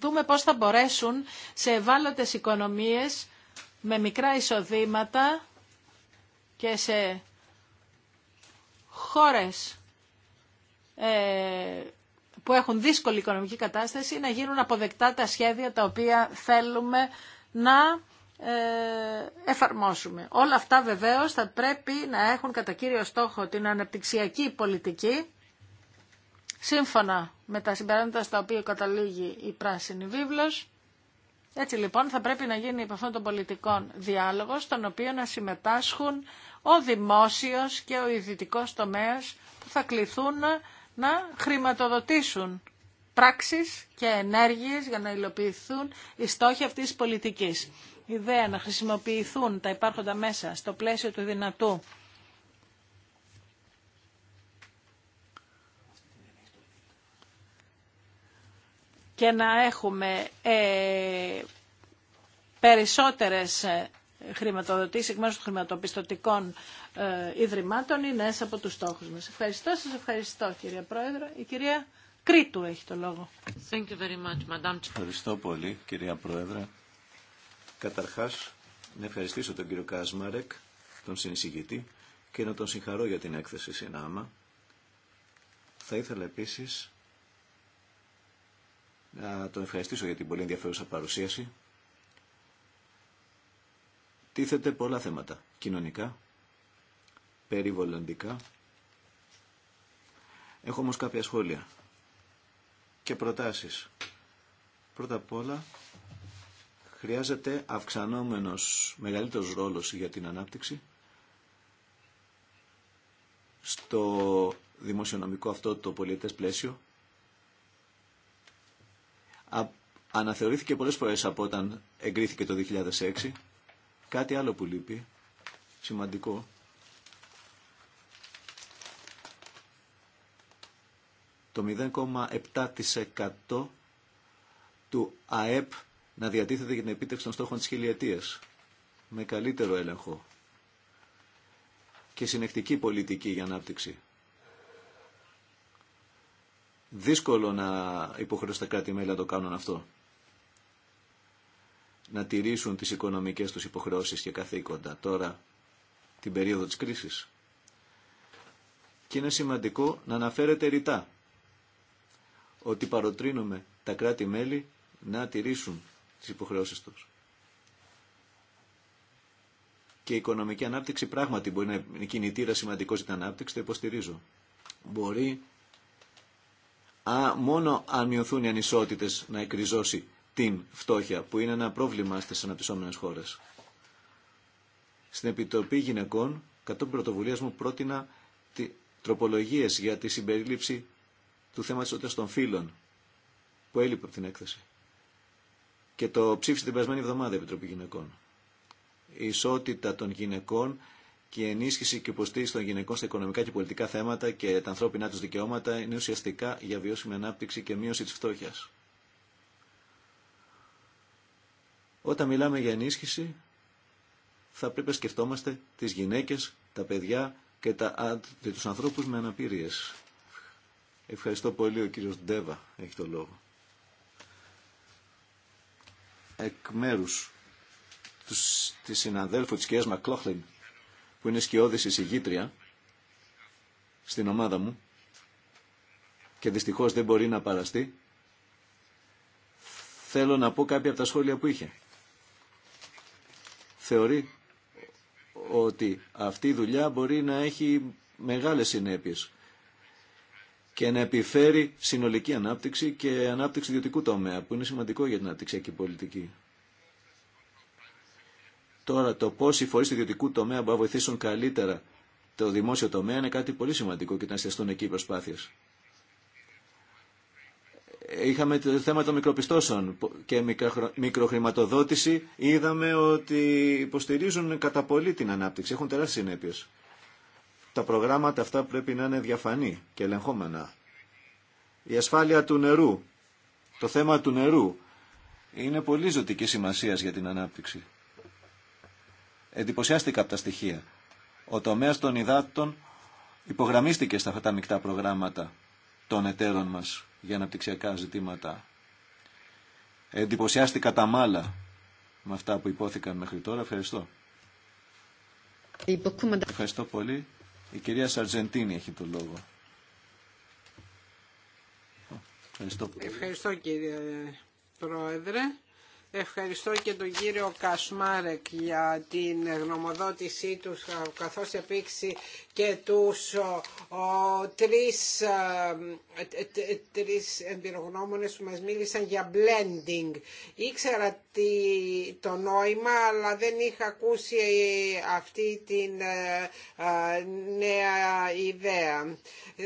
S1: δούμε πώς θα μπορέσουν σε ευάλωτες οικονομίες με μικρά εισοδήματα και σε χώρες ε, που έχουν δύσκολη οικονομική κατάσταση να γίνουν αποδεκτά τα σχέδια τα οποία θέλουμε να ε, εφαρμόσουμε. Όλα αυτά βεβαίως θα πρέπει να έχουν κατά κύριο στόχο την αναπτυξιακή πολιτική σύμφωνα με τα συμπεράσματα στα οποία καταλήγει η πράσινη βίβλος. Έτσι λοιπόν θα πρέπει να γίνει από αυτόν τον πολιτικό διάλογο, στον οποίο να συμμετάσχουν ο δημόσιος και ο ιδιωτικός τομέας που θα κληθούν να χρηματοδοτήσουν πράξεις και ενέργειες για να υλοποιηθούν οι στόχοι αυτής της πολιτικής. Η ιδέα να χρησιμοποιηθούν τα υπάρχοντα μέσα στο πλαίσιο του δυνατού και να έχουμε ε, περισσότερες ε, χρηματοδοτήσεις εκ μέρους των χρηματοπιστωτικών ε, ιδρυμάτων είναι από τους στόχους μας. Ευχαριστώ, σας ευχαριστώ κυρία Πρόεδρε. Η κυρία Κρήτου έχει το λόγο.
S2: Thank you very much,
S3: Ευχαριστώ πολύ κυρία Πρόεδρε. Καταρχάς, να ευχαριστήσω τον κύριο Κάσμαρεκ, τον συνεισηγητή, και να τον συγχαρώ για την έκθεση Συνάμα. Θα ήθελα επίσης να τον ευχαριστήσω για την πολύ ενδιαφέρουσα παρουσίαση. Τίθεται πολλά θέματα. Κοινωνικά, περιβολαντικά. Έχω όμως κάποια σχόλια και προτάσεις. Πρώτα απ' όλα, χρειάζεται αυξανόμενος μεγαλύτερος ρόλος για την ανάπτυξη στο δημοσιονομικό αυτό το πολιτες πλαίσιο. αναθεωρήθηκε πολλές φορές από όταν εγκρίθηκε το 2006. Κάτι άλλο που λείπει, σημαντικό, το 0,7% του ΑΕΠ να διατίθεται για την επίτευξη των στόχων της χιλιετίας με καλύτερο έλεγχο και συνεκτική πολιτική για ανάπτυξη. Δύσκολο να υποχρεώσει τα κράτη-μέλη να το κάνουν αυτό. Να τηρήσουν τις οικονομικές τους υποχρεώσεις και καθήκοντα τώρα την περίοδο της κρίσης. Και είναι σημαντικό να αναφέρεται ρητά ότι παροτρύνουμε τα κράτη-μέλη να τηρήσουν τις υποχρεώσεις τους. Και η οικονομική ανάπτυξη πράγματι μπορεί να είναι κινητήρα σημαντικό για την ανάπτυξη, το υποστηρίζω. Μπορεί α, μόνο αν μειωθούν οι ανισότητες να εκριζώσει την φτώχεια, που είναι ένα πρόβλημα στις αναπτυσσόμενες χώρες. Στην Επιτροπή Γυναικών, κατόπιν πρωτοβουλία μου, πρότεινα τροπολογίες για τη συμπερίληψη του θέματος της των φύλων που έλειπε από την έκθεση. Και το ψήφισε την περασμένη εβδομάδα η Επιτροπή Γυναικών. Η ισότητα των γυναικών και η ενίσχυση και υποστήριξη των γυναικών στα οικονομικά και πολιτικά θέματα και τα ανθρώπινά του δικαιώματα είναι ουσιαστικά για βιώσιμη ανάπτυξη και μείωση τη φτώχεια. Όταν μιλάμε για ενίσχυση, θα πρέπει να σκεφτόμαστε τι γυναίκε, τα παιδιά και, του ανθρώπου με αναπηρίες. Ευχαριστώ πολύ. Ο κύριος Ντέβα έχει το λόγο. Εκ μέρους τους, της συναδέλφου της κυρίας Μακλόχλιν, που είναι σκιώδης εισηγήτρια στην ομάδα μου και δυστυχώς δεν μπορεί να παραστεί, θέλω να πω κάποια από τα σχόλια που είχε. Θεωρεί ότι αυτή η δουλειά μπορεί να έχει μεγάλες συνέπειες και να επιφέρει συνολική ανάπτυξη και ανάπτυξη ιδιωτικού τομέα, που είναι σημαντικό για την αναπτυξιακή πολιτική. Τώρα, το πώ οι φορεί του ιδιωτικού τομέα μπορούν να βοηθήσουν καλύτερα το δημόσιο τομέα είναι κάτι πολύ σημαντικό και να εστιαστούν εκεί οι προσπάθειε. Είχαμε το θέμα των μικροπιστώσεων και μικροχρηματοδότηση. Είδαμε ότι υποστηρίζουν κατά πολύ την ανάπτυξη. Έχουν τεράστιε συνέπειε. Τα προγράμματα αυτά πρέπει να είναι διαφανή και ελεγχόμενα. Η ασφάλεια του νερού, το θέμα του νερού, είναι πολύ ζωτική σημασία για την ανάπτυξη. Εντυπωσιάστηκα από τα στοιχεία. Ο τομέα των υδάτων υπογραμμίστηκε στα αυτά τα μεικτά προγράμματα των εταίρων μα για αναπτυξιακά ζητήματα. Εντυπωσιάστηκα τα μάλα με αυτά που υπόθηκαν μέχρι τώρα. Ευχαριστώ. Ευχαριστώ πολύ. Η κυρία Σαρτζεντίνη έχει το λόγο. Ευχαριστώ.
S2: Ευχαριστώ κύριε Πρόεδρε. Ευχαριστώ και τον κύριο Κασμάρεκ για την γνωμοδότησή του καθώς επίξει και τους ο, τρεις ε, τρεις εμπειρογνώμονες που μας μίλησαν για blending. Ήξερα τι, το νόημα, αλλά δεν είχα ακούσει ε, αυτή την ε, νέα ιδέα.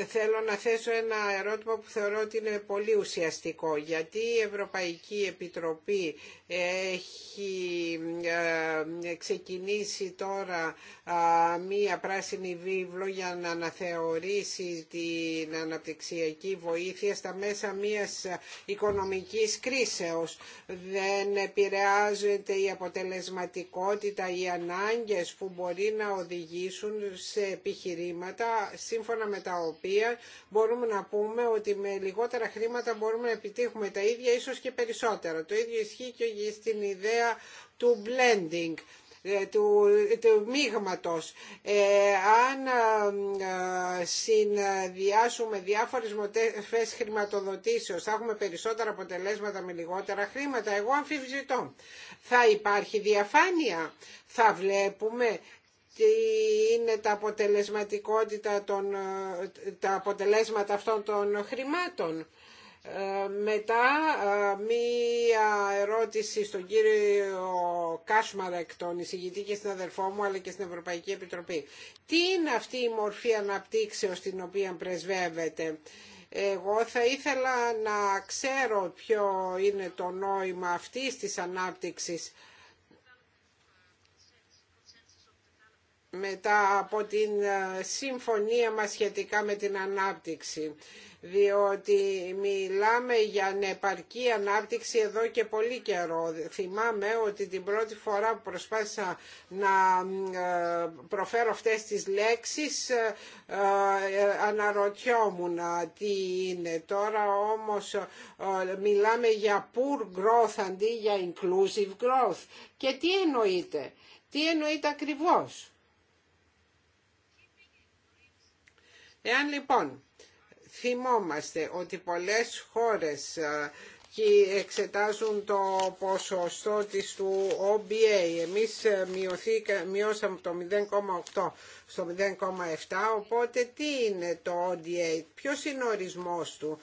S2: Θέλω να θέσω ένα ερώτημα που θεωρώ ότι είναι πολύ ουσιαστικό. Γιατί η Ευρωπαϊκή Επιτροπή έχει ε, ξεκινήσει τώρα μία πράσινη βίβλο για να αναθεωρήσει την αναπτυξιακή ανθρωπιστική βοήθεια στα μέσα μιας οικονομικής κρίσεως. Δεν επηρεάζεται η αποτελεσματικότητα, οι ανάγκες που μπορεί να οδηγήσουν σε επιχειρήματα σύμφωνα με τα οποία μπορούμε να πούμε ότι με λιγότερα χρήματα μπορούμε να επιτύχουμε τα ίδια ίσως και περισσότερα. Το ίδιο ισχύει και στην ιδέα του blending ε, του, του μείγματος. Ε, αν ε, συνδυάσουμε διάφορες μοτέφες χρηματοδοτήσεως θα έχουμε περισσότερα αποτελέσματα με λιγότερα χρήματα. Εγώ αμφιβητώ. Θα υπάρχει διαφάνεια. Θα βλέπουμε τι είναι τα αποτελεσματικότητα των, τα αποτελέσματα αυτών των χρημάτων. Ε, μετά ε, μία ερώτηση στον κύριο Κάσμαρεκ, τον εισηγητή και στην αδερφό μου, αλλά και στην Ευρωπαϊκή Επιτροπή. Τι είναι αυτή η μορφή αναπτύξεως την οποία πρεσβεύεται. Εγώ θα ήθελα να ξέρω ποιο είναι το νόημα αυτής της ανάπτυξης μετά από την ε, συμφωνία μας σχετικά με την ανάπτυξη διότι μιλάμε για ανεπαρκή ανάπτυξη εδώ και πολύ καιρό. Θυμάμαι ότι την πρώτη φορά που προσπάθησα να ε, προφέρω αυτές τις λέξεις ε, αναρωτιόμουν τι είναι. Τώρα όμως μιλάμε για poor growth αντί για inclusive growth. Και τι εννοείται, τι εννοείται ακριβώς. Εάν λοιπόν θυμόμαστε ότι πολλές χώρες ε, και εξετάζουν το ποσοστό της του OBA. Εμείς ε, μειώσαμε το 0,8 στο 0,7, οπότε τι είναι το ODA, ποιος είναι ο ορισμός του.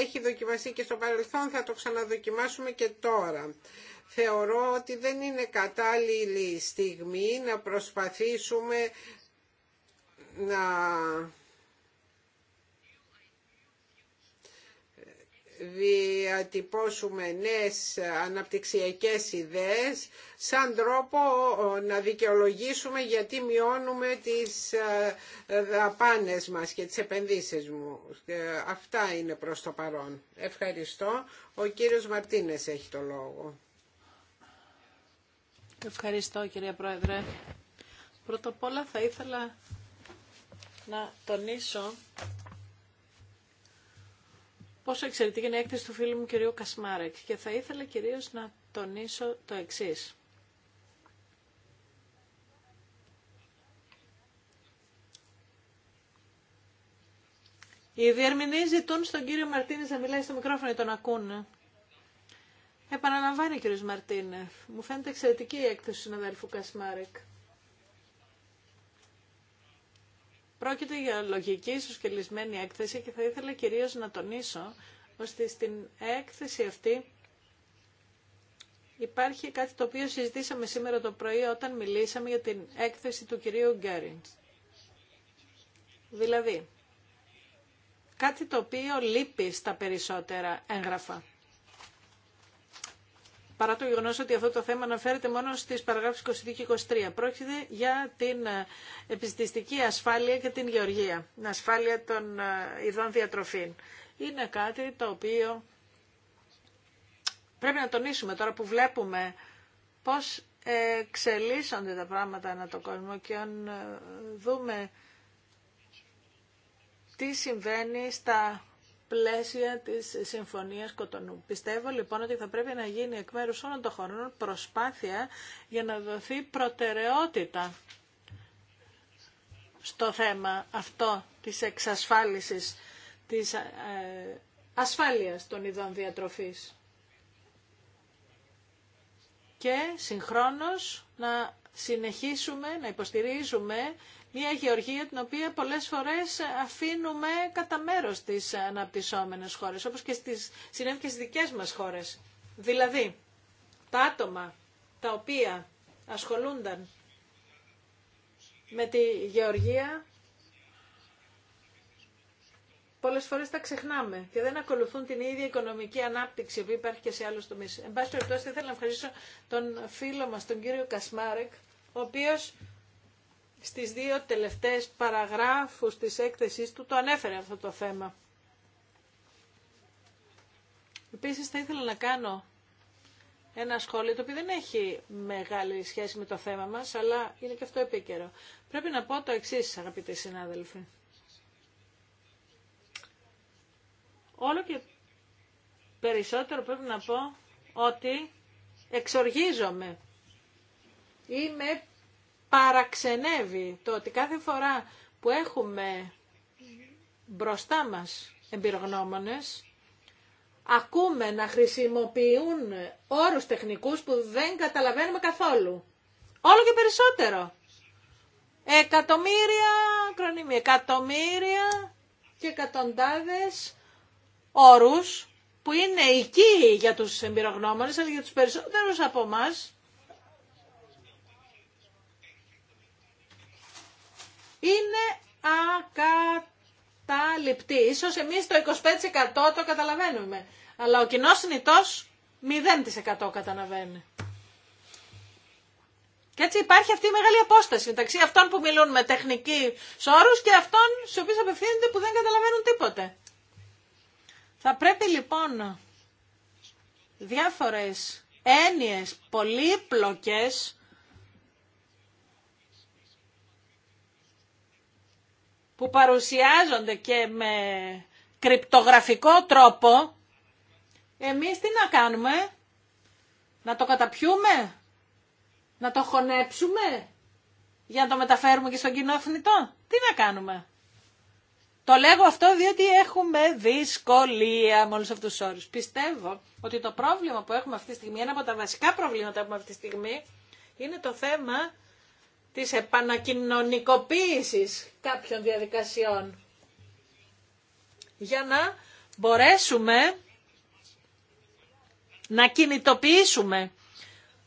S2: Έχει δοκιμαστεί και στο παρελθόν, θα το ξαναδοκιμάσουμε και τώρα. Θεωρώ ότι δεν είναι κατάλληλη στιγμή να προσπαθήσουμε να διατυπώσουμε νέες αναπτυξιακές ιδέες σαν τρόπο να δικαιολογήσουμε γιατί μειώνουμε τις ε, δαπάνες μας και τις επενδύσεις μου. Ε, αυτά είναι προς το παρόν. Ευχαριστώ. Ο κύριος Μαρτίνες έχει το λόγο.
S1: Ευχαριστώ κύριε Πρόεδρε. Πρώτα απ' όλα θα ήθελα να τονίσω πόσο εξαιρετική είναι η έκθεση του φίλου μου κυρίου Κασμάρεκ και θα ήθελα κυρίως να τονίσω το εξής. Οι διερμηνεί ζητούν στον κύριο Μαρτίνες να μιλάει στο μικρόφωνο ή τον ακούνε. Επαναλαμβάνει ο κύριος Μαρτίνεφ. Μου φαίνεται εξαιρετική η έκθεση του συναδέλφου Κασμάρεκ. Πρόκειται για λογική ισοσκελισμένη έκθεση και θα ήθελα κυρίως να τονίσω ότι στην έκθεση αυτή υπάρχει κάτι το οποίο συζητήσαμε σήμερα το πρωί όταν μιλήσαμε για την έκθεση του κυρίου Γκέριντ. Δηλαδή, κάτι το οποίο λείπει στα περισσότερα έγγραφα παρά το γεγονό ότι αυτό το θέμα αναφέρεται μόνο στις παραγράφους 22 και 23. Πρόκειται για την ε, επιστηστική ασφάλεια και την γεωργία, την ασφάλεια των ε, ειδών διατροφή. Είναι κάτι το οποίο πρέπει να τονίσουμε τώρα που βλέπουμε πώς εξελίσσονται τα πράγματα ανά το κόσμο και αν ε, δούμε τι συμβαίνει στα πλαίσια της Συμφωνίας Κοτονού. Πιστεύω λοιπόν ότι θα πρέπει να γίνει εκ μέρους όλων των χωρών προσπάθεια για να δοθεί προτεραιότητα στο θέμα αυτό της εξασφάλισης της ε, ασφάλειας των ειδών διατροφής. Και συγχρόνως να συνεχίσουμε να υποστηρίζουμε μια γεωργία την οποία πολλές φορές αφήνουμε κατά μέρο στις αναπτυσσόμενες χώρες, όπως και στις, συνέβη δικές μας χώρες. Δηλαδή, τα άτομα τα οποία ασχολούνταν με τη γεωργία πολλές φορές τα ξεχνάμε και δεν ακολουθούν την ίδια οικονομική ανάπτυξη που υπάρχει και σε άλλους τομείς. Εν πάση περιπτώσει, θα ήθελα να ευχαριστήσω τον φίλο μας, τον κύριο Κασμάρεκ, ο οποίος στις δύο τελευταίες παραγράφους της έκθεσής του το ανέφερε αυτό το θέμα. Επίσης θα ήθελα να κάνω ένα σχόλιο το οποίο δεν έχει μεγάλη σχέση με το θέμα μας, αλλά είναι και αυτό επίκαιρο. Πρέπει να πω το εξής, αγαπητοί συνάδελφοι. Όλο και περισσότερο πρέπει να πω ότι εξοργίζομαι. Είμαι παραξενεύει το ότι κάθε φορά που έχουμε μπροστά μας εμπειρογνώμονες, ακούμε να χρησιμοποιούν όρους τεχνικούς που δεν καταλαβαίνουμε καθόλου. Όλο και περισσότερο. Εκατομμύρια εκατομμύρια και εκατοντάδες όρους που είναι εκεί για τους εμπειρογνώμονες, αλλά για τους περισσότερους από μας είναι ακαταληπτή. Ίσως εμείς το 25% το καταλαβαίνουμε, αλλά ο κοινό συνητός 0% καταλαβαίνει. Και έτσι υπάρχει αυτή η μεγάλη απόσταση μεταξύ αυτών που μιλούν με τεχνική όρου και αυτών στου οποίου απευθύνεται που δεν καταλαβαίνουν τίποτε. Θα πρέπει λοιπόν διάφορες έννοιες πολύπλοκες που παρουσιάζονται και με κρυπτογραφικό τρόπο, εμείς τι να κάνουμε, να το καταπιούμε, να το χωνέψουμε για να το μεταφέρουμε και στον κοινό αφνητό. Τι να κάνουμε. Το λέγω αυτό διότι έχουμε δυσκολία με όλους αυτούς τους όρους. Πιστεύω ότι το πρόβλημα που έχουμε αυτή τη στιγμή, ένα από τα βασικά προβλήματα που έχουμε αυτή τη στιγμή, είναι το θέμα της επανακοινωνικοποίησης κάποιων διαδικασιών για να μπορέσουμε να κινητοποιήσουμε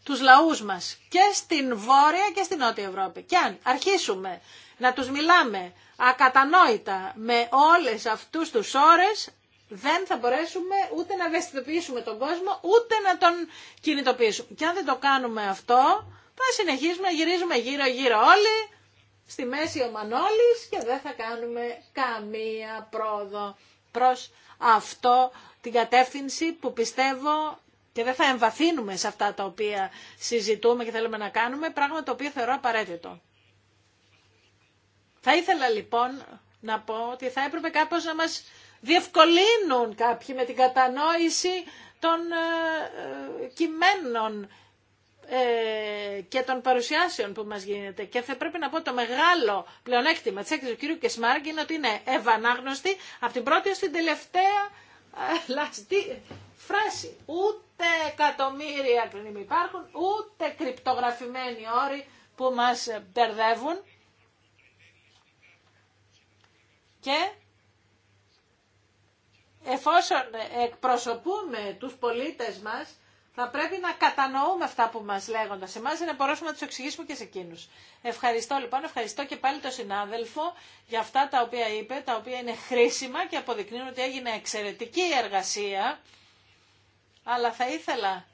S1: τους λαούς μας και στην Βόρεια και στην Νότια Ευρώπη. Και αν αρχίσουμε να τους μιλάμε ακατανόητα με όλες αυτούς τους ώρες, δεν θα μπορέσουμε ούτε να ευαισθητοποιήσουμε τον κόσμο, ούτε να τον κινητοποιήσουμε. Και αν δεν το κάνουμε αυτό, να συνεχίσουμε να γυρίζουμε γύρω-γύρω όλοι, στη μέση ο Μανώλης και δεν θα κάνουμε καμία πρόοδο προς αυτό την κατεύθυνση που πιστεύω και δεν θα εμβαθύνουμε σε αυτά τα οποία συζητούμε και θέλουμε να κάνουμε, πράγμα το οποίο θεωρώ απαραίτητο. Θα ήθελα λοιπόν να πω ότι θα έπρεπε κάπως να μας διευκολύνουν κάποιοι με την κατανόηση των ε, ε κειμένων ε, και των παρουσιάσεων που μας γίνεται. Και θα πρέπει να πω το μεγάλο πλεονέκτημα της έκθεσης του κυρίου Κεσμάρκη είναι ότι είναι ευανάγνωστη από την πρώτη ως την τελευταία ε, λαστή φράση. Ούτε εκατομμύρια κρινήμοι υπάρχουν, ούτε κρυπτογραφημένοι όροι που μας μπερδεύουν. Και εφόσον εκπροσωπούμε τους πολίτες μας, θα πρέπει να κατανοούμε αυτά που μας λέγονται σε εμάς, να μπορέσουμε να τους εξηγήσουμε και σε εκείνους. Ευχαριστώ λοιπόν, ευχαριστώ και πάλι τον συνάδελφο για αυτά τα οποία είπε, τα οποία είναι χρήσιμα και αποδεικνύουν ότι έγινε εξαιρετική εργασία, αλλά θα ήθελα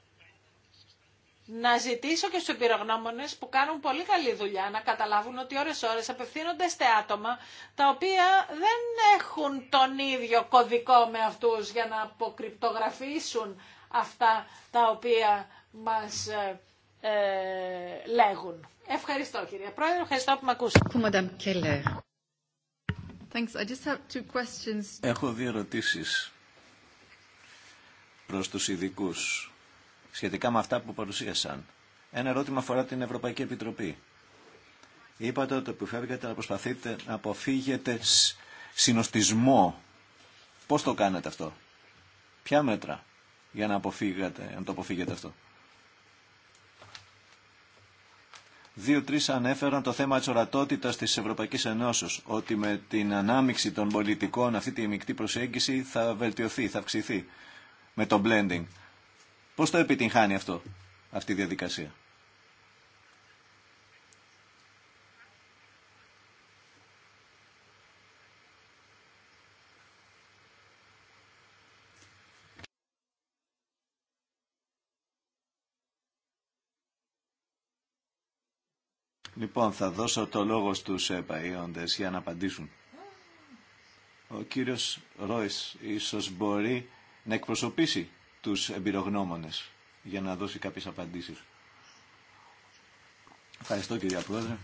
S1: να ζητήσω και στους εμπειρογνώμονες που κάνουν πολύ καλή δουλειά να καταλάβουν ότι ώρες-ώρες απευθύνονται σε άτομα τα οποία δεν έχουν τον ίδιο κωδικό με αυτούς για να αποκρυπτογραφήσουν αυτά τα οποία μας ε, ε, λέγουν. Ευχαριστώ κυρία Πρόεδρε, ευχαριστώ που με ακούσατε.
S3: Έχω δύο ερωτήσεις προς τους ειδικού σχετικά με αυτά που παρουσίασαν. Ένα ερώτημα αφορά την Ευρωπαϊκή Επιτροπή. Είπατε ότι φεύγετε να προσπαθείτε να αποφύγετε συνοστισμό. Πώς το κάνετε αυτό. Ποια μέτρα για να, αποφύγετε, να το αποφύγετε αυτό. Δύο-τρεις ανέφεραν το θέμα της ορατότητας της Ευρωπαϊκής Ενώσεως, ότι με την ανάμιξη των πολιτικών αυτή τη μεικτή προσέγγιση θα βελτιωθεί, θα αυξηθεί με το blending. Πώς το επιτυγχάνει αυτό, αυτή η διαδικασία. Λοιπόν, θα δώσω το λόγο στους επαΐοντες για να απαντήσουν. Ο κύριος Ρόης ίσως μπορεί να εκπροσωπήσει τους εμπειρογνώμονες για να δώσει κάποιες απαντήσεις. Ευχαριστώ κύριε Πρόεδρε.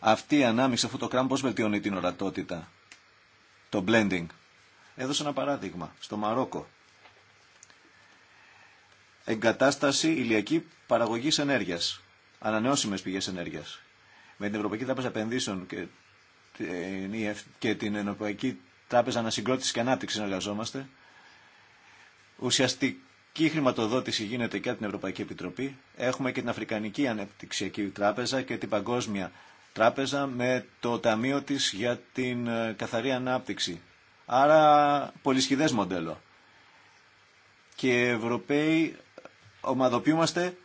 S3: Αυτή η ανάμειξη, αυτό το κράμα πώς βελτιώνει την ορατότητα. Το blending. Έδωσε ένα παράδειγμα στο Μαρόκο εγκατάσταση ηλιακή παραγωγής ενέργειας, ανανεώσιμε πηγέ ενέργειας. Με την Ευρωπαϊκή Τράπεζα Επενδύσεων και την Ευρωπαϊκή Τράπεζα Ανασυγκρότησης και Ανάπτυξης συνεργαζόμαστε. Ουσιαστική χρηματοδότηση γίνεται και από την Ευρωπαϊκή Επιτροπή. Έχουμε και την Αφρικανική Ανεπτυξιακή Τράπεζα και την Παγκόσμια Τράπεζα με το Ταμείο τη για την ε, Καθαρή Ανάπτυξη. Άρα πολυσχηδέ μοντέλο. Και οι Ευρωπαίοι ομαδοποιούμαστε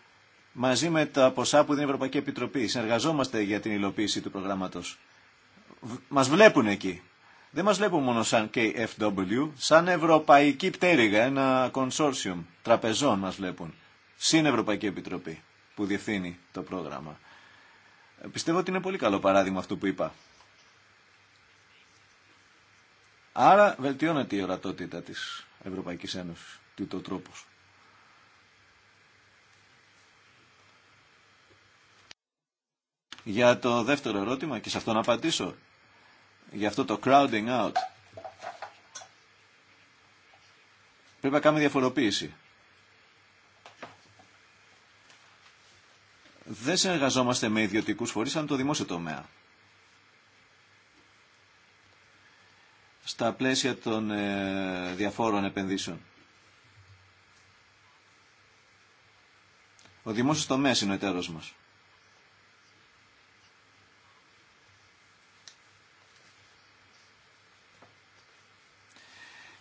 S3: μαζί με τα ποσά που δίνει η Ευρωπαϊκή Επιτροπή. Συνεργαζόμαστε για την υλοποίηση του προγράμματος. Μας βλέπουν εκεί. Δεν μας βλέπουν μόνο σαν KFW, σαν Ευρωπαϊκή Πτέρυγα, ένα consortium τραπεζών μας βλέπουν. Συν Ευρωπαϊκή Επιτροπή που διευθύνει το πρόγραμμα. Ε, πιστεύω ότι είναι πολύ καλό παράδειγμα αυτό που είπα. Άρα βελτιώνεται η ορατότητα της Ευρωπαϊκής Ένωσης, του το τρόπος. Για το δεύτερο ερώτημα και σε αυτό να απαντήσω. Για αυτό το crowding out. Πρέπει να κάνουμε διαφοροποίηση. Δεν συνεργαζόμαστε με ιδιωτικούς φορείς αν το δημόσιο τομέα. Στα πλαίσια των ε, διαφόρων επενδύσεων. Ο δημόσιος τομέας είναι ο εταίρος μας.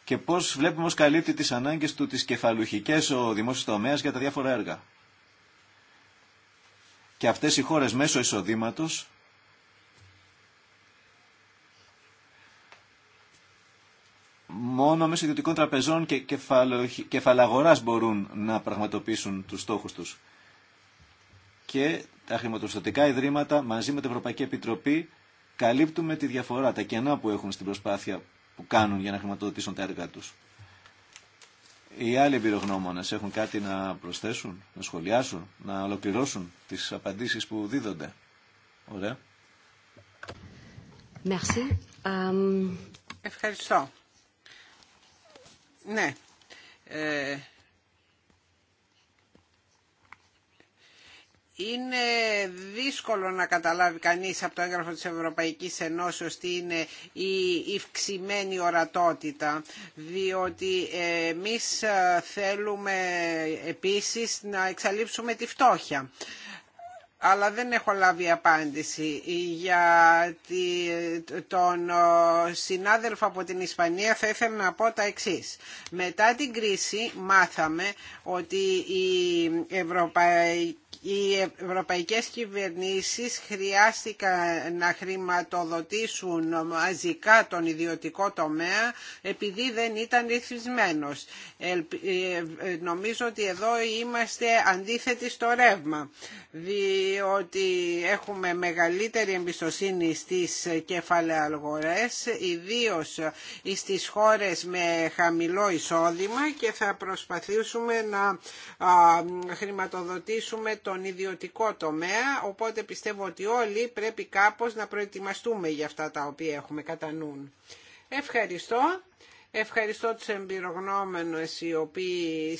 S3: και πώς βλέπουμε ω καλύπτει τις ανάγκες του τι κεφαλουχικέ ο δημόσιο τομέα για τα διάφορα έργα. Και αυτές οι χώρες μέσω εισοδήματος μόνο μέσω ιδιωτικών τραπεζών και κεφαλαγοράς μπορούν να πραγματοποιήσουν τους στόχους τους. Και τα χρηματοπιστωτικά ιδρύματα μαζί με την Ευρωπαϊκή Επιτροπή καλύπτουμε τη διαφορά, τα κενά που έχουν στην προσπάθεια που κάνουν για να χρηματοδοτήσουν τα έργα τους. Οι άλλοι εμπειρογνώμονες έχουν κάτι να προσθέσουν, να σχολιάσουν, να ολοκληρώσουν τις απαντήσεις που δίδονται. Ωραία.
S2: Merci. Ευχαριστώ. Ναι. Ε, Είναι δύσκολο να καταλάβει κανείς από το έγγραφο της Ευρωπαϊκής Ενώσεως τι είναι η ευξημένη ορατότητα, διότι εμείς θέλουμε επίσης να εξαλείψουμε τη φτώχεια αλλά δεν έχω λάβει απάντηση. Για τον συνάδελφο από την Ισπανία θα ήθελα να πω τα εξής. Μετά την κρίση μάθαμε ότι η Ευρωπαϊκή οι ευρωπαϊκές κυβερνήσεις χρειάστηκαν να χρηματοδοτήσουν μαζικά τον ιδιωτικό τομέα επειδή δεν ήταν ρυθμισμένος. Ε, ε, νομίζω ότι εδώ είμαστε αντίθετοι στο ρεύμα, διότι έχουμε μεγαλύτερη εμπιστοσύνη στις κεφαλαίες ιδίως στις χώρες με χαμηλό εισόδημα και θα προσπαθήσουμε να χρηματοδοτήσουμε τον ιδιωτικό τομέα, οπότε πιστεύω ότι όλοι πρέπει κάπως να προετοιμαστούμε για αυτά τα οποία έχουμε κατά νου. Ευχαριστώ. Ευχαριστώ τους εμπειρογνώμενους οι οποίοι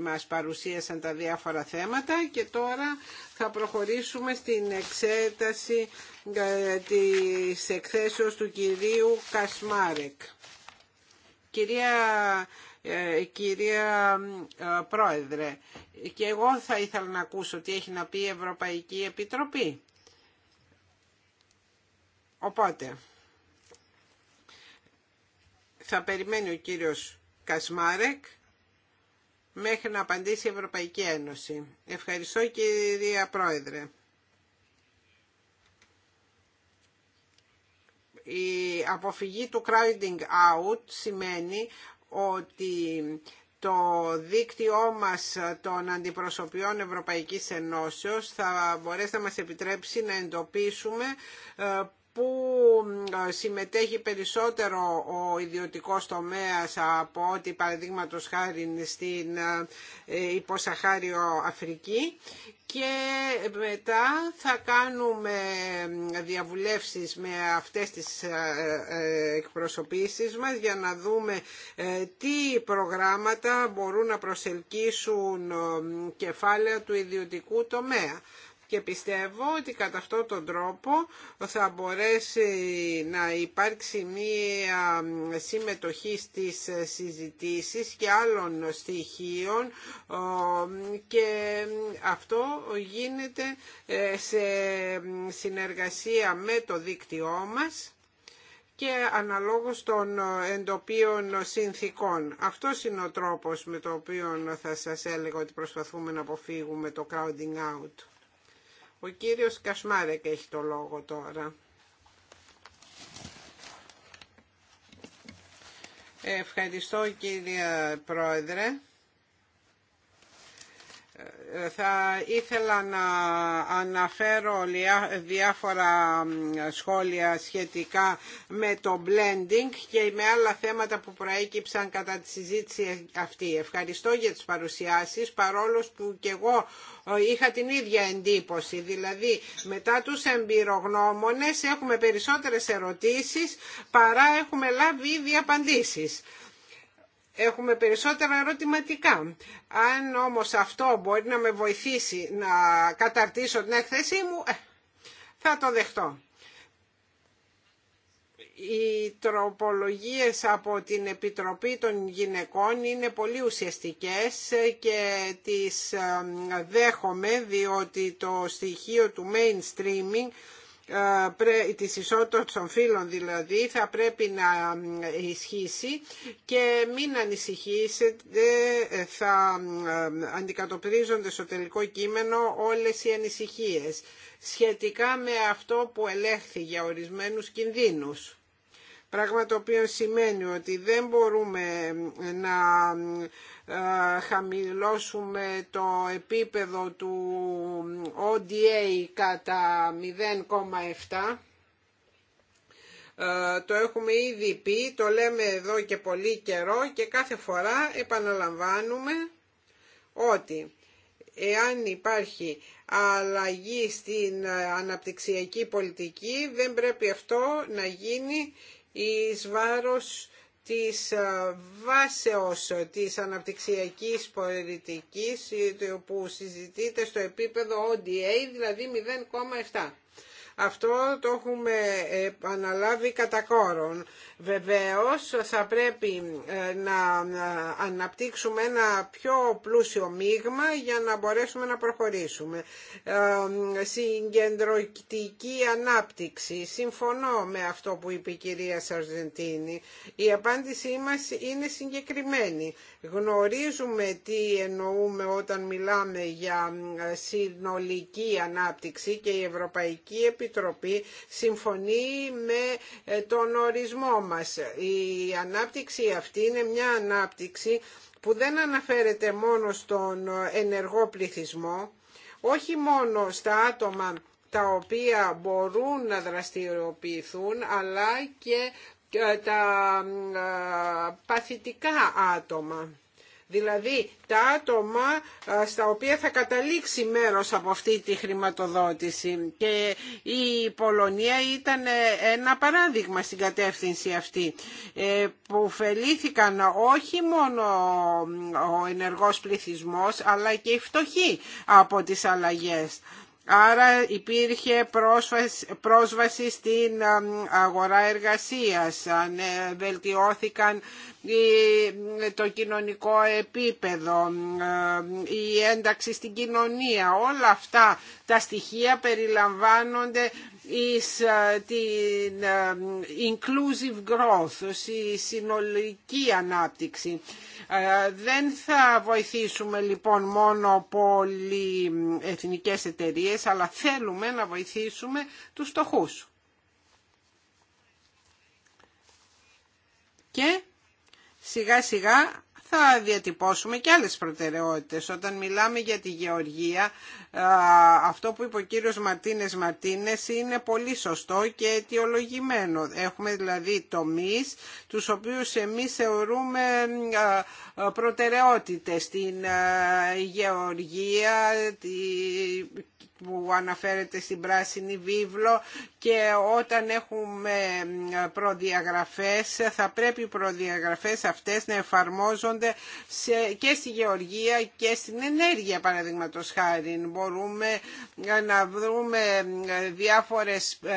S2: μας παρουσίασαν τα διάφορα θέματα και τώρα θα προχωρήσουμε στην εξέταση ε, της εκθέσεως του κυρίου Κασμάρεκ. Κυρία ε, κυρία ε, Πρόεδρε, και εγώ θα ήθελα να ακούσω τι έχει να πει η Ευρωπαϊκή Επιτροπή. Οπότε, θα περιμένει ο κύριος Κασμάρεκ μέχρι να απαντήσει η Ευρωπαϊκή Ένωση. Ευχαριστώ κυρία Πρόεδρε. η αποφυγή του crowding out σημαίνει ότι το δίκτυό μας των αντιπροσωπιών Ευρωπαϊκής Ενώσεως θα μπορέσει να μας επιτρέψει να εντοπίσουμε ε, που ε, συμμετέχει περισσότερο ο ιδιωτικός τομέας από ό,τι παραδείγματο χάρη στην ε, ε, υποσαχάριο Αφρική και μετά θα κάνουμε διαβουλεύσεις με αυτές τις εκπροσωπήσεις μας για να δούμε τι προγράμματα μπορούν να προσελκύσουν κεφάλαια του ιδιωτικού τομέα και πιστεύω ότι κατά αυτόν τον τρόπο θα μπορέσει να υπάρξει μία συμμετοχή στις συζητήσεις και άλλων στοιχείων και αυτό γίνεται ε, σε συνεργασία με το δίκτυό μας και αναλόγως των εντοπίων συνθήκων. Αυτό είναι ο τρόπος με τον οποίο θα σας έλεγα ότι προσπαθούμε να αποφύγουμε το crowding out. Ο κύριος Κασμάρεκ έχει το λόγο τώρα. Ευχαριστώ κύριε Πρόεδρε θα ήθελα να αναφέρω διάφορα σχόλια σχετικά με το blending και με άλλα θέματα που προέκυψαν κατά τη συζήτηση αυτή. Ευχαριστώ για τις παρουσιάσεις, παρόλο που και εγώ ε, είχα την ίδια εντύπωση. Δηλαδή, μετά τους εμπειρογνώμονες έχουμε περισσότερες ερωτήσεις παρά έχουμε λάβει ήδη απαντήσεις έχουμε περισσότερα ερωτηματικά. Αν όμως αυτό μπορεί να με βοηθήσει να καταρτήσω την έκθεσή μου, ε, θα το δεχτώ. Οι τροπολογίες από την Επιτροπή των Γυναικών είναι πολύ ουσιαστικές και τις ε, δέχομαι διότι το στοιχείο του mainstreaming της ισότητας των φύλων δηλαδή θα πρέπει να ισχύσει και μην ανησυχήσετε ε, θα αντικατοπτρίζονται στο τελικό κείμενο όλες οι ανησυχίες σχετικά με αυτό που ελέγχθη για ορισμένους κινδύνους. Πράγμα το οποίο σημαίνει ότι δεν μπορούμε να χαμηλώσουμε ε, το επίπεδο του ODA κατά 0,7 ε, το έχουμε ήδη πει, το λέμε εδώ και πολύ καιρό και κάθε φορά επαναλαμβάνουμε ότι εάν υπάρχει αλλαγή στην αναπτυξιακή πολιτική δεν πρέπει αυτό να γίνει εις βάρος της ε, βάσεως της αναπτυξιακής πολιτικής ε, που συζητείται στο επίπεδο ODA, δηλαδή 0,7. Αυτό το έχουμε αναλάβει κατά κόρον. Βεβαίως θα πρέπει ε, να ε, αναπτύξουμε ένα πιο πλούσιο μείγμα για να μπορέσουμε να προχωρήσουμε. Ε, συγκεντρωτική ανάπτυξη. Συμφωνώ με αυτό που είπε η κυρία Σαρζεντίνη. Η απάντησή μας είναι συγκεκριμένη. Γνωρίζουμε τι εννοούμε όταν μιλάμε για συνολική ανάπτυξη και η Ευρωπαϊκή Επιτροπή Επιτροπή συμφωνεί με ε, τον ορισμό μας. Η ανάπτυξη αυτή είναι μια ανάπτυξη που δεν αναφέρεται μόνο στον ενεργό πληθυσμό, όχι μόνο στα άτομα τα οποία μπορούν να δραστηριοποιηθούν, αλλά και ε, τα ε, παθητικά άτομα δηλαδή τα άτομα στα οποία θα καταλήξει μέρος από αυτή τη χρηματοδότηση. Και η Πολωνία ήταν ε, ένα παράδειγμα στην κατεύθυνση αυτή, ε, που φελήθηκαν όχι μόνο ο ενεργός πληθυσμός, αλλά και οι φτωχοί από τις αλλαγές. Άρα υπήρχε πρόσβαση, πρόσβαση στην αγορά εργασίας, ε, βελτιώθηκαν ε, το κοινωνικό επίπεδο, ε, η ένταξη στην κοινωνία. Όλα αυτά τα στοιχεία περιλαμβάνονται εις την inclusive growth, η συνολική ανάπτυξη. Ε, δεν θα βοηθήσουμε λοιπόν μόνο εθνικές εταιρείες, αλλά θέλουμε να βοηθήσουμε τους στοχούς. Και σιγά σιγά θα διατυπώσουμε και άλλες προτεραιότητες. Όταν μιλάμε για τη γεωργία, αυτό που είπε ο κύριος Μαρτίνες Μαρτίνες είναι πολύ σωστό και αιτιολογημένο. Έχουμε δηλαδή τομείς τους οποίους εμείς θεωρούμε προτεραιότητες. Την γεωργία, που αναφέρεται στην πράσινη βίβλο και όταν έχουμε προδιαγραφές θα πρέπει οι προδιαγραφές αυτές να εφαρμόζονται και στη γεωργία και στην ενέργεια παραδείγματο χάρη. Μπορούμε ε, να βρούμε ε, διάφορες, ε,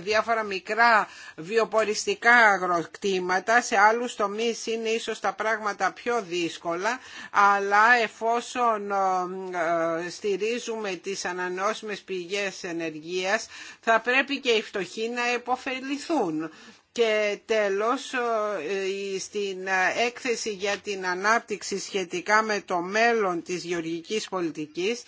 S2: διάφορα μικρά βιοποριστικά αγροκτήματα σε άλλους τομείς είναι ίσως τα πράγματα πιο δύσκολα αλλά εφόσον στηρίζουμε τις ανανεώσιμε με πηγές ενεργείας θα πρέπει και οι φτωχοί να υποφεληθούν. Και τέλος, ε, στην ε, έκθεση για την ανάπτυξη σχετικά με το μέλλον της γεωργικής πολιτικής,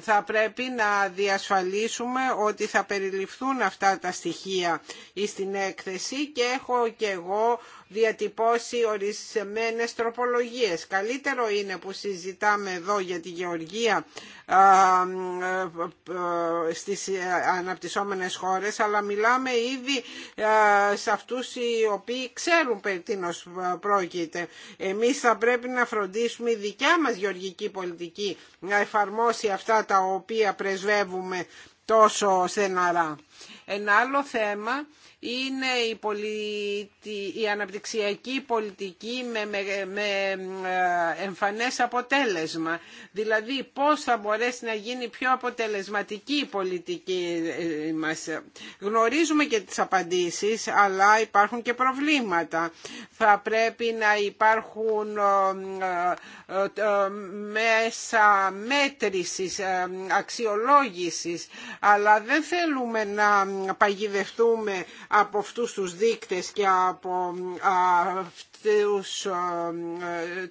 S2: θα πρέπει να διασφαλίσουμε ότι θα περιληφθούν αυτά τα στοιχεία στην έκθεση και έχω και εγώ διατυπώσει ορισμένες τροπολογίες. Καλύτερο είναι που συζητάμε εδώ για τη γεωργία στις αναπτυσσόμενες χώρες, αλλά μιλάμε ήδη σε αυτούς οι οποίοι ξέρουν περί τίνος πρόκειται. Εμείς θα πρέπει να φροντίσουμε η δικιά μας γεωργική πολιτική να εφαρμόσει αυτά τα οποία πρεσβεύουμε τόσο στεναρά. Ένα άλλο θέμα είναι η, η αναπτυξιακή πολιτική με, με, ε, εμφανές αποτέλεσμα. Δηλαδή πώς θα μπορέσει να γίνει πιο αποτελεσματική η πολιτική ε, μας. Γνωρίζουμε και τις απαντήσεις, αλλά υπάρχουν και προβλήματα. Θα πρέπει να υπάρχουν ε, μέσα μέτρησης, αξιολόγησης, αλλά δεν θέλουμε να παγιδευτούμε από αυτούς τους δείκτες και από αυτούς, ε,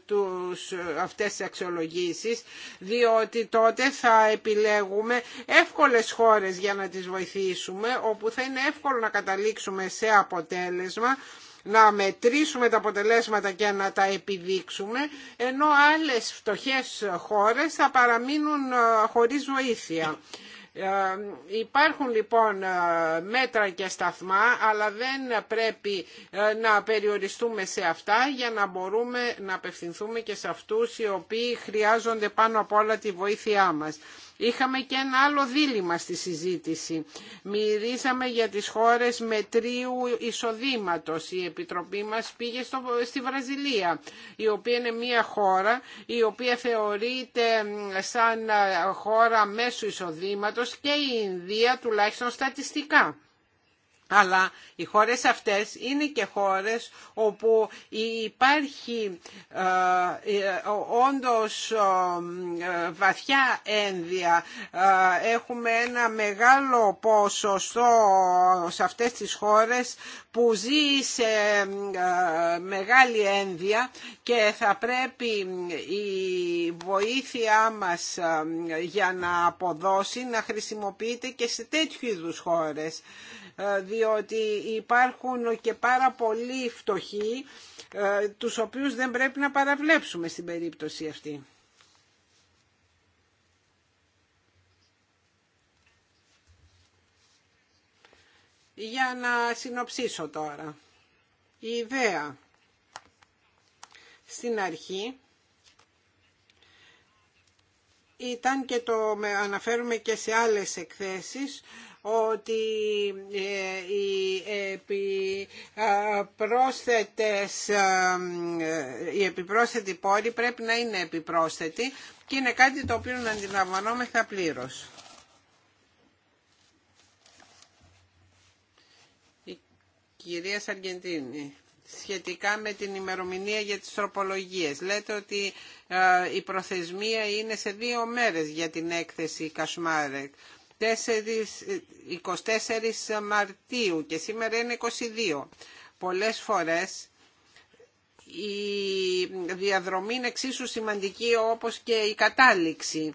S2: τους, ε, αυτές τις αξιολογήσεις διότι τότε θα επιλέγουμε εύκολες χώρες για να τις βοηθήσουμε όπου θα είναι εύκολο να καταλήξουμε σε αποτέλεσμα να μετρήσουμε τα αποτελέσματα και να τα επιδείξουμε, ενώ άλλες φτωχές χώρες θα παραμείνουν ε, χωρίς βοήθεια. Ε, υπάρχουν λοιπόν ε, μέτρα και σταθμά αλλά δεν πρέπει ε, να περιοριστούμε σε αυτά για να μπορούμε να απευθυνθούμε και σε αυτούς οι οποίοι χρειάζονται πάνω απ' όλα τη βοήθειά μας. Είχαμε και ένα άλλο δίλημα στη συζήτηση. Μυρίσαμε για τις χώρες μετρίου εισοδήματος. Η Επιτροπή μας πήγε στο, στη Βραζιλία, η οποία είναι μια χώρα η οποία θεωρείται σαν ε, χώρα μέσου εισοδήματος και η Ινδία τουλάχιστον στατιστικά. Αλλά οι χώρες αυτές είναι και χώρες όπου υπάρχει ε, ε, όντως ε, βαθιά ένδια. Έχουμε ένα μεγάλο ποσοστό σε αυτές τις χώρες που ζει σε μεγάλη ένδια και θα πρέπει η βοήθειά μας για να αποδώσει να χρησιμοποιείται και σε τέτοιου είδους χώρες. Ε, διότι υπάρχουν και πάρα πολλοί φτωχοί ε, τους οποίους δεν πρέπει να παραβλέψουμε στην περίπτωση αυτή. Για να συνοψίσω τώρα. Η ιδέα στην αρχή ήταν και το αναφέρουμε και σε άλλες εκθέσεις ότι ε, οι επιπρόσθετες, ε, ε, οι επιπρόσθετοι πόροι πρέπει να είναι επιπρόσθετοι και είναι κάτι το οποίο να αντιλαμβανόμεθα πλήρως. Η κυρία Σαργεντίνη σχετικά με την ημερομηνία για τις τροπολογίες. Λέτε ότι η προθεσμία είναι σε δύο μέρες για την έκθεση Κασμάρεκ. 24 ε, Μαρτίου και σήμερα είναι 22. Πολλές φορές η διαδρομή είναι εξίσου σημαντική όπως και η κατάληξη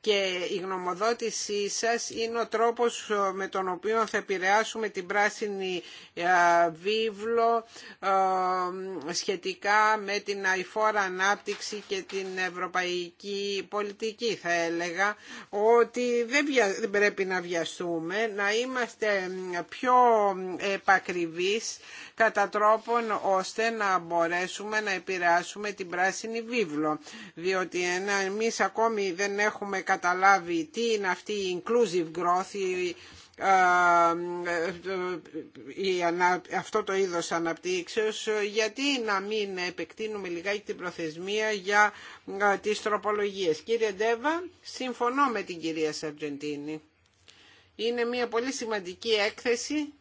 S2: και η γνωμοδότησή σας είναι ο τρόπος ε, με τον οποίο θα επηρεάσουμε την πράσινη ε, βίβλο ε, σχετικά με την αηφόρα ανάπτυξη και την ευρωπαϊκή πολιτική θα έλεγα ότι δεν πρέπει να βιαστούμε να είμαστε πιο επακριβείς κατά τρόπον ώστε να μπορέσουμε να επηρεάσουμε την πράσινη βίβλο διότι εμείς ακόμη δεν έχουμε καταλάβει τι είναι αυτή η inclusive growth, η, ε, ε, αυτό το είδος αναπτύξεως, γιατί να μην επεκτείνουμε λιγάκι την προθεσμία για ε, τις τροπολογίες. Κύριε Ντέβα, συμφωνώ με την κυρία Σαρτζεντίνη. Είναι μια πολύ σημαντική έκθεση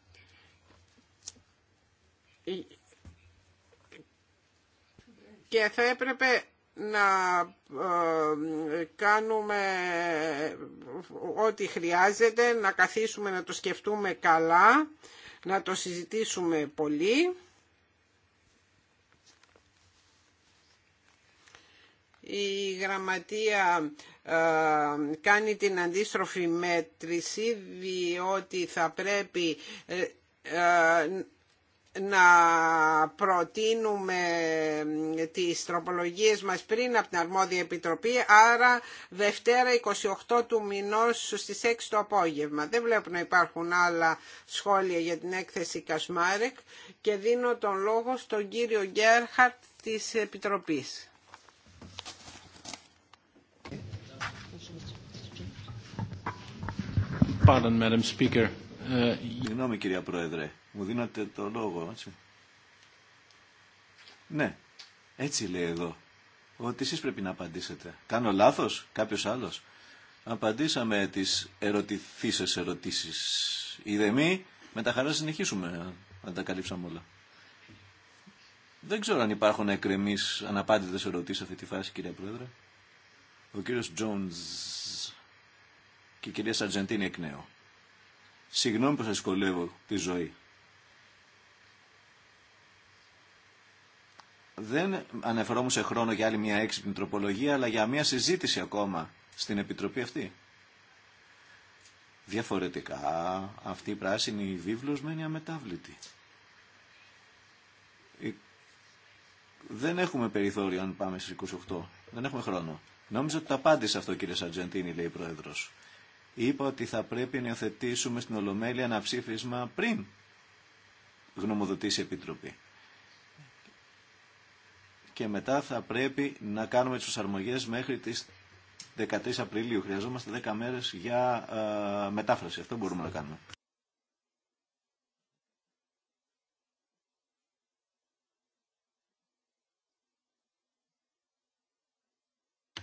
S2: και θα έπρεπε να ε, κάνουμε ό,τι χρειάζεται, να καθίσουμε να το σκεφτούμε καλά, να το συζητήσουμε πολύ. Η γραμματεία ε, κάνει την αντίστροφη μέτρηση διότι θα πρέπει ε, να προτείνουμε τις τροπολογίες μας πριν από την αρμόδια επιτροπή, άρα Δευτέρα 28 του μηνός στις 6 το απόγευμα. Δεν βλέπω να υπάρχουν άλλα σχόλια για την έκθεση Κασμάρεκ και δίνω τον λόγο στον κύριο Γκέρχαρτ της Επιτροπής.
S3: Pardon, Madam Speaker. Συγγνώμη κυρία Πρόεδρε. Μου δίνετε το λόγο, έτσι. Ναι, έτσι λέει εδώ. Ότι εσείς πρέπει να απαντήσετε. Κάνω λάθος, κάποιος άλλος. Απαντήσαμε τις ερωτηθήσεις ερωτήσεις. Είδε μη, με τα χαρά συνεχίσουμε, να τα καλύψαμε όλα. Δεν ξέρω αν υπάρχουν εκκρεμείς αναπάντητες ερωτήσεις αυτή τη φάση, κύριε Πρόεδρε. Ο κύριος Τζόνς και η κυρία Σαρτζεντίνη εκ νέου. Συγγνώμη που σας δυσκολεύω τη ζωή. Δεν αναφερόμουν σε χρόνο για άλλη μια έξυπνη τροπολογία, αλλά για μια συζήτηση ακόμα στην Επιτροπή αυτή. Διαφορετικά, αυτή η πράσινη βίβλος μένει αμετάβλητη. Δεν έχουμε περιθώριο αν πάμε στις 28. Δεν έχουμε χρόνο. Νόμιζα ότι τα απάντησε αυτό κύριε Σαρτζεντίνη, λέει η Πρόεδρος. Είπα ότι θα πρέπει να υιοθετήσουμε στην Ολομέλεια ένα ψήφισμα πριν γνωμοδοτήσει η Επιτροπή και μετά θα πρέπει να κάνουμε τις προσαρμογές μέχρι τις 13 Απριλίου. Χρειαζόμαστε 10 μέρες για ε, μετάφραση. Αυτό μπορούμε να κάνουμε.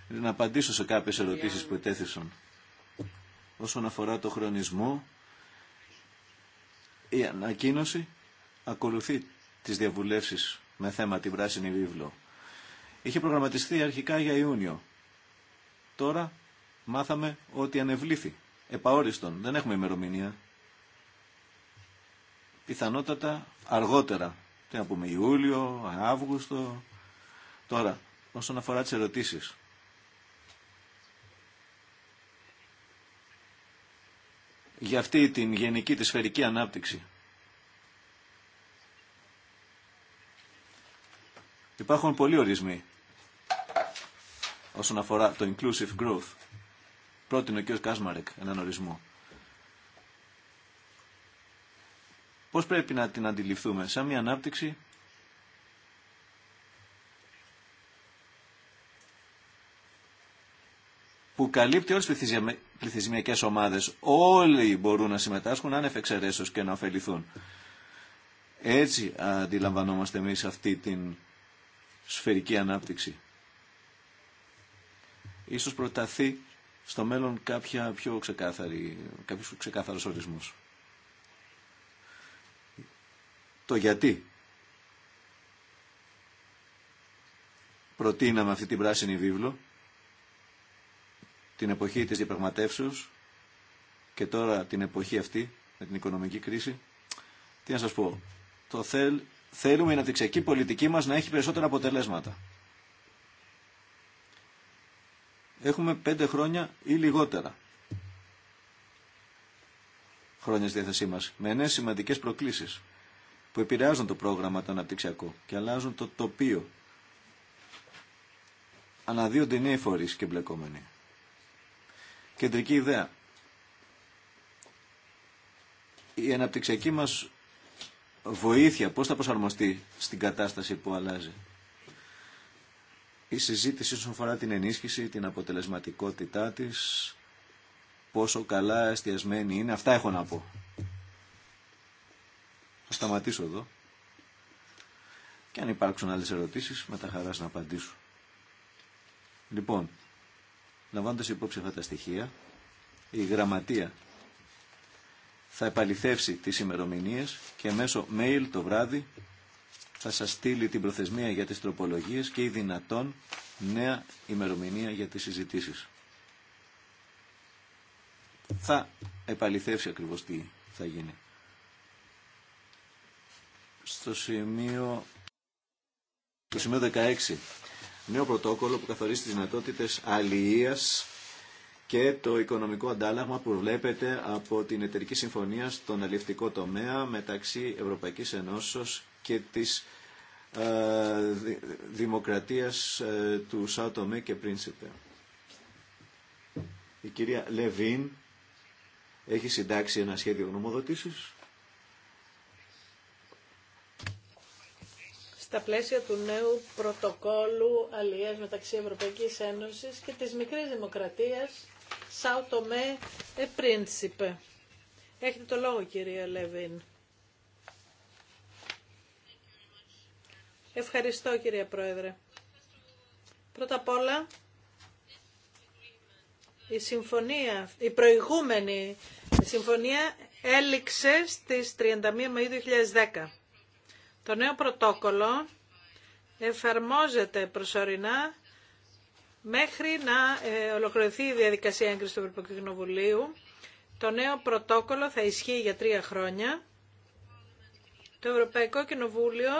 S3: Να απαντήσω σε κάποιες ερωτήσεις που ετέθησαν. Όσον αφορά το χρονισμό, η ανακοίνωση ακολουθεί τις διαβουλεύσεις με θέμα την πράσινη βίβλο. Είχε προγραμματιστεί αρχικά για Ιούνιο. Τώρα μάθαμε ότι ανεβλήθη. Επαόριστον. Δεν έχουμε ημερομηνία. Πιθανότατα αργότερα. Τι να πούμε, Ιούλιο, Αύγουστο. Τώρα, όσον αφορά τις ερωτήσεις. Για αυτή την γενική, τη σφαιρική ανάπτυξη. Υπάρχουν πολλοί ορισμοί όσον αφορά το inclusive growth. Πρότεινε ο κ. Κάσμαρεκ έναν ορισμό. Πώς πρέπει να την αντιληφθούμε, σαν μια ανάπτυξη που καλύπτει όλες τις πληθυσμιακές ομάδες. Όλοι μπορούν να συμμετάσχουν αν εξαιρέσεως και να ωφεληθούν. Έτσι αντιλαμβανόμαστε εμείς αυτή την σφαιρική ανάπτυξη ίσως προταθεί στο μέλλον κάποια πιο ξεκάθαρη, κάποιος ξεκάθαρος ορισμός. Το γιατί προτείναμε αυτή την πράσινη βίβλο την εποχή της διαπραγματεύσεως και τώρα την εποχή αυτή με την οικονομική κρίση τι να σας πω το θέλ, θέλουμε η αναπτυξιακή πολιτική μας να έχει περισσότερα αποτελέσματα έχουμε πέντε χρόνια ή λιγότερα χρόνια στη διάθεσή μας, με νέες σημαντικές προκλήσεις που επηρεάζουν το πρόγραμμα το αναπτυξιακό και αλλάζουν το τοπίο. Αναδύονται νέοι φορείς και μπλεκόμενοι. Κεντρική ιδέα. Η αναπτυξιακή μας βοήθεια πώς θα προσαρμοστεί στην κατάσταση που αλλάζει η συζήτηση όσον αφορά την ενίσχυση, την αποτελεσματικότητά της, πόσο καλά εστιασμένη είναι, αυτά έχω να πω. Θα σταματήσω εδώ. Και αν υπάρξουν άλλες ερωτήσεις, με τα χαράς να απαντήσω. Λοιπόν, λαμβάνοντας υπόψη αυτά τα στοιχεία, η γραμματεία θα επαληθεύσει τις ημερομηνίες και μέσω mail το βράδυ θα σας στείλει την προθεσμία για τις τροπολογίες και η δυνατόν νέα ημερομηνία για τις συζητήσεις. Θα επαληθεύσει ακριβώς τι θα γίνει. Στο σημείο, το σημείο 16. Νέο πρωτόκολλο που καθορίζει τις δυνατότητες αλληλείας και το οικονομικό αντάλλαγμα που βλέπετε από την εταιρική συμφωνία στον αλληλευτικό τομέα μεταξύ Ευρωπαϊκής Ενώσεως και της ε, δημοκρατίας ε, του Σάτομε και Πρίνσιπε. Η κυρία Λεβίν έχει συντάξει ένα σχέδιο γνωμοδοτήσεως.
S1: στα πλαίσια του νέου πρωτοκόλου αλλιές μεταξύ Ευρωπαϊκής Ένωσης και της μικρής δημοκρατίας ε, Έχετε το λόγο κυρία Λεβίν. Ευχαριστώ κυρία Πρόεδρε. Πρώτα απ' όλα, η συμφωνία, η προηγούμενη συμφωνία έληξε στις 31 Μαΐου 2010. Το νέο πρωτόκολλο εφαρμόζεται προσωρινά Μέχρι να ε, ολοκληρωθεί η διαδικασία έγκριση του Ευρωπαϊκού Κοινοβουλίου, το νέο πρωτόκολλο θα ισχύει για τρία χρόνια. Το Ευρωπαϊκό Κοινοβούλιο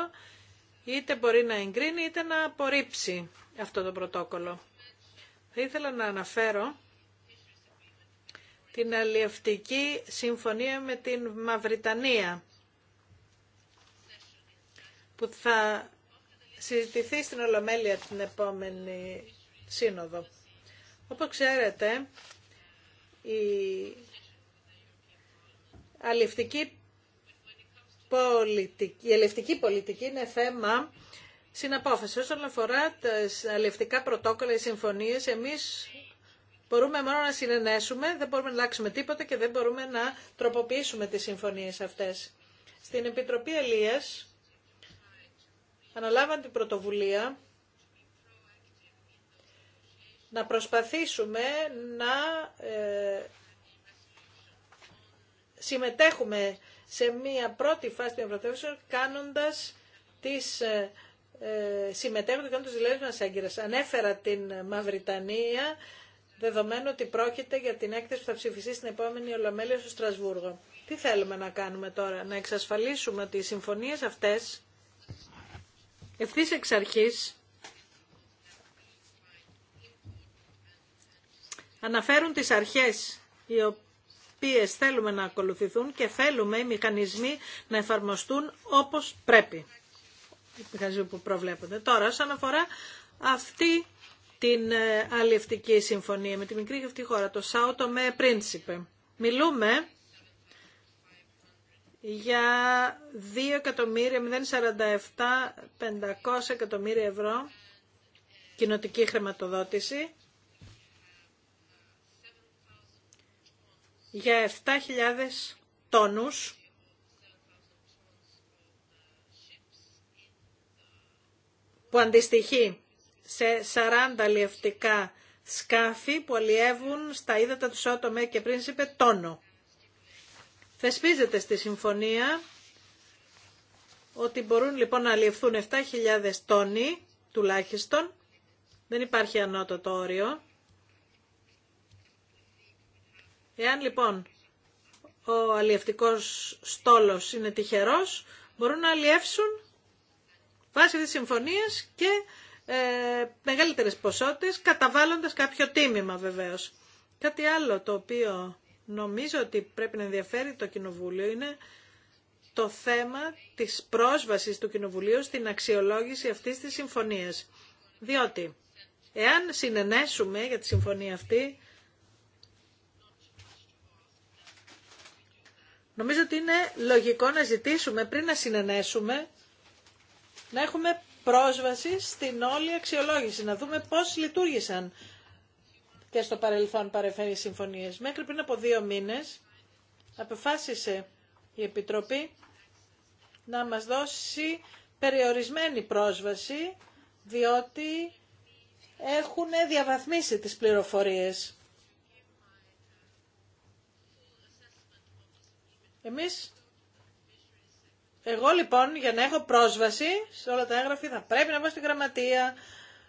S1: είτε μπορεί να εγκρίνει είτε να απορρίψει αυτό το πρωτόκολλο. Θα ήθελα να αναφέρω την αλλιευτική συμφωνία με την Μαυριτανία που θα συζητηθεί στην Ολομέλεια την επόμενη σύνοδο. Όπως ξέρετε, η αλληλευτική πολιτική, η πολιτική είναι θέμα συναπόφαση. Όσον αφορά τα αλληλευτικά πρωτόκολλα, οι συμφωνίες, εμείς μπορούμε μόνο να συνενέσουμε, δεν μπορούμε να αλλάξουμε τίποτα και δεν μπορούμε να τροποποιήσουμε τις συμφωνίες αυτές. Στην Επιτροπή Ελίας αναλάβαν την πρωτοβουλία να προσπαθήσουμε να ε, συμμετέχουμε σε μία πρώτη φάση των διαπραγματεύσεων κάνοντας τις ε, ε συμμετέχοντας κάνοντας τις μας Ανέφερα την Μαυριτανία δεδομένου ότι πρόκειται για την έκθεση που θα ψηφιστεί στην επόμενη Ολομέλεια στο Στρασβούργο. Τι θέλουμε να κάνουμε τώρα, να εξασφαλίσουμε ότι οι συμφωνίες αυτές ευθύς εξ αρχής αναφέρουν τις αρχές οι οποίες θέλουμε να ακολουθηθούν και θέλουμε οι μηχανισμοί να εφαρμοστούν όπως πρέπει. Οι μηχανισμοί που προβλέπονται. Τώρα, όσον αφορά αυτή την ε, αλληλευτική συμφωνία με τη μικρή αυτή χώρα, το Σάουτο με Πρίνσιπε. Μιλούμε για 2.047.500 εκατομμύρια ευρώ κοινοτική χρηματοδότηση για 7.000 τόνους που αντιστοιχεί σε 40 λιευτικά σκάφη που αλλιεύουν στα είδατα του Σότομε και πριν είπε τόνο. Θεσπίζεται στη συμφωνία ότι μπορούν λοιπόν να αλλιευθούν 7.000 τόνοι τουλάχιστον, δεν υπάρχει ανώτατο όριο, Εάν λοιπόν ο αλλιευτικός στόλος είναι τυχερός, μπορούν να αλλιεύσουν βάσει της συμφωνίας και ε, μεγαλύτερες ποσότητες, καταβάλλοντας κάποιο τίμημα βεβαίως. Κάτι άλλο το οποίο νομίζω ότι πρέπει να ενδιαφέρει το Κοινοβούλιο είναι το θέμα της πρόσβασης του Κοινοβουλίου στην αξιολόγηση αυτής της συμφωνίας. Διότι, εάν συνενέσουμε για τη συμφωνία αυτή, Νομίζω ότι είναι λογικό να ζητήσουμε πριν να συνενέσουμε να έχουμε πρόσβαση στην όλη αξιολόγηση, να δούμε πώς λειτουργήσαν και στο παρελθόν παρεφέρει συμφωνίες. Μέχρι πριν από δύο μήνες αποφάσισε η Επιτροπή να μας δώσει περιορισμένη πρόσβαση, διότι έχουν διαβαθμίσει τις πληροφορίες. Εμείς, εγώ λοιπόν για να έχω πρόσβαση σε όλα τα έγγραφα θα πρέπει να πάω στη γραμματεία,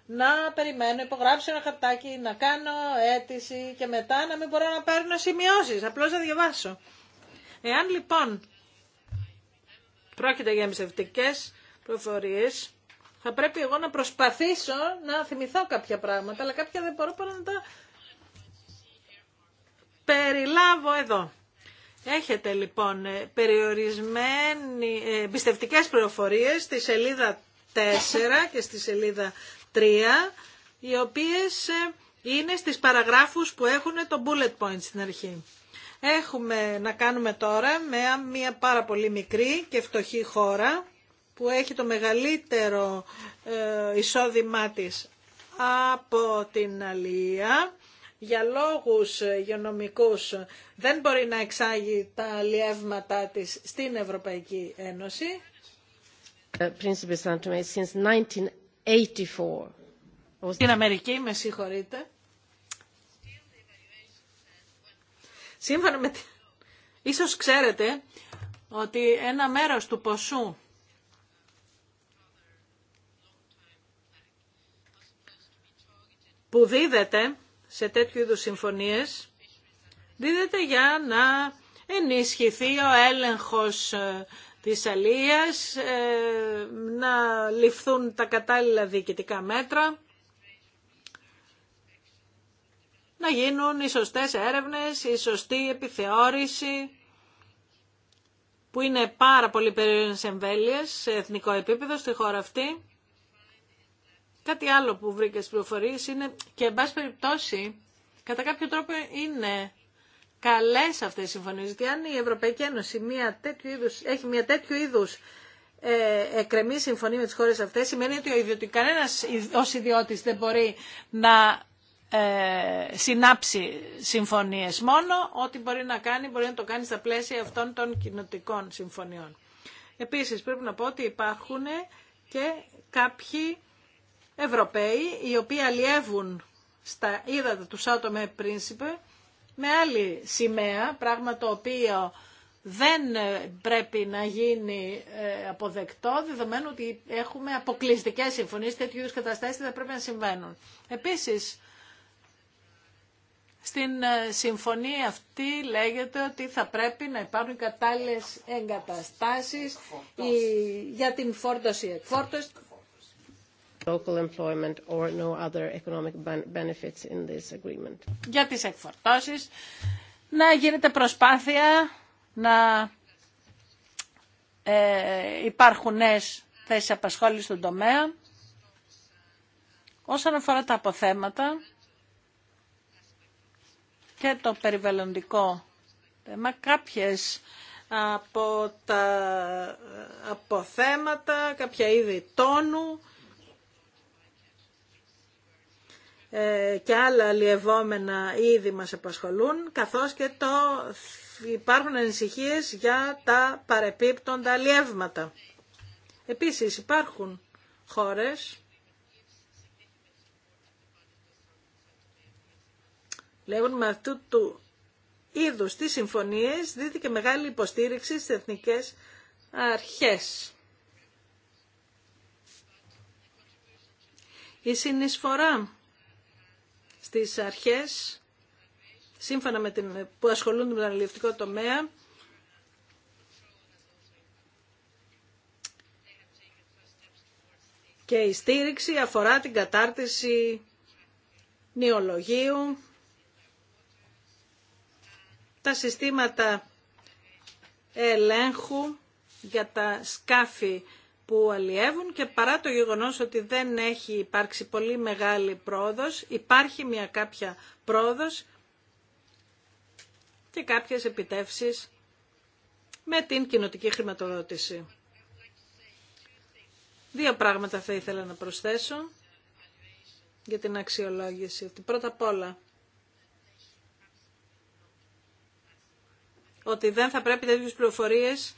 S1: να περιμένω, υπογράψω ένα χαρτάκι, να κάνω αίτηση και μετά να μην μπορώ να παίρνω σημειώσεις, απλώς να διαβάσω. Εάν λοιπόν πρόκειται για εμπιστευτικές προφορίες, θα πρέπει εγώ να προσπαθήσω να θυμηθώ κάποια πράγματα, αλλά κάποια δεν μπορώ παρά να τα περιλάβω εδώ. Έχετε λοιπόν ε, περιορισμένοι ε, πιστευτικές πληροφορίες στη σελίδα 4 και στη σελίδα 3, οι οποίες ε, είναι στις παραγράφους που έχουν το bullet point στην αρχή. Έχουμε να κάνουμε τώρα με μια πάρα πολύ μικρή και φτωχή χώρα που έχει το μεγαλύτερο εισόδημά της από την Αλία για λόγους υγειονομικούς δεν μπορεί να εξάγει τα αλλιεύματά της στην Ευρωπαϊκή Ένωση. Ε, στην Αμερική, με συγχωρείτε. Σύμφωνα με... Ίσως ξέρετε ότι ένα μέρος του ποσού που δίδεται σε τέτοιου είδους συμφωνίες δίδεται για να ενισχυθεί ο έλεγχος ε, της αλίας, ε, να ληφθούν τα κατάλληλα διοικητικά μέτρα, να γίνουν οι σωστές έρευνες, η σωστή επιθεώρηση, που είναι πάρα πολύ περίεργες εμβέλειες σε εθνικό επίπεδο στη χώρα αυτή. Κάτι άλλο που βρήκε στις πληροφορίες είναι και εν πάση περιπτώσει κατά κάποιο τρόπο είναι καλές αυτές οι συμφωνίες. Γιατί αν η Ευρωπαϊκή Ένωση μια είδους, έχει μια τέτοιου είδους ε, εκκρεμή συμφωνία με τις χώρες αυτές σημαίνει ότι ο ιδιωτικός, κανένας ως ιδιώτης δεν μπορεί να ε, συνάψει συμφωνίες μόνο ό,τι μπορεί να κάνει μπορεί να το κάνει στα πλαίσια αυτών των κοινοτικών συμφωνιών. Επίσης πρέπει να πω ότι υπάρχουν και κάποιοι Ευρωπαίοι οι οποίοι αλλιεύουν στα ύδατα του Σάτομε Πρίνσιπε με άλλη σημαία, πράγμα το οποίο δεν ε, πρέπει να γίνει ε, αποδεκτό, δεδομένου ότι έχουμε αποκλειστικέ συμφωνίε τέτοιου είδου καταστάσεις δεν πρέπει να συμβαίνουν. Επίση, στην ε, συμφωνία αυτή λέγεται ότι θα πρέπει να υπάρχουν κατάλληλε εγκαταστάσεις για την φόρτωση εκφόρτωση για τις εκφορτώσεις να γίνεται προσπάθεια να ε, υπάρχουν νέες θέσεις απασχόλησης στον τομέα. Όσον αφορά τα αποθέματα και το περιβαλλοντικό θέμα, κάποιες από τα αποθέματα, κάποια είδη τόνου, Ε, και άλλα αλλιευόμενα ήδη μας απασχολούν, καθώς και το υπάρχουν ανησυχίες για τα παρεπίπτοντα αλλιεύματα. Επίσης υπάρχουν χώρες Λέγουν με αυτού του είδους τις συμφωνίες δίδει και μεγάλη υποστήριξη στις εθνικές αρχές. Η συνεισφορά στις αρχές, σύμφωνα με την, που ασχολούνται με τον αλληλευτικό τομέα, και η στήριξη αφορά την κατάρτιση νεολογίου, τα συστήματα ελέγχου για τα σκάφη που αλλιεύουν και παρά το γεγονός ότι δεν έχει υπάρξει πολύ μεγάλη πρόοδος, υπάρχει μια κάποια πρόοδος και κάποιες επιτεύσεις με την κοινοτική χρηματοδότηση. Δύο πράγματα θα ήθελα να προσθέσω για την αξιολόγηση αυτή. Πρώτα απ' όλα, ότι δεν θα πρέπει τέτοιες πληροφορίες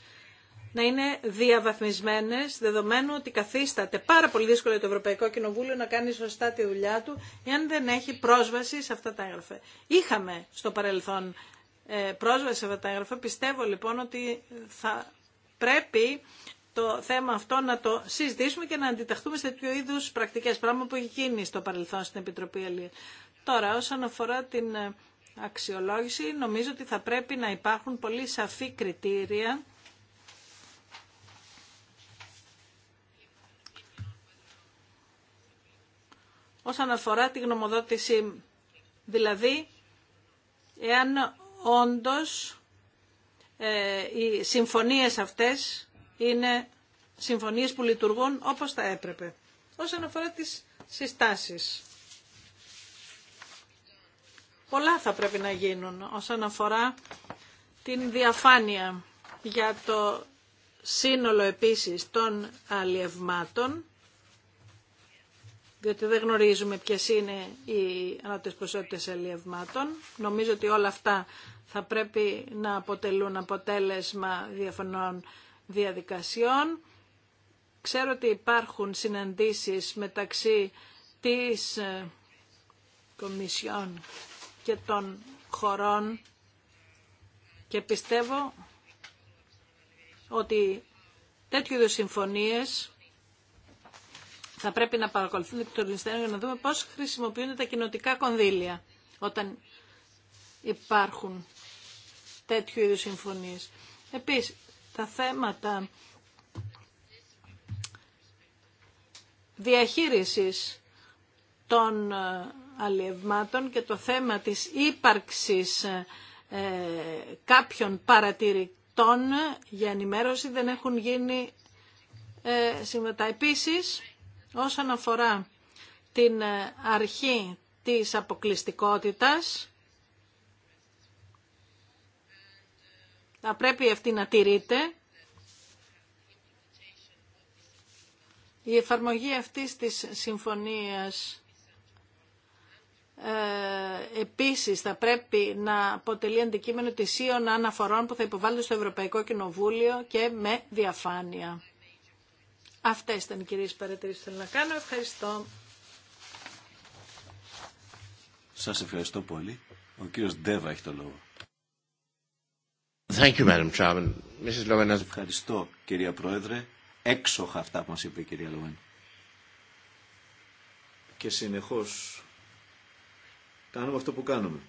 S1: να είναι διαβαθμισμένε δεδομένου ότι καθίσταται πάρα πολύ δύσκολο το Ευρωπαϊκό Κοινοβούλιο να κάνει σωστά τη δουλειά του, εάν δεν έχει πρόσβαση σε αυτά τα έγγραφα. Είχαμε στο παρελθόν ε, πρόσβαση σε αυτά τα έγγραφα. Πιστεύω λοιπόν ότι θα πρέπει το θέμα αυτό να το συζητήσουμε και να αντιταχθούμε σε τέτοιου είδου πρακτικέ, πράγμα που έχει γίνει στο παρελθόν στην Επιτροπή Ελία. Τώρα, όσον αφορά την ε, αξιολόγηση, νομίζω ότι θα πρέπει να υπάρχουν πολύ σαφή κριτήρια όσον αφορά τη γνωμοδότηση. Δηλαδή, εάν όντως ε, οι συμφωνίες αυτές είναι συμφωνίες που λειτουργούν όπως θα έπρεπε. Όσον αφορά τις συστάσεις. Πολλά θα πρέπει να γίνουν όσον αφορά την διαφάνεια για το σύνολο επίσης των αλλιευμάτων διότι δεν γνωρίζουμε ποιε είναι οι ανώτερε ποσότητες αλλιευμάτων. Νομίζω ότι όλα αυτά θα πρέπει να αποτελούν αποτέλεσμα διαφωνών διαδικασιών. Ξέρω ότι υπάρχουν συναντήσεις μεταξύ της ε, Κομισιόν και των χωρών και πιστεύω ότι τέτοιου είδους συμφωνίες θα πρέπει να παρακολουθούν εκ των για να δούμε πώς χρησιμοποιούνται τα κοινοτικά κονδύλια όταν υπάρχουν τέτοιου είδους συμφωνίες. Επίσης, τα θέματα διαχείρισης των ε, αλλιευμάτων και το θέμα της ύπαρξης ε, ε, κάποιων παρατηρητών για ενημέρωση δεν έχουν γίνει ε, συμβατά. Επίσης, όσον αφορά την ε, αρχή της αποκλειστικότητας, θα πρέπει αυτή να τηρείται. Η εφαρμογή αυτής της συμφωνίας ε, επίσης θα πρέπει να αποτελεί αντικείμενο της ίων αναφορών που θα υποβάλλονται στο Ευρωπαϊκό Κοινοβούλιο και με διαφάνεια. Αυτές ήταν οι κυρίες παρατηρήσεις που θέλω να κάνω. Ευχαριστώ.
S3: Σας ευχαριστώ πολύ. Ο κύριος Ντέβα έχει το λόγο. Thank
S2: you, Madam Chairman. Mrs.
S3: Ευχαριστώ, κυρία Πρόεδρε. Έξοχα αυτά που μας είπε η κυρία Λοβέν. Και συνεχώς κάνουμε αυτό που κάνουμε.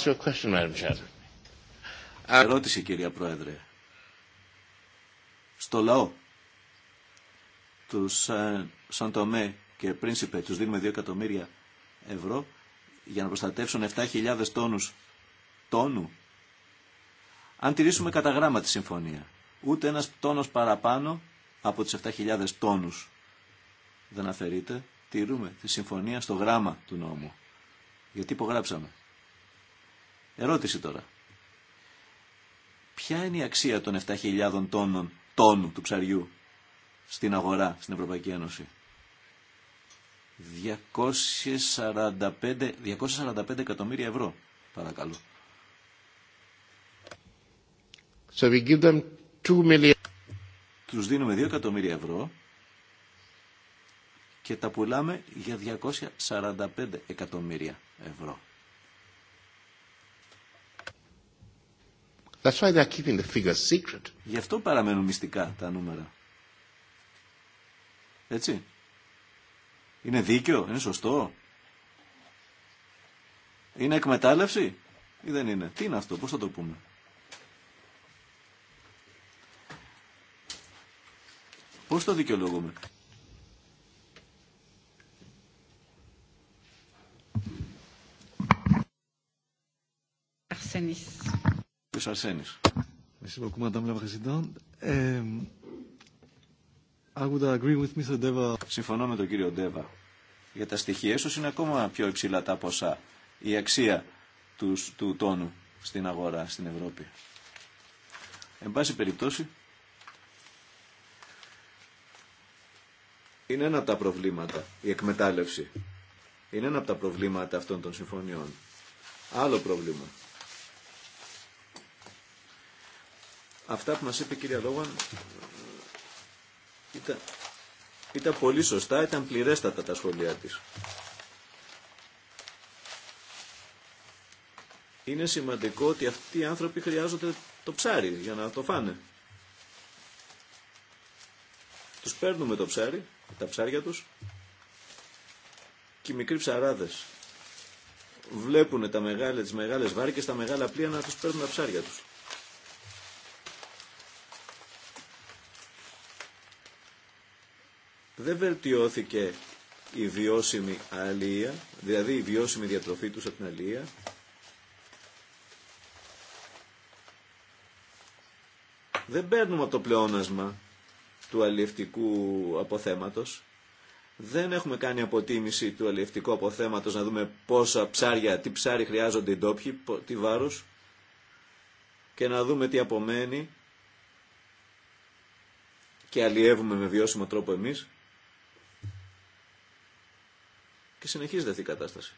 S3: question, Madam Chairman. Ερώτηση, κυρία Πρόεδρε. Στο λαό τους ε, Σαν Τομέ και Πρίνσιπε, τους δίνουμε 2 εκατομμύρια ευρώ για να προστατεύσουν 7.000 τόνους τόνου. Αν τηρήσουμε κατά γράμμα τη συμφωνία, ούτε ένας τόνος παραπάνω από τις 7.000 τόνους δεν αφαιρείται, τηρούμε τη συμφωνία στο γράμμα του νόμου. Γιατί υπογράψαμε. Ερώτηση τώρα. Ποια είναι η αξία των 7.000 τόνων τόνου του ψαριού στην αγορά στην Ευρωπαϊκή Ένωση. 245, 245 εκατομμύρια ευρώ, παρακαλώ. So we give them million. Τους δίνουμε 2 εκατομμύρια ευρώ και τα πουλάμε για 245 εκατομμύρια ευρώ. That's why keeping the figures secret. Γι' αυτό παραμένουν μυστικά τα νούμερα. Έτσι. Είναι δίκαιο, είναι σωστό. Είναι εκμετάλλευση ή δεν είναι. Τι είναι αυτό, πώς θα το πούμε. Πώς το δικαιολογούμε. Αρσένης. Ποιος Αρσένης. Merci Συμφωνώ με τον κύριο Ντέβα. Για τα στοιχεία ίσως είναι ακόμα πιο υψηλά τα ποσά. Η αξία του, του τόνου στην αγορά στην Ευρώπη. Εν πάση περιπτώσει, είναι ένα από τα προβλήματα η εκμετάλλευση. Είναι ένα από τα προβλήματα αυτών των συμφωνιών. Άλλο πρόβλημα. Αυτά που μας είπε η κυρία Λόγαν ήταν, ήταν πολύ σωστά, ήταν πληρέστατα τα σχόλιά της. Είναι σημαντικό ότι αυτοί οι άνθρωποι χρειάζονται το ψάρι για να το φάνε. Τους παίρνουμε το ψάρι, τα ψάρια τους και οι μικροί ψαράδες βλέπουν τα μεγάλες τις μεγάλες βάρκες, τα μεγάλα πλοία να τους παίρνουν τα ψάρια τους. δεν βελτιώθηκε η βιώσιμη αλία, δηλαδή η βιώσιμη διατροφή τους από την αλία. Δεν παίρνουμε το πλεόνασμα του αλλιευτικού αποθέματος. Δεν έχουμε κάνει αποτίμηση του αλλιευτικού αποθέματος να δούμε πόσα ψάρια, τι ψάρι χρειάζονται οι ντόπιοι, τι βάρος και να δούμε τι απομένει και αλλιεύουμε με βιώσιμο τρόπο εμείς. Και συνεχίζεται αυτή η κατάσταση.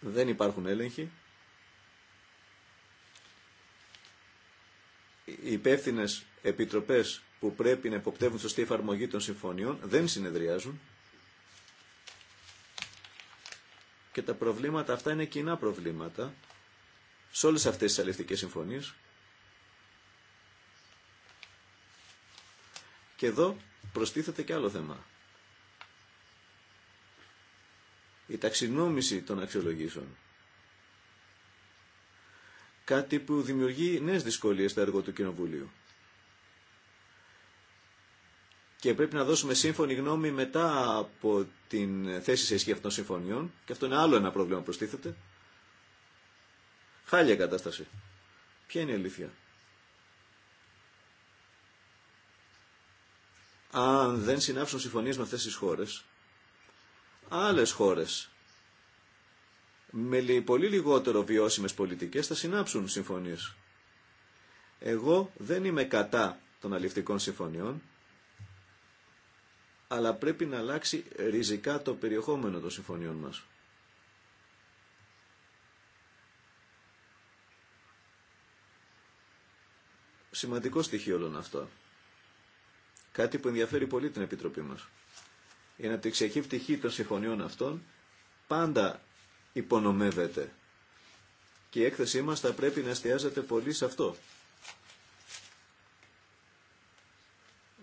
S3: Δεν υπάρχουν έλεγχοι. Οι υπεύθυνε επιτροπές που πρέπει να υποπτεύουν σωστή εφαρμογή των συμφωνιών δεν συνεδριάζουν. Και τα προβλήματα αυτά είναι κοινά προβλήματα σε όλες αυτές τις αληθικές συμφωνίες. Και εδώ προστίθεται και άλλο θέμα. η ταξινόμηση των αξιολογήσεων. Κάτι που δημιουργεί νέες δυσκολίες στο έργο του Κοινοβουλίου. Και πρέπει να δώσουμε σύμφωνη γνώμη μετά από την θέση σε ισχύ αυτών των συμφωνιών. Και αυτό είναι άλλο ένα πρόβλημα που προστίθεται. Χάλια κατάσταση. Ποια είναι η αλήθεια. Αν δεν συνάψουν συμφωνίες με αυτές τις χώρες, άλλες χώρες με πολύ λιγότερο βιώσιμες πολιτικές θα συνάψουν συμφωνίες. Εγώ δεν είμαι κατά των αληφτικών συμφωνιών, αλλά πρέπει να αλλάξει ριζικά το περιεχόμενο των συμφωνιών μας. Σημαντικό στοιχείο όλων αυτό. Κάτι που ενδιαφέρει πολύ την Επιτροπή μας. Η αναπτυξιακή πτυχή των συμφωνιών αυτών πάντα υπονομεύεται. Και η έκθεσή μας θα πρέπει να εστιάζεται πολύ σε αυτό.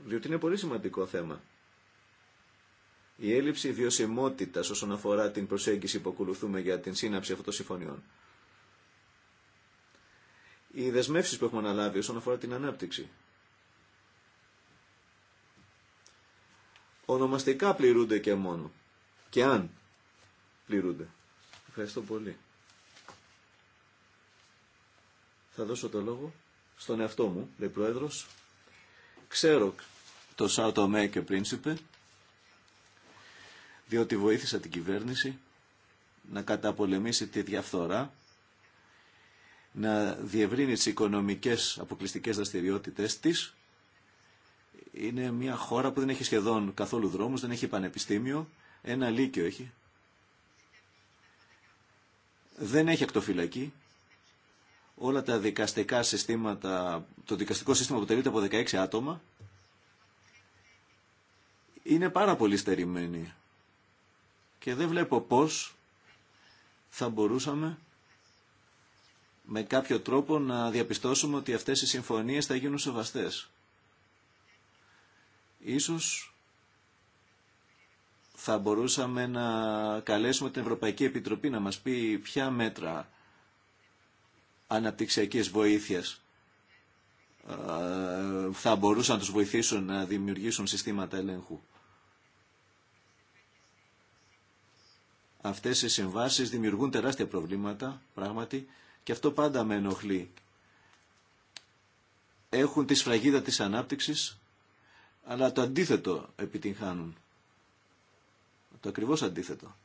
S3: Διότι είναι πολύ σημαντικό θέμα. Η έλλειψη βιωσιμότητας όσον αφορά την προσέγγιση που ακολουθούμε για την σύναψη αυτών των συμφωνιών. Οι δεσμεύσει που έχουμε αναλάβει όσον αφορά την ανάπτυξη. ονομαστικά πληρούνται και μόνο. Και αν πληρούνται. Ευχαριστώ πολύ. Θα δώσω το λόγο στον εαυτό μου, λέει Πρόεδρος. Ξέρω το Σάουτο Μέ και Πρίνσιπε, διότι βοήθησα την κυβέρνηση να καταπολεμήσει τη διαφθορά, να διευρύνει τις οικονομικές αποκλειστικές δραστηριότητες της είναι μια χώρα που δεν έχει σχεδόν καθόλου δρόμους, δεν έχει πανεπιστήμιο, ένα λύκειο έχει. Δεν έχει ακτοφυλακή. Όλα τα δικαστικά συστήματα, το δικαστικό σύστημα αποτελείται από 16 άτομα. Είναι πάρα πολύ στερημένη. Και δεν βλέπω πώς θα μπορούσαμε με κάποιο τρόπο να διαπιστώσουμε ότι αυτές οι συμφωνίες θα γίνουν σεβαστές. Ίσως θα μπορούσαμε να καλέσουμε την Ευρωπαϊκή Επιτροπή να μας πει ποια μέτρα αναπτυξιακής βοήθειας ε, θα μπορούσαν να τους βοηθήσουν να δημιουργήσουν συστήματα ελέγχου. Αυτές οι συμβάσεις δημιουργούν τεράστια προβλήματα, πράγματι, και αυτό πάντα με ενοχλεί. Έχουν τη σφραγίδα της ανάπτυξης αλλά το αντίθετο επιτυγχάνουν. Το ακριβώς αντίθετο.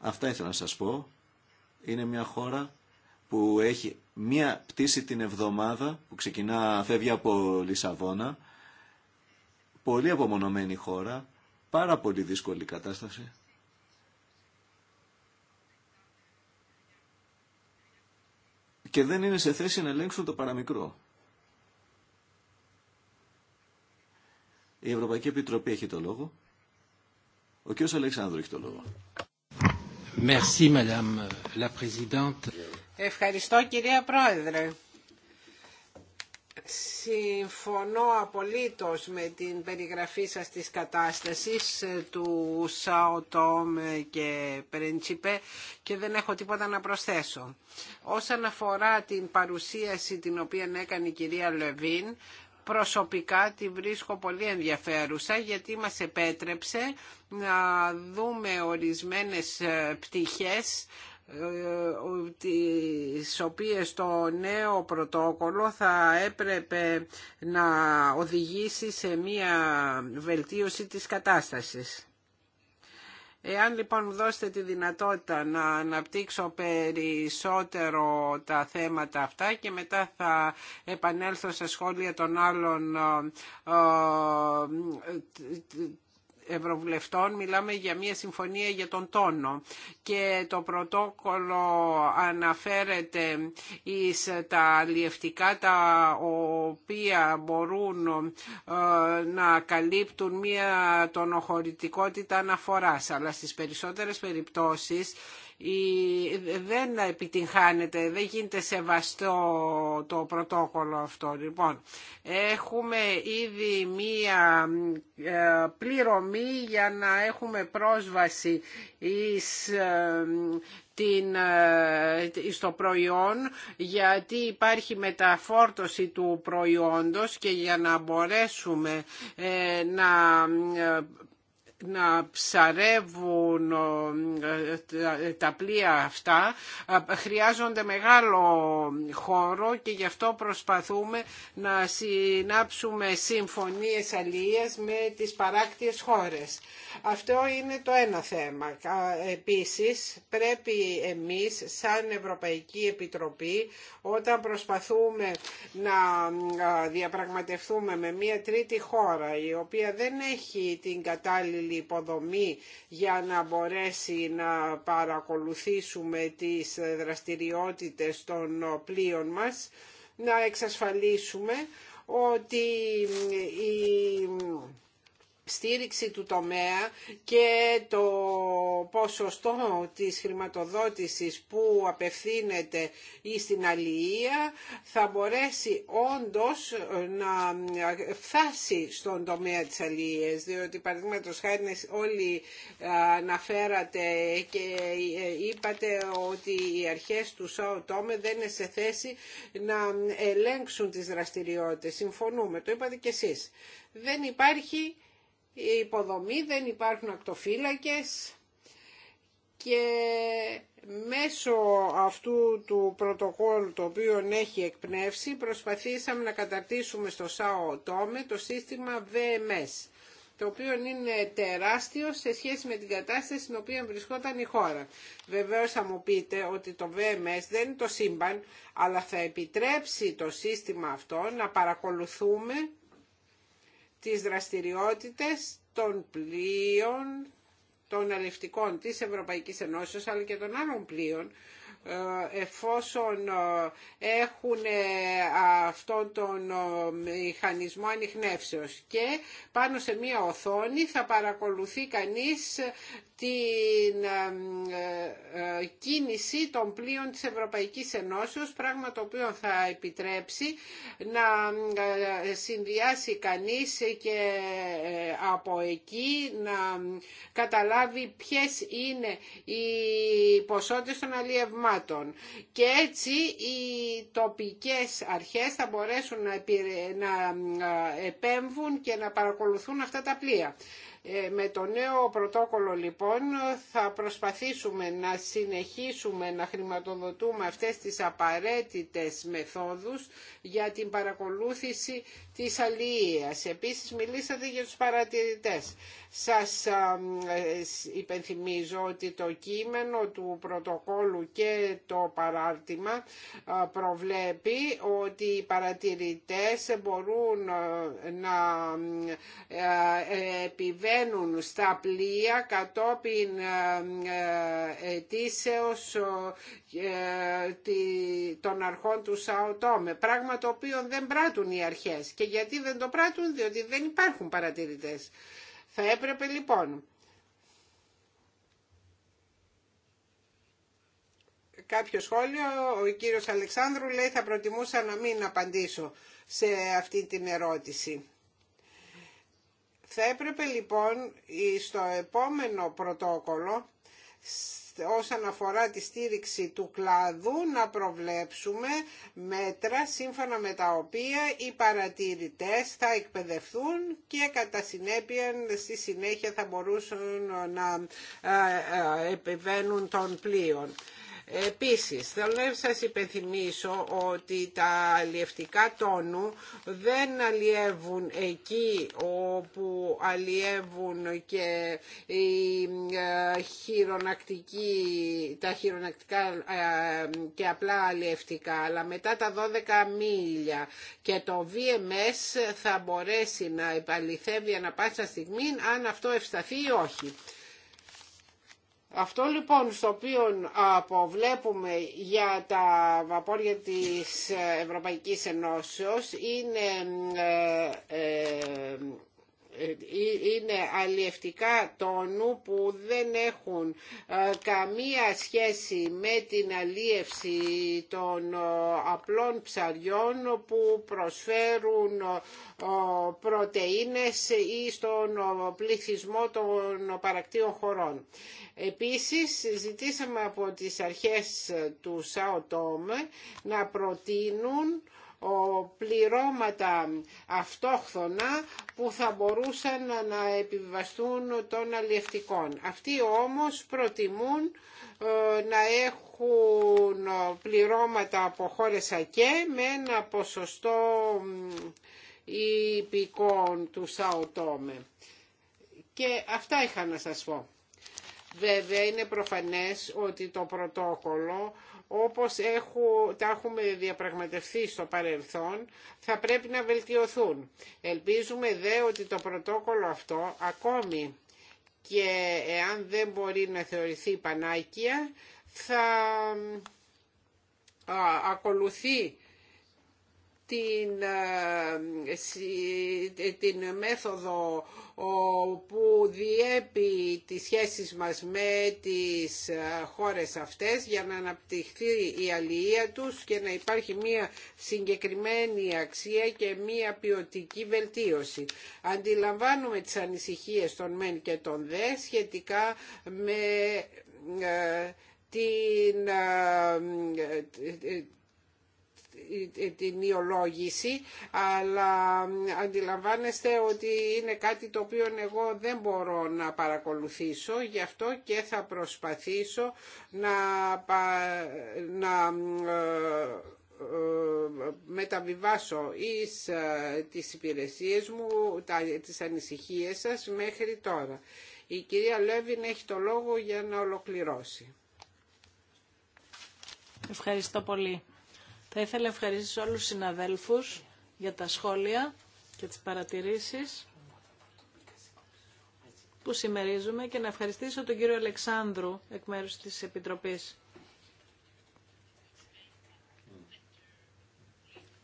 S3: Αυτά ήθελα να σας πω. Είναι μια χώρα που έχει μία πτήση την εβδομάδα που ξεκινά, φεύγει από Λισαβόνα. Πολύ απομονωμένη χώρα, πάρα πολύ δύσκολη κατάσταση. Και δεν είναι σε θέση να ελέγξουν το παραμικρό. Η Ευρωπαϊκή Επιτροπή έχει το λόγο. Ο κ. Αλεξάνδρου έχει το λόγο.
S2: Merci, Madame la Ευχαριστώ κυρία Πρόεδρε. Συμφωνώ απολύτως με την περιγραφή σας της κατάστασης ε, του Σαοτόμ ε, και Πρεντσιπέ και δεν έχω τίποτα να προσθέσω. Όσον αφορά την παρουσίαση την οποία έκανε η κυρία Λεβίν, προσωπικά τη βρίσκω πολύ ενδιαφέρουσα γιατί μας επέτρεψε να δούμε ορισμένες ε, πτυχές ε, τις οποίες το νέο πρωτόκολλο θα έπρεπε να οδηγήσει σε μία βελτίωση της κατάστασης. Εάν λοιπόν μου δώσετε τη δυνατότητα να αναπτύξω περισσότερο τα θέματα αυτά και μετά θα επανέλθω σε σχόλια των άλλων ε, ε, Ευρωβουλευτών μιλάμε για μια συμφωνία για τον τόνο και το πρωτόκολλο αναφέρεται εις τα αλλιευτικά τα οποία μπορούν ε, να καλύπτουν μια τονοχωρητικότητα αναφοράς αλλά στις περισσότερες περιπτώσεις δεν επιτυγχάνεται, δεν γίνεται σεβαστό το πρωτόκολλο αυτό. Λοιπόν, έχουμε ήδη μία ε, πληρωμή για να έχουμε πρόσβαση εις ε, την, στο ε, προϊόν γιατί υπάρχει μεταφόρτωση του προϊόντος και για να μπορέσουμε να να ψαρεύουν ε, ε, τα πλοία αυτά ε, χρειάζονται μεγάλο χώρο και γι' αυτό προσπαθούμε να συνάψουμε συμφωνίες αλληλείας με τις παράκτιες χώρες. Αυτό είναι το ένα θέμα. Επίσης πρέπει εμείς σαν Ευρωπαϊκή Επιτροπή όταν προσπαθούμε να διαπραγματευτούμε με μια τρίτη χώρα η οποία δεν έχει την κατάλληλη υποδομή για να μπορέσει να παρακολουθήσουμε τις δραστηριότητες των πλοίων μας, να εξασφαλίσουμε ότι η στήριξη του τομέα και το ποσοστό της χρηματοδότησης που απευθύνεται στην αλληλεία θα μπορέσει όντως να φτάσει στον τομέα της αλληλείας διότι παραδείγματο χάρη όλοι αναφέρατε και είπατε ότι οι αρχές του ΣΑΟ δεν είναι σε θέση να ελέγξουν τις δραστηριότητες. Συμφωνούμε, το είπατε κι εσείς. Δεν υπάρχει η υποδομή, δεν υπάρχουν ακτοφύλακες και μέσω αυτού του πρωτοκόλλου το οποίο έχει εκπνεύσει προσπαθήσαμε να καταρτήσουμε στο ΣΑΟ το σύστημα VMS το οποίο είναι τεράστιο σε σχέση με την κατάσταση στην οποία βρισκόταν η χώρα. Βεβαίως θα μου πείτε ότι το VMS δεν είναι το σύμπαν, αλλά θα επιτρέψει το σύστημα αυτό να παρακολουθούμε τις δραστηριότητες των πλοίων, των αλευτικών της Ευρωπαϊκής Ενώσεως αλλά και των άλλων πλοίων ε, εφόσον ε, έχουν ε, αυτόν τον μηχανισμό ανιχνεύσεως και πάνω σε μία οθόνη θα παρακολουθεί κανείς την ε, ε, κίνηση των πλοίων της Ευρωπαϊκής Ενώσεως, πράγμα το οποίο θα επιτρέψει να ε, συνδυάσει κανείς και από εκεί να καταλάβει ποιες είναι οι ποσότητες των αλλιευμάτων. Και έτσι οι τοπικές αρχές θα μπορέσουν να επέμβουν και να παρακολουθούν αυτά τα πλοία. Ε, με το νέο πρωτόκολλο λοιπόν θα προσπαθήσουμε να συνεχίσουμε να χρηματοδοτούμε αυτές τις απαραίτητες μεθόδους για την παρακολούθηση της αλληλείας. Επίσης μιλήσατε για τους παρατηρητές. Σας ε, υπενθυμίζω ότι το κείμενο του πρωτοκόλλου και το παράρτημα προβλέπει ότι οι παρατηρητές μπορούν να ε, επιβαίνουν στα πλοία κατόπιν ετήσεως των αρχών του ΣΑΟΤΟΜΕ, πράγμα το οποίο δεν πράττουν οι αρχές. Και γιατί δεν το πράττουν, διότι δεν υπάρχουν παρατηρητές. Θα έπρεπε λοιπόν κάποιο σχόλιο. Ο κύριος Αλεξάνδρου λέει θα προτιμούσα να μην απαντήσω σε αυτή την ερώτηση. Θα έπρεπε λοιπόν στο επόμενο πρωτόκολλο όσον αφορά τη στήριξη του κλάδου να προβλέψουμε μέτρα σύμφωνα με τα οποία οι παρατηρητές θα εκπαιδευτούν και κατά συνέπεια στη συνέχεια θα μπορούσαν να ε, ε, επιβαίνουν των πλοίων. Επίσης, θέλω να σας υπενθυμίσω ότι τα αλλιευτικά τόνου δεν αλλιεύουν εκεί όπου αλλιεύουν και οι ε, χειρονακτικοί, τα χειρονακτικά ε, και απλά αλλιευτικά, αλλά μετά τα 12 μίλια και το VMS θα μπορέσει να επαληθεύει ανα πάσα στιγμή αν αυτό ευσταθεί ή όχι. Αυτό λοιπόν στο οποίο αποβλέπουμε για τα βαπόρια της Ευρωπαϊκής Ενώσεως είναι ε, ε, ε, είναι αλλιευτικά τόνου που δεν έχουν ε, καμία σχέση με την αλλίευση των ε, απλών ψαριών που προσφέρουν πρωτεΐνες ή στον πληθυσμό των παρακτήων χωρών. Επίσης ζητήσαμε από τις αρχές του ΣΑΟΤΟΜΕ να προτείνουν πληρώματα αυτόχθονα που θα μπορούσαν να επιβιβαστούν των αλλιευτικών. Αυτοί όμως προτιμούν ε, να έχουν πληρώματα από χώρες ΑΚΕ με ένα ποσοστό υπηκών του ΣΑΟΤΟΜΕ. Και αυτά είχα να σας πω. Βέβαια είναι προφανές ότι το πρωτόκολλο όπως έχω, τα έχουμε διαπραγματευτεί στο παρελθόν θα πρέπει να βελτιωθούν. Ελπίζουμε δε ότι το πρωτόκολλο αυτό ακόμη και εάν δεν μπορεί να θεωρηθεί πανάκια θα ακολουθεί την, ε, ε, την μέθοδο που διέπει τις σχέσεις μας με τις ε, χώρες αυτές για να αναπτυχθεί η αλληλεία τους και να υπάρχει μια συγκεκριμένη αξία και μια ποιοτική βελτίωση. Αντιλαμβάνουμε τις ανησυχίες των ΜΕΝ και των ΔΕ σχετικά με την την ιολόγηση αλλά αντιλαμβάνεστε ότι είναι κάτι το οποίο εγώ δεν μπορώ να παρακολουθήσω γι' αυτό και θα προσπαθήσω να, να ε, ε, μεταβιβάσω εις ε, τις υπηρεσίες μου τα, τις ανησυχίες σας μέχρι τώρα. Η κυρία Λέβιν έχει το λόγο για να ολοκληρώσει.
S1: Ευχαριστώ πολύ. Θα ήθελα να ευχαριστήσω όλους τους συναδέλφους για τα σχόλια και τις παρατηρήσεις που συμμερίζουμε και να ευχαριστήσω τον κύριο Αλεξάνδρου εκ μέρους της Επιτροπής.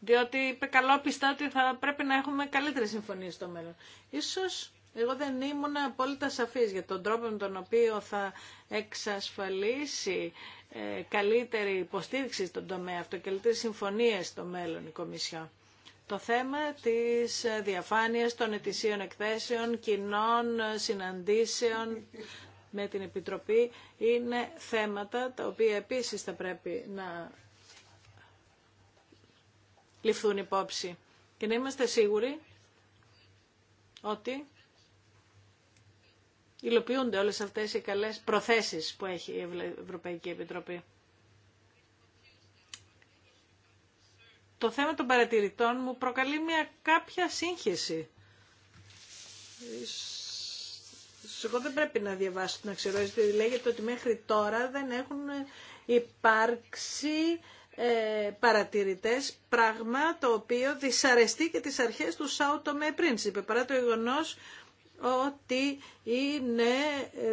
S1: Διότι είπε καλόπιστα ότι θα πρέπει να έχουμε καλύτερη συμφωνία στο μέλλον. Ίσως εγώ δεν ήμουν απόλυτα σαφής για τον τρόπο με τον οποίο θα εξασφαλίσει ε, καλύτερη υποστήριξη στον τομέα αυτό, καλύτερες συμφωνίες στο μέλλον η Κομισιό. Το θέμα της διαφάνειας των ετησίων εκθέσεων, κοινών συναντήσεων με την Επιτροπή είναι θέματα τα οποία επίσης θα πρέπει να ληφθούν υπόψη και να είμαστε σίγουροι ότι υλοποιούνται όλες αυτές οι καλές προθέσεις που έχει η Ευρωπαϊκή Επιτροπή. Το θέμα των παρατηρητών μου προκαλεί μια κάποια σύγχυση. Εγώ δεν πρέπει να διαβάσω την αξιολόγηση, διότι λέγεται ότι μέχρι τώρα δεν έχουν υπάρξει ε, παρατηρητές, πράγμα το οποίο δυσαρεστεί και τις αρχές του Σάου Τομέ Πρίνσιπε, παρά το γεγονό ότι είναι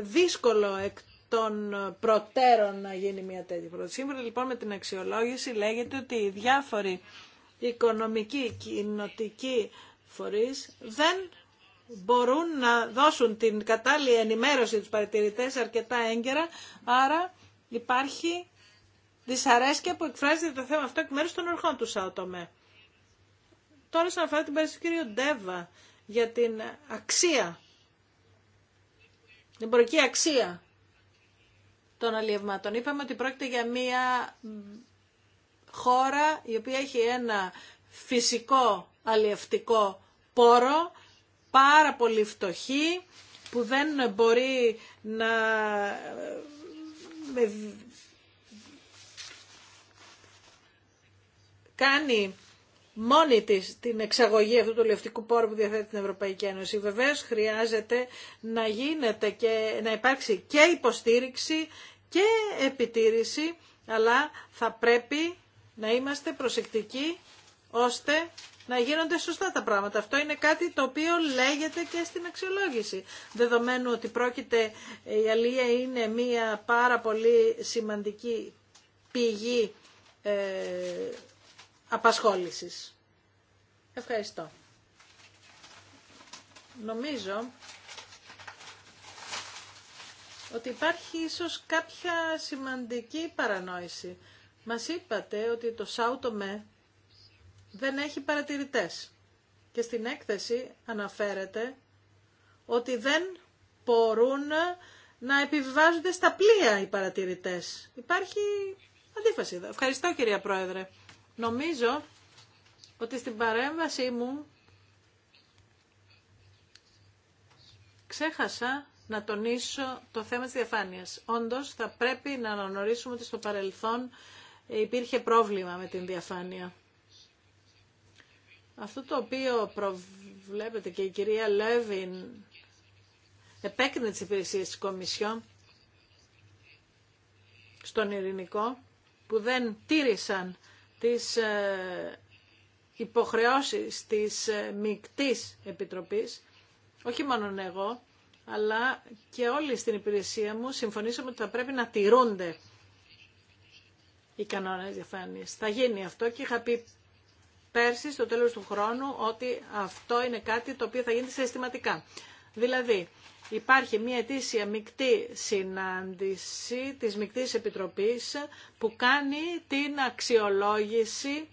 S1: δύσκολο εκ των προτέρων να γίνει μια τέτοια πρόταση. Σήμερα λοιπόν με την αξιολόγηση λέγεται ότι οι διάφοροι οικονομικοί κοινοτικοί φορείς δεν μπορούν να δώσουν την κατάλληλη ενημέρωση τους παρατηρητές αρκετά έγκαιρα, άρα υπάρχει δυσαρέσκεια που εκφράζεται το θέμα αυτό εκ μέρους των ορχών του ΣΑΟΤΟΜΕ. Τώρα σαν αφορά την περίπτωση του κ. Ντέβα για την αξία, την εμπορική αξία των αλλιευμάτων. Είπαμε ότι πρόκειται για μία χώρα η οποία έχει ένα φυσικό αλλιευτικό πόρο, πάρα πολύ φτωχή, που δεν μπορεί να κάνει μόνη της την εξαγωγή αυτού του λευτικού πόρου που διαθέτει την Ευρωπαϊκή Ένωση. Βεβαίω χρειάζεται να, γίνεται και, να υπάρξει και υποστήριξη και επιτήρηση, αλλά θα πρέπει να είμαστε προσεκτικοί ώστε να γίνονται σωστά τα πράγματα. Αυτό είναι κάτι το οποίο λέγεται και στην αξιολόγηση. Δεδομένου ότι πρόκειται, η Αλία είναι μία πάρα πολύ σημαντική πηγή ε, απασχόλησης. Ευχαριστώ. Νομίζω ότι υπάρχει ίσως κάποια σημαντική παρανόηση. Μας είπατε ότι το ΣΑΟΤΟΜΕ δεν έχει παρατηρητές και στην έκθεση αναφέρεται ότι δεν μπορούν να επιβιβάζονται στα πλοία οι παρατηρητές. Υπάρχει αντίφαση εδώ. Ευχαριστώ κυρία Πρόεδρε. Νομίζω ότι στην παρέμβασή μου ξέχασα να τονίσω το θέμα της διαφάνειας. Όντως, θα πρέπει να αναγνωρίσουμε ότι στο παρελθόν υπήρχε πρόβλημα με την διαφάνεια. Αυτό το οποίο προβλέπεται και η κυρία Λέβιν επέκρινε τις υπηρεσίες της Κομισιόν στον Ειρηνικό, που δεν τήρησαν τις ε, υποχρεώσεις της ε, μικτής επιτροπής, όχι μόνο εγώ, αλλά και όλοι στην υπηρεσία μου συμφωνήσαμε ότι θα πρέπει να τηρούνται οι κανόνες διαφάνειας. Θα γίνει αυτό και είχα πει πέρσι στο τέλος του χρόνου ότι αυτό είναι κάτι το οποίο θα γίνει συστηματικά. Δηλαδή, υπάρχει μια ετήσια μεικτή συνάντηση της Μεικτής Επιτροπής που κάνει την αξιολόγηση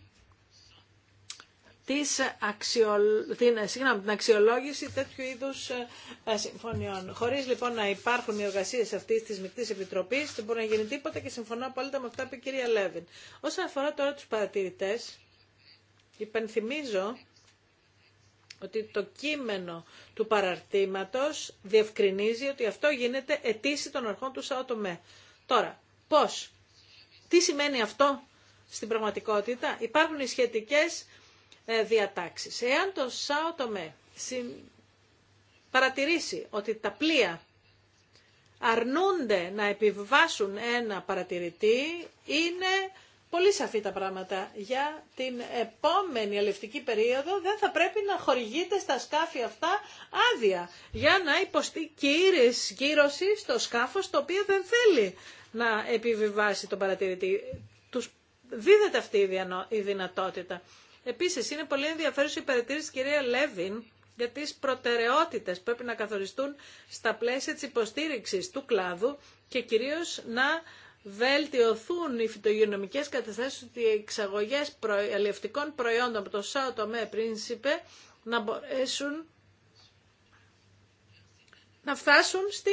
S1: της αξιολ... την, ε, συγγνώμη, την αξιολόγηση τέτοιου είδους ε, ε, συμφωνιών. Χωρίς λοιπόν να υπάρχουν οι εργασίες αυτής της Μεικτής Επιτροπής, δεν μπορεί να γίνει τίποτα και συμφωνώ απόλυτα με αυτά που είπε η κυρία Λέβιν. Όσον αφορά τώρα τους παρατηρητές, υπενθυμίζω ότι το κείμενο του παραρτήματος διευκρινίζει ότι αυτό γίνεται αιτήση των αρχών του ΣΑΟΤΟΜΕ. Τώρα, πώς, τι σημαίνει αυτό στην πραγματικότητα, υπάρχουν οι σχετικές ε, διατάξεις. Εάν το ΣΑΟΤΟΜΕ παρατηρήσει ότι τα πλοία αρνούνται να επιβάσουν ένα παρατηρητή, είναι πολύ σαφή τα πράγματα. Για την επόμενη ελευτική περίοδο δεν θα πρέπει να χορηγείται στα σκάφη αυτά άδεια για να υποστεί κύρωση στο σκάφος το οποίο δεν θέλει να επιβιβάσει τον παρατηρητή. Τους δίδεται αυτή η δυνατότητα. Επίσης είναι πολύ ενδιαφέρουσα η παρατήρηση της κυρία Λέβιν για τις προτεραιότητες που πρέπει να καθοριστούν στα πλαίσια της υποστήριξης του κλάδου και κυρίως να βελτιωθούν οι φυτογειονομικές καταστάσεις ότι οι εξαγωγές αλληλευτικών προϊόντων από το ΣΑΟ πριν πρίνσιπε να μπορέσουν να φτάσουν στη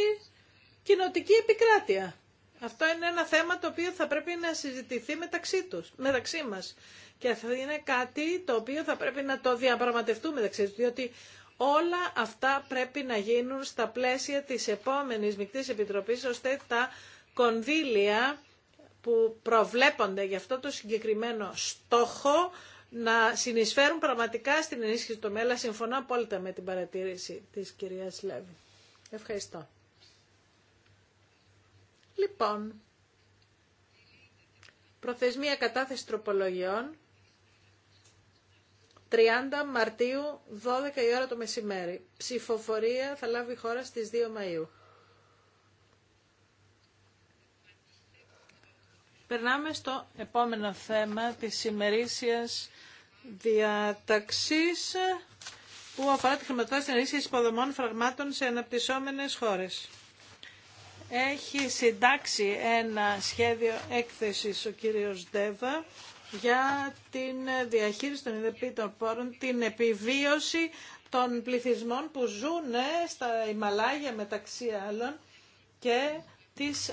S1: κοινοτική επικράτεια. Αυτό είναι ένα θέμα το οποίο θα πρέπει να συζητηθεί μεταξύ, τους, μεταξύ μας. Και θα είναι κάτι το οποίο θα πρέπει να το διαπραγματευτούμε μεταξύ τους, διότι όλα αυτά πρέπει να γίνουν στα πλαίσια της επόμενης Μικτής Επιτροπής, ώστε τα κονδύλια που προβλέπονται για αυτό το συγκεκριμένο στόχο να συνεισφέρουν πραγματικά στην ενίσχυση του μέλλα. Συμφωνώ απόλυτα με την παρατήρηση της κυρίας Λέβη. Ευχαριστώ. Λοιπόν, προθεσμία κατάθεση τροπολογιών 30 Μαρτίου 12 η ώρα το μεσημέρι. Ψηφοφορία θα λάβει η χώρα στις 2 Μαΐου. Περνάμε στο επόμενο θέμα της ημερήσιας διαταξής που αφορά τη χρηματοδότηση ενίσχυση υποδομών φραγμάτων σε αναπτυσσόμενες χώρες. Έχει συντάξει ένα σχέδιο έκθεσης ο κύριος Ντέβα για την διαχείριση των ειδεπίτων πόρων, την επιβίωση των πληθυσμών που ζουν στα Ιμαλάγια μεταξύ άλλων και τις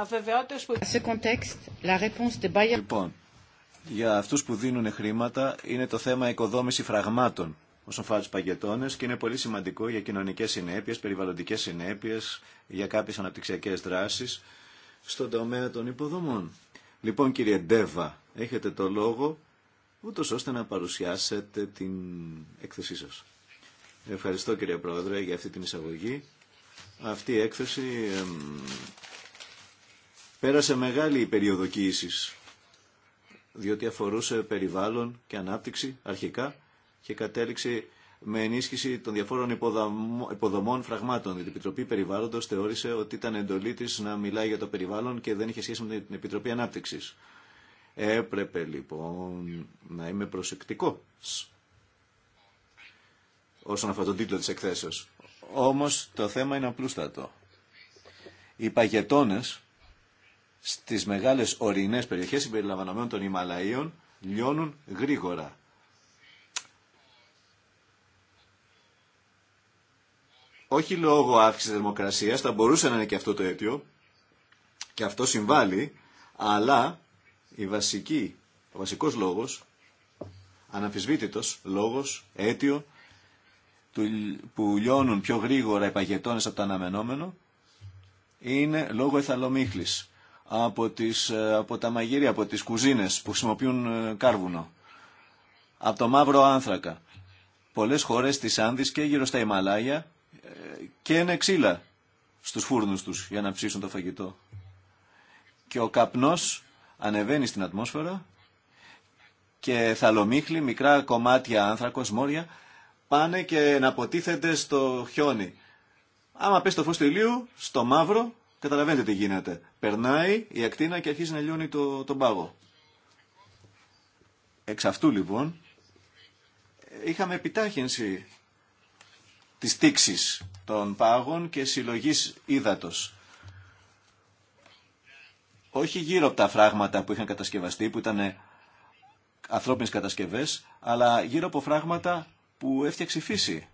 S1: αβεβαιότητες
S2: που...
S3: Λοιπόν, για αυτούς που δίνουν χρήματα είναι το θέμα οικοδόμηση φραγμάτων όσον αφορά του παγετώνε και είναι πολύ σημαντικό για κοινωνικέ συνέπειε, περιβαλλοντικέ συνέπειε, για κάποιε αναπτυξιακέ δράσει στον τομέα των υποδομών. Λοιπόν, κύριε Ντέβα, έχετε το λόγο ούτω ώστε να παρουσιάσετε την έκθεσή σα. Ευχαριστώ κύριε Πρόεδρε για αυτή την εισαγωγή αυτή η έκθεση πέρασε μεγάλη περίοδο διότι αφορούσε περιβάλλον και ανάπτυξη αρχικά και κατέληξε με ενίσχυση των διαφόρων υποδομών φραγμάτων. η Επιτροπή Περιβάλλοντος θεώρησε ότι ήταν εντολή της να μιλάει για το περιβάλλον και δεν είχε σχέση με την Επιτροπή Ανάπτυξης. Έπρεπε λοιπόν να είμαι προσεκτικό όσον αφορά τον τίτλο της εκθέσεως. Όμως το θέμα είναι απλούστατο. Οι παγετώνες στις μεγάλες ορεινές περιοχές συμπεριλαμβανομένων των Ιμαλαίων λιώνουν γρήγορα. Όχι λόγω αύξησης θερμοκρασίας, θα μπορούσε να είναι και αυτό το αίτιο και αυτό συμβάλλει, αλλά η βασική, ο βασικός λόγος, αναμφισβήτητος λόγος, αίτιο, που λιώνουν πιο γρήγορα οι παγετώνες από το αναμενόμενο είναι λόγω εθαλομίχλης από, τις, ε, από τα μαγείρια, από τις κουζίνες που χρησιμοποιούν ε, κάρβουνο, από το μαύρο άνθρακα. Πολλές χώρες της Άνδης και γύρω στα Ιμαλάια ε, και είναι ξύλα στους φούρνους τους για να ψήσουν το φαγητό. Και ο καπνός ανεβαίνει στην ατμόσφαιρα και θαλομίχλη, μικρά κομμάτια άνθρακο, μόρια, πάνε και να αποτίθενται στο χιόνι. Άμα πέσει το φως του ηλίου, στο μαύρο, καταλαβαίνετε τι γίνεται. Περνάει η ακτίνα και αρχίζει να λιώνει το, τον πάγο. Εξ αυτού λοιπόν, είχαμε επιτάχυνση της τήξης των πάγων και συλλογής ύδατος. Όχι γύρω από τα φράγματα που είχαν κατασκευαστεί, που ήταν ανθρώπινες κατασκευές, αλλά γύρω από φράγματα που έφτιαξε η φύση.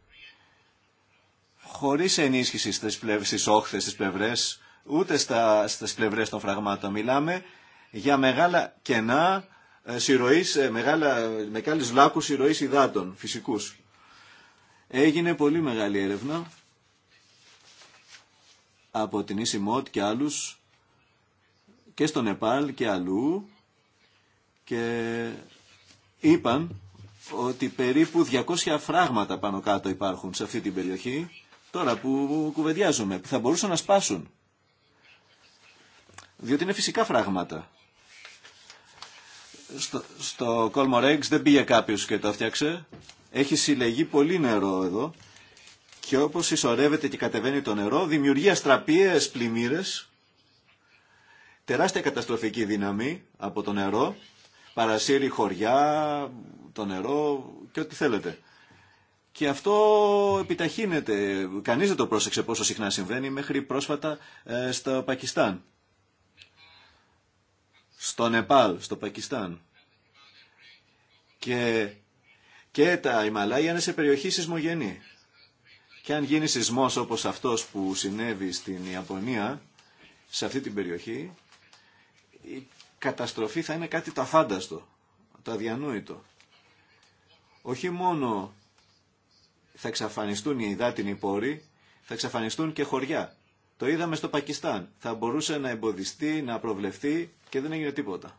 S3: Χωρίς ενίσχυση στις, πλευρές, στις όχθες, στις ούτε στα, στις πλευρές των φραγμάτων. Μιλάμε για μεγάλα κενά ε, συρροής, ε, μεγάλα, μεγάλες βλάκους συρροής υδάτων φυσικούς. Έγινε πολύ μεγάλη έρευνα από την Μότ και άλλους και στο Νεπάλ και αλλού και είπαν ότι περίπου 200 φράγματα πάνω κάτω υπάρχουν σε αυτή την περιοχή, τώρα που κουβεντιάζουμε, που θα μπορούσαν να σπάσουν. Διότι είναι φυσικά φράγματα. Στο, στο κόλμο Ρέγκς δεν πήγε κάποιος και το έφτιαξε. Έχει συλλεγεί πολύ νερό εδώ και όπως ισορεύεται και κατεβαίνει το νερό, δημιουργεί αστραπίες πλημμύρες, τεράστια καταστροφική δύναμη από το νερό παρασύρει χωριά, το νερό και ό,τι θέλετε. Και αυτό επιταχύνεται. Κανείς δεν το πρόσεξε πόσο συχνά συμβαίνει μέχρι πρόσφατα ε, στο Πακιστάν. Στο Νεπάλ, στο Πακιστάν. Και, και τα Ιμαλάια είναι σε περιοχή σεισμογενή. Και αν γίνει σεισμός όπως αυτός που συνέβη στην Ιαπωνία, σε αυτή την περιοχή, καταστροφή θα είναι κάτι φάνταστο, το αδιανόητο. Όχι μόνο θα εξαφανιστούν οι υδάτινοι πόροι, θα εξαφανιστούν και χωριά. Το είδαμε στο Πακιστάν. Θα μπορούσε να εμποδιστεί, να προβλεφθεί και δεν έγινε τίποτα.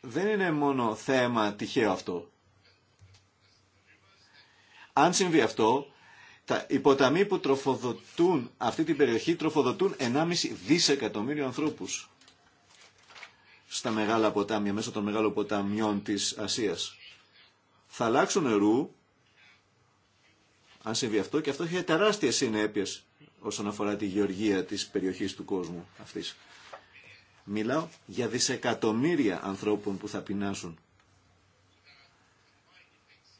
S3: Δεν είναι μόνο θέμα τυχαίο αυτό. Αν συμβεί αυτό, τα ποταμοί που τροφοδοτούν αυτή την περιοχή τροφοδοτούν 1,5 δισεκατομμύριο ανθρώπους στα μεγάλα ποτάμια, μέσα των μεγάλων ποταμιών της Ασίας. Θα αλλάξουν νερού, αν συμβεί αυτό, και αυτό έχει τεράστιες συνέπειες όσον αφορά τη γεωργία της περιοχής του κόσμου αυτής. Μιλάω για δισεκατομμύρια ανθρώπων που θα πεινάσουν.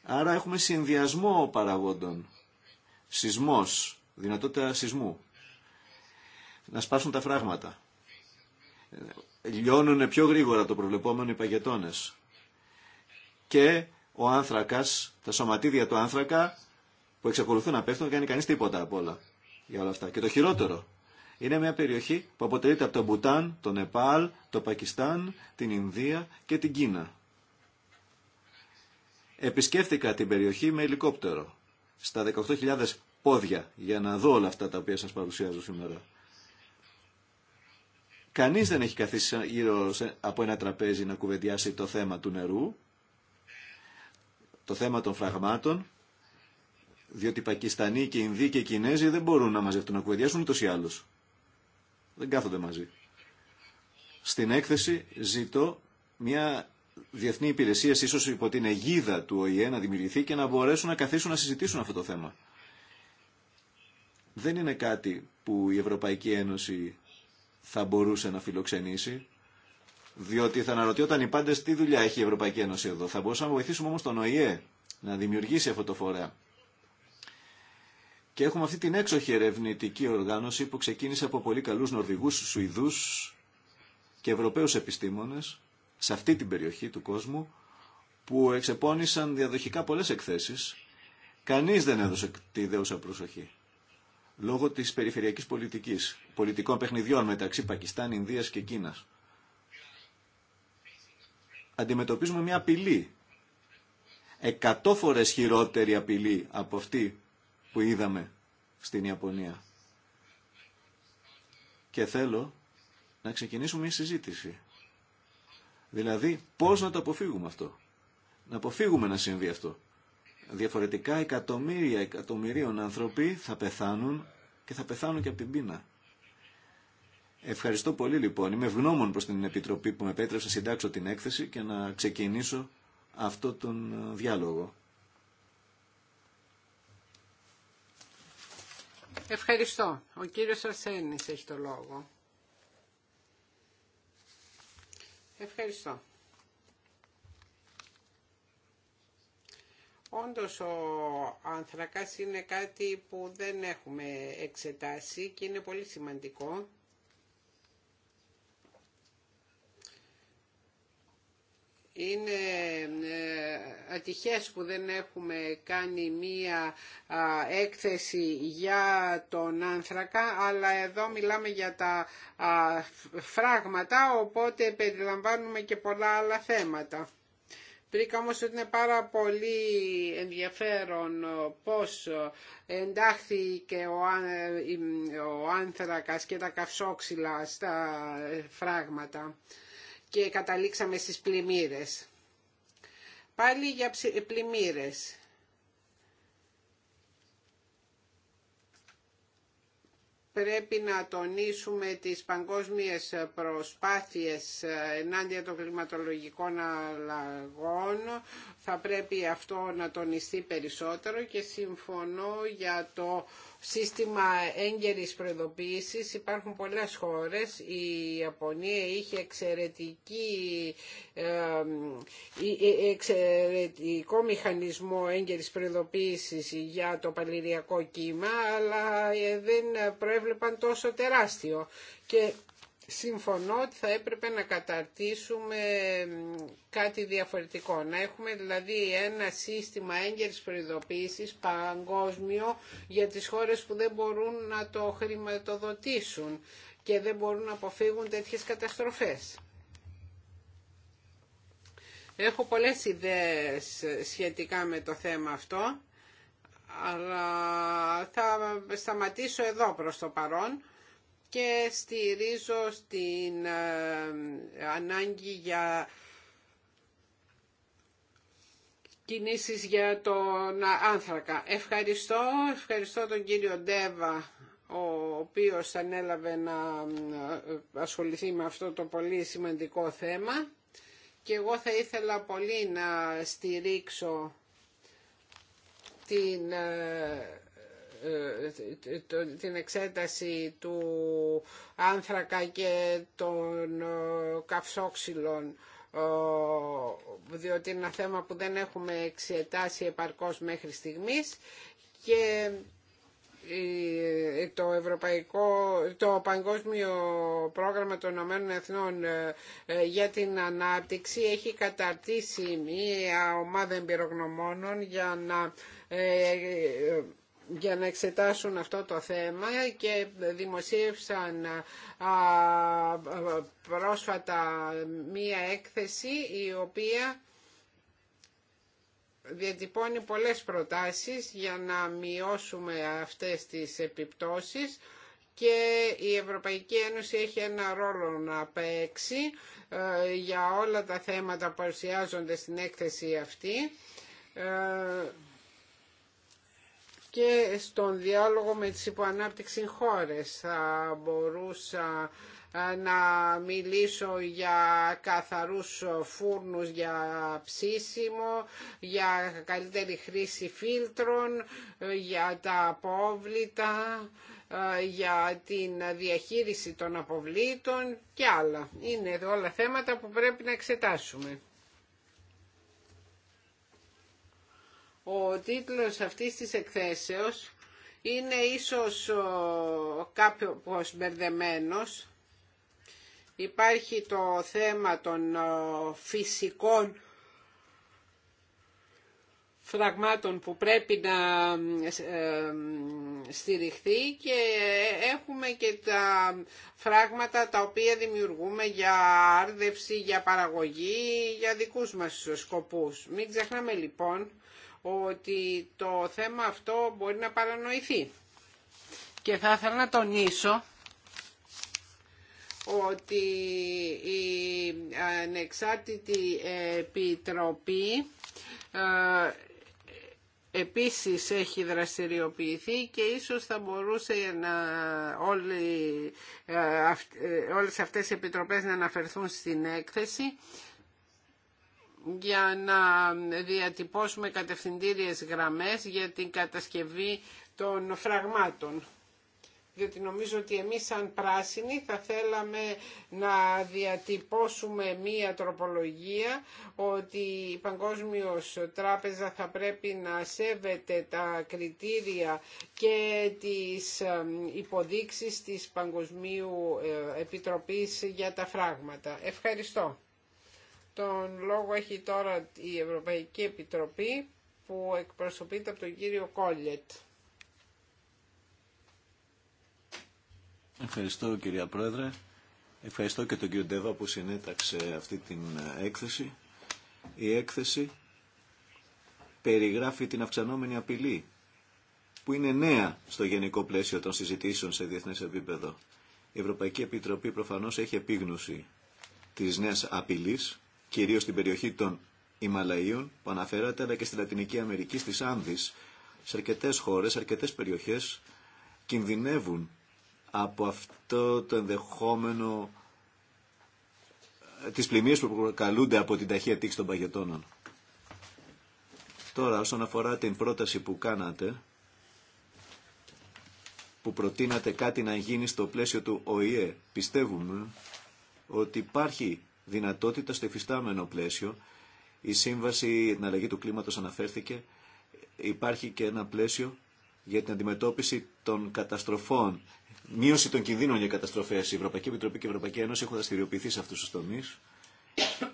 S3: Άρα έχουμε συνδυασμό παραγόντων Σεισμός, δυνατότητα σεισμού. Να σπάσουν τα φράγματα. Λιώνουν πιο γρήγορα το προβλεπόμενο οι παγετώνες. Και ο άνθρακας, τα σωματίδια του άνθρακα που εξακολουθούν να πέφτουν, κάνει κανείς τίποτα απ' όλα για όλα αυτά. Και το χειρότερο, είναι μια περιοχή που αποτελείται από τον Μπουτάν, τον Νεπάλ, το Πακιστάν, την Ινδία και την Κίνα. Επισκέφθηκα την περιοχή με ελικόπτερο στα 18.000 πόδια για να δω όλα αυτά τα οποία σας παρουσιάζω σήμερα. Κανείς δεν έχει καθίσει γύρω από ένα τραπέζι να κουβεντιάσει το θέμα του νερού, το θέμα των φραγμάτων, διότι οι Πακιστανοί και οι Ινδοί και οι Κινέζοι δεν μπορούν να μαζευτούν να κουβεντιάσουν ούτως ή άλλως. Δεν κάθονται μαζί. Στην έκθεση ζητώ μια διεθνή υπηρεσία, ίσω υπό την αιγίδα του ΟΗΕ, να δημιουργηθεί και να μπορέσουν να καθίσουν να συζητήσουν αυτό το θέμα. Δεν είναι κάτι που η Ευρωπαϊκή Ένωση θα μπορούσε να φιλοξενήσει, διότι θα αναρωτιόταν οι πάντε τι δουλειά έχει η Ευρωπαϊκή Ένωση εδώ. Θα μπορούσαμε να βοηθήσουμε όμω τον ΟΗΕ να δημιουργήσει αυτό το φορέα. Και έχουμε αυτή την έξοχη ερευνητική οργάνωση που ξεκίνησε από πολύ καλού Νορβηγού, Σουηδού και Ευρωπαίου επιστήμονε σε αυτή την περιοχή του κόσμου που εξεπώνησαν διαδοχικά πολλές εκθέσεις. Κανείς δεν έδωσε τη δέουσα προσοχή. Λόγω της περιφερειακής πολιτικής, πολιτικών παιχνιδιών μεταξύ Πακιστάν, Ινδίας και Κίνας. Αντιμετωπίζουμε μια απειλή. Εκατό φορές χειρότερη απειλή από αυτή που είδαμε στην Ιαπωνία. Και θέλω να ξεκινήσουμε μια συζήτηση Δηλαδή, πώς να το αποφύγουμε αυτό. Να αποφύγουμε να συμβεί αυτό. Διαφορετικά εκατομμύρια εκατομμυρίων άνθρωποι θα πεθάνουν και θα πεθάνουν και από την πείνα. Ευχαριστώ πολύ λοιπόν. Είμαι ευγνώμων προς την Επιτροπή που με επέτρεψε να συντάξω την έκθεση και να ξεκινήσω αυτό τον ε, διάλογο.
S2: Ευχαριστώ. Ο κύριος Αρσένης έχει το λόγο. Ευχαριστώ. Όντως ο ανθρακάς είναι κάτι που δεν έχουμε εξετάσει και είναι πολύ σημαντικό Είναι ε, ατυχές που δεν έχουμε κάνει μία έκθεση για τον άνθρακα, αλλά εδώ μιλάμε για τα φράγματα, οπότε περιλαμβάνουμε και πολλά άλλα θέματα. Βρήκα όμως ότι είναι πάρα πολύ ενδιαφέρον ε, πώς ε, εντάχθηκε ο άνθρακας και τα καυσόξυλα στα φράγματα και καταλήξαμε στις πλημμύρες. Πάλι για ε, πλημμύρες. πρέπει να τονίσουμε τις παγκόσμιες προσπάθειες ε, ενάντια των κλιματολογικών αλλαγών θα πρέπει αυτό να τονιστεί περισσότερο και συμφωνώ για το σύστημα έγκαιρης προειδοποίησης. Υπάρχουν πολλές χώρες. Η Ιαπωνία είχε εξαιρετική, εξαιρετικό μηχανισμό έγκαιρης προειδοποίησης για το παλιριακό κύμα, αλλά ε, δεν προέβλεπαν τόσο τεράστιο. Και συμφωνώ ότι θα έπρεπε να καταρτήσουμε κάτι διαφορετικό. Να έχουμε δηλαδή ένα σύστημα έγκαιρης προειδοποίησης παγκόσμιο για τις χώρες που δεν μπορούν να το χρηματοδοτήσουν και δεν μπορούν να αποφύγουν τέτοιες καταστροφές. Έχω πολλές ιδέες σχετικά με το θέμα αυτό, αλλά θα σταματήσω εδώ προς το παρόν και στηρίζω στην ε, ανάγκη για κινήσεις για τον άνθρακα. Ευχαριστώ, ευχαριστώ τον κύριο Ντέβα ο οποίος ανέλαβε να ε, ασχοληθεί με αυτό το πολύ σημαντικό θέμα και εγώ θα ήθελα πολύ να στηρίξω την ε, ε, ε, την εξέταση του άνθρακα και των ε, καυσόξυλων διότι είναι ένα θέμα που δεν έχουμε εξετάσει επαρκώς μέχρι στιγμής και το, Ευρωπαϊκό, το Παγκόσμιο Πρόγραμμα των Ηνωμένων Εθνών για την Ανάπτυξη έχει καταρτήσει μια ομάδα εμπειρογνωμόνων για να για να εξετάσουν αυτό το θέμα και δημοσίευσαν πρόσφατα μία έκθεση η οποία διατυπώνει πολλές προτάσεις για να μειώσουμε αυτές τις επιπτώσεις και η Ευρωπαϊκή Ένωση έχει ένα ρόλο να παίξει ε, για όλα τα θέματα που παρουσιάζονται στην έκθεση αυτή ε, και στον διάλογο με τις υποανάπτυξη χώρες. Θα μπορούσα ε, να μιλήσω για καθαρούς φούρνους για ψήσιμο, για καλύτερη χρήση φίλτρων, ε, για τα απόβλητα, ε, για την διαχείριση των αποβλήτων και άλλα. Είναι όλα θέματα που πρέπει να εξετάσουμε. Ο τίτλος αυτής της εκθέσεως είναι ίσως κάποιος μπερδεμένος. Υπάρχει το θέμα των φυσικών φραγμάτων που πρέπει να ε, ε, στηριχθεί και έχουμε και τα φράγματα τα οποία δημιουργούμε για άρδευση, για παραγωγή, για δικούς μας σκοπούς. Μην ξεχνάμε λοιπόν ότι το θέμα αυτό μπορεί να παρανοηθεί. Και θα ήθελα να τονίσω ότι η Ανεξάρτητη Επιτροπή ε, επίσης έχει δραστηριοποιηθεί και ίσως θα μπορούσε να όλοι, ε, ε, όλες αυτές οι επιτροπές να αναφερθούν στην έκθεση για να διατυπώσουμε κατευθυντήριες γραμμές για την κατασκευή των φραγμάτων διότι νομίζω ότι εμείς σαν πράσινοι θα θέλαμε να διατυπώσουμε μία τροπολογία ότι η Παγκόσμιος Τράπεζα θα πρέπει να σέβεται τα κριτήρια και τις ε, υποδείξεις της Παγκοσμίου ε, Επιτροπής για τα φράγματα. Ευχαριστώ. Τον λόγο έχει τώρα η Ευρωπαϊκή Επιτροπή που εκπροσωπείται από τον κύριο Κόλλετ.
S3: Ευχαριστώ κυρία Πρόεδρε. Ευχαριστώ και τον κύριο Ντέβα που συνέταξε αυτή την ε, έκθεση. Η έκθεση περιγράφει την αυξανόμενη απειλή που είναι νέα στο γενικό πλαίσιο των συζητήσεων σε διεθνές επίπεδο. Η Ευρωπαϊκή Επιτροπή προφανώς έχει επίγνωση της νέας απειλής κυρίως στην περιοχή των Ιμαλαίων που αναφέρατε, αλλά και στη Λατινική Αμερική, στις Άνδης. Σε αρκετές χώρες, σε αρκετές περιοχές κινδυνεύουν από αυτό το ενδεχόμενο ε, τις πλημμύρες που προκαλούνται από την ταχεία τήξη των παγετώνων. Τώρα, όσον αφορά την πρόταση που κάνατε, που προτείνατε κάτι να γίνει στο πλαίσιο του ΟΗΕ, πιστεύουμε ότι υπάρχει δυνατότητα στο εφιστάμενο πλαίσιο. Η σύμβαση την αλλαγή του κλίματο αναφέρθηκε. Υπάρχει και ένα πλαίσιο για την αντιμετώπιση των καταστροφών, μείωση των κινδύνων για καταστροφέ. Η Ευρωπαϊκή Επιτροπή και η Ευρωπαϊκή Ένωση έχουν δραστηριοποιηθεί σε αυτούς τους τομεί.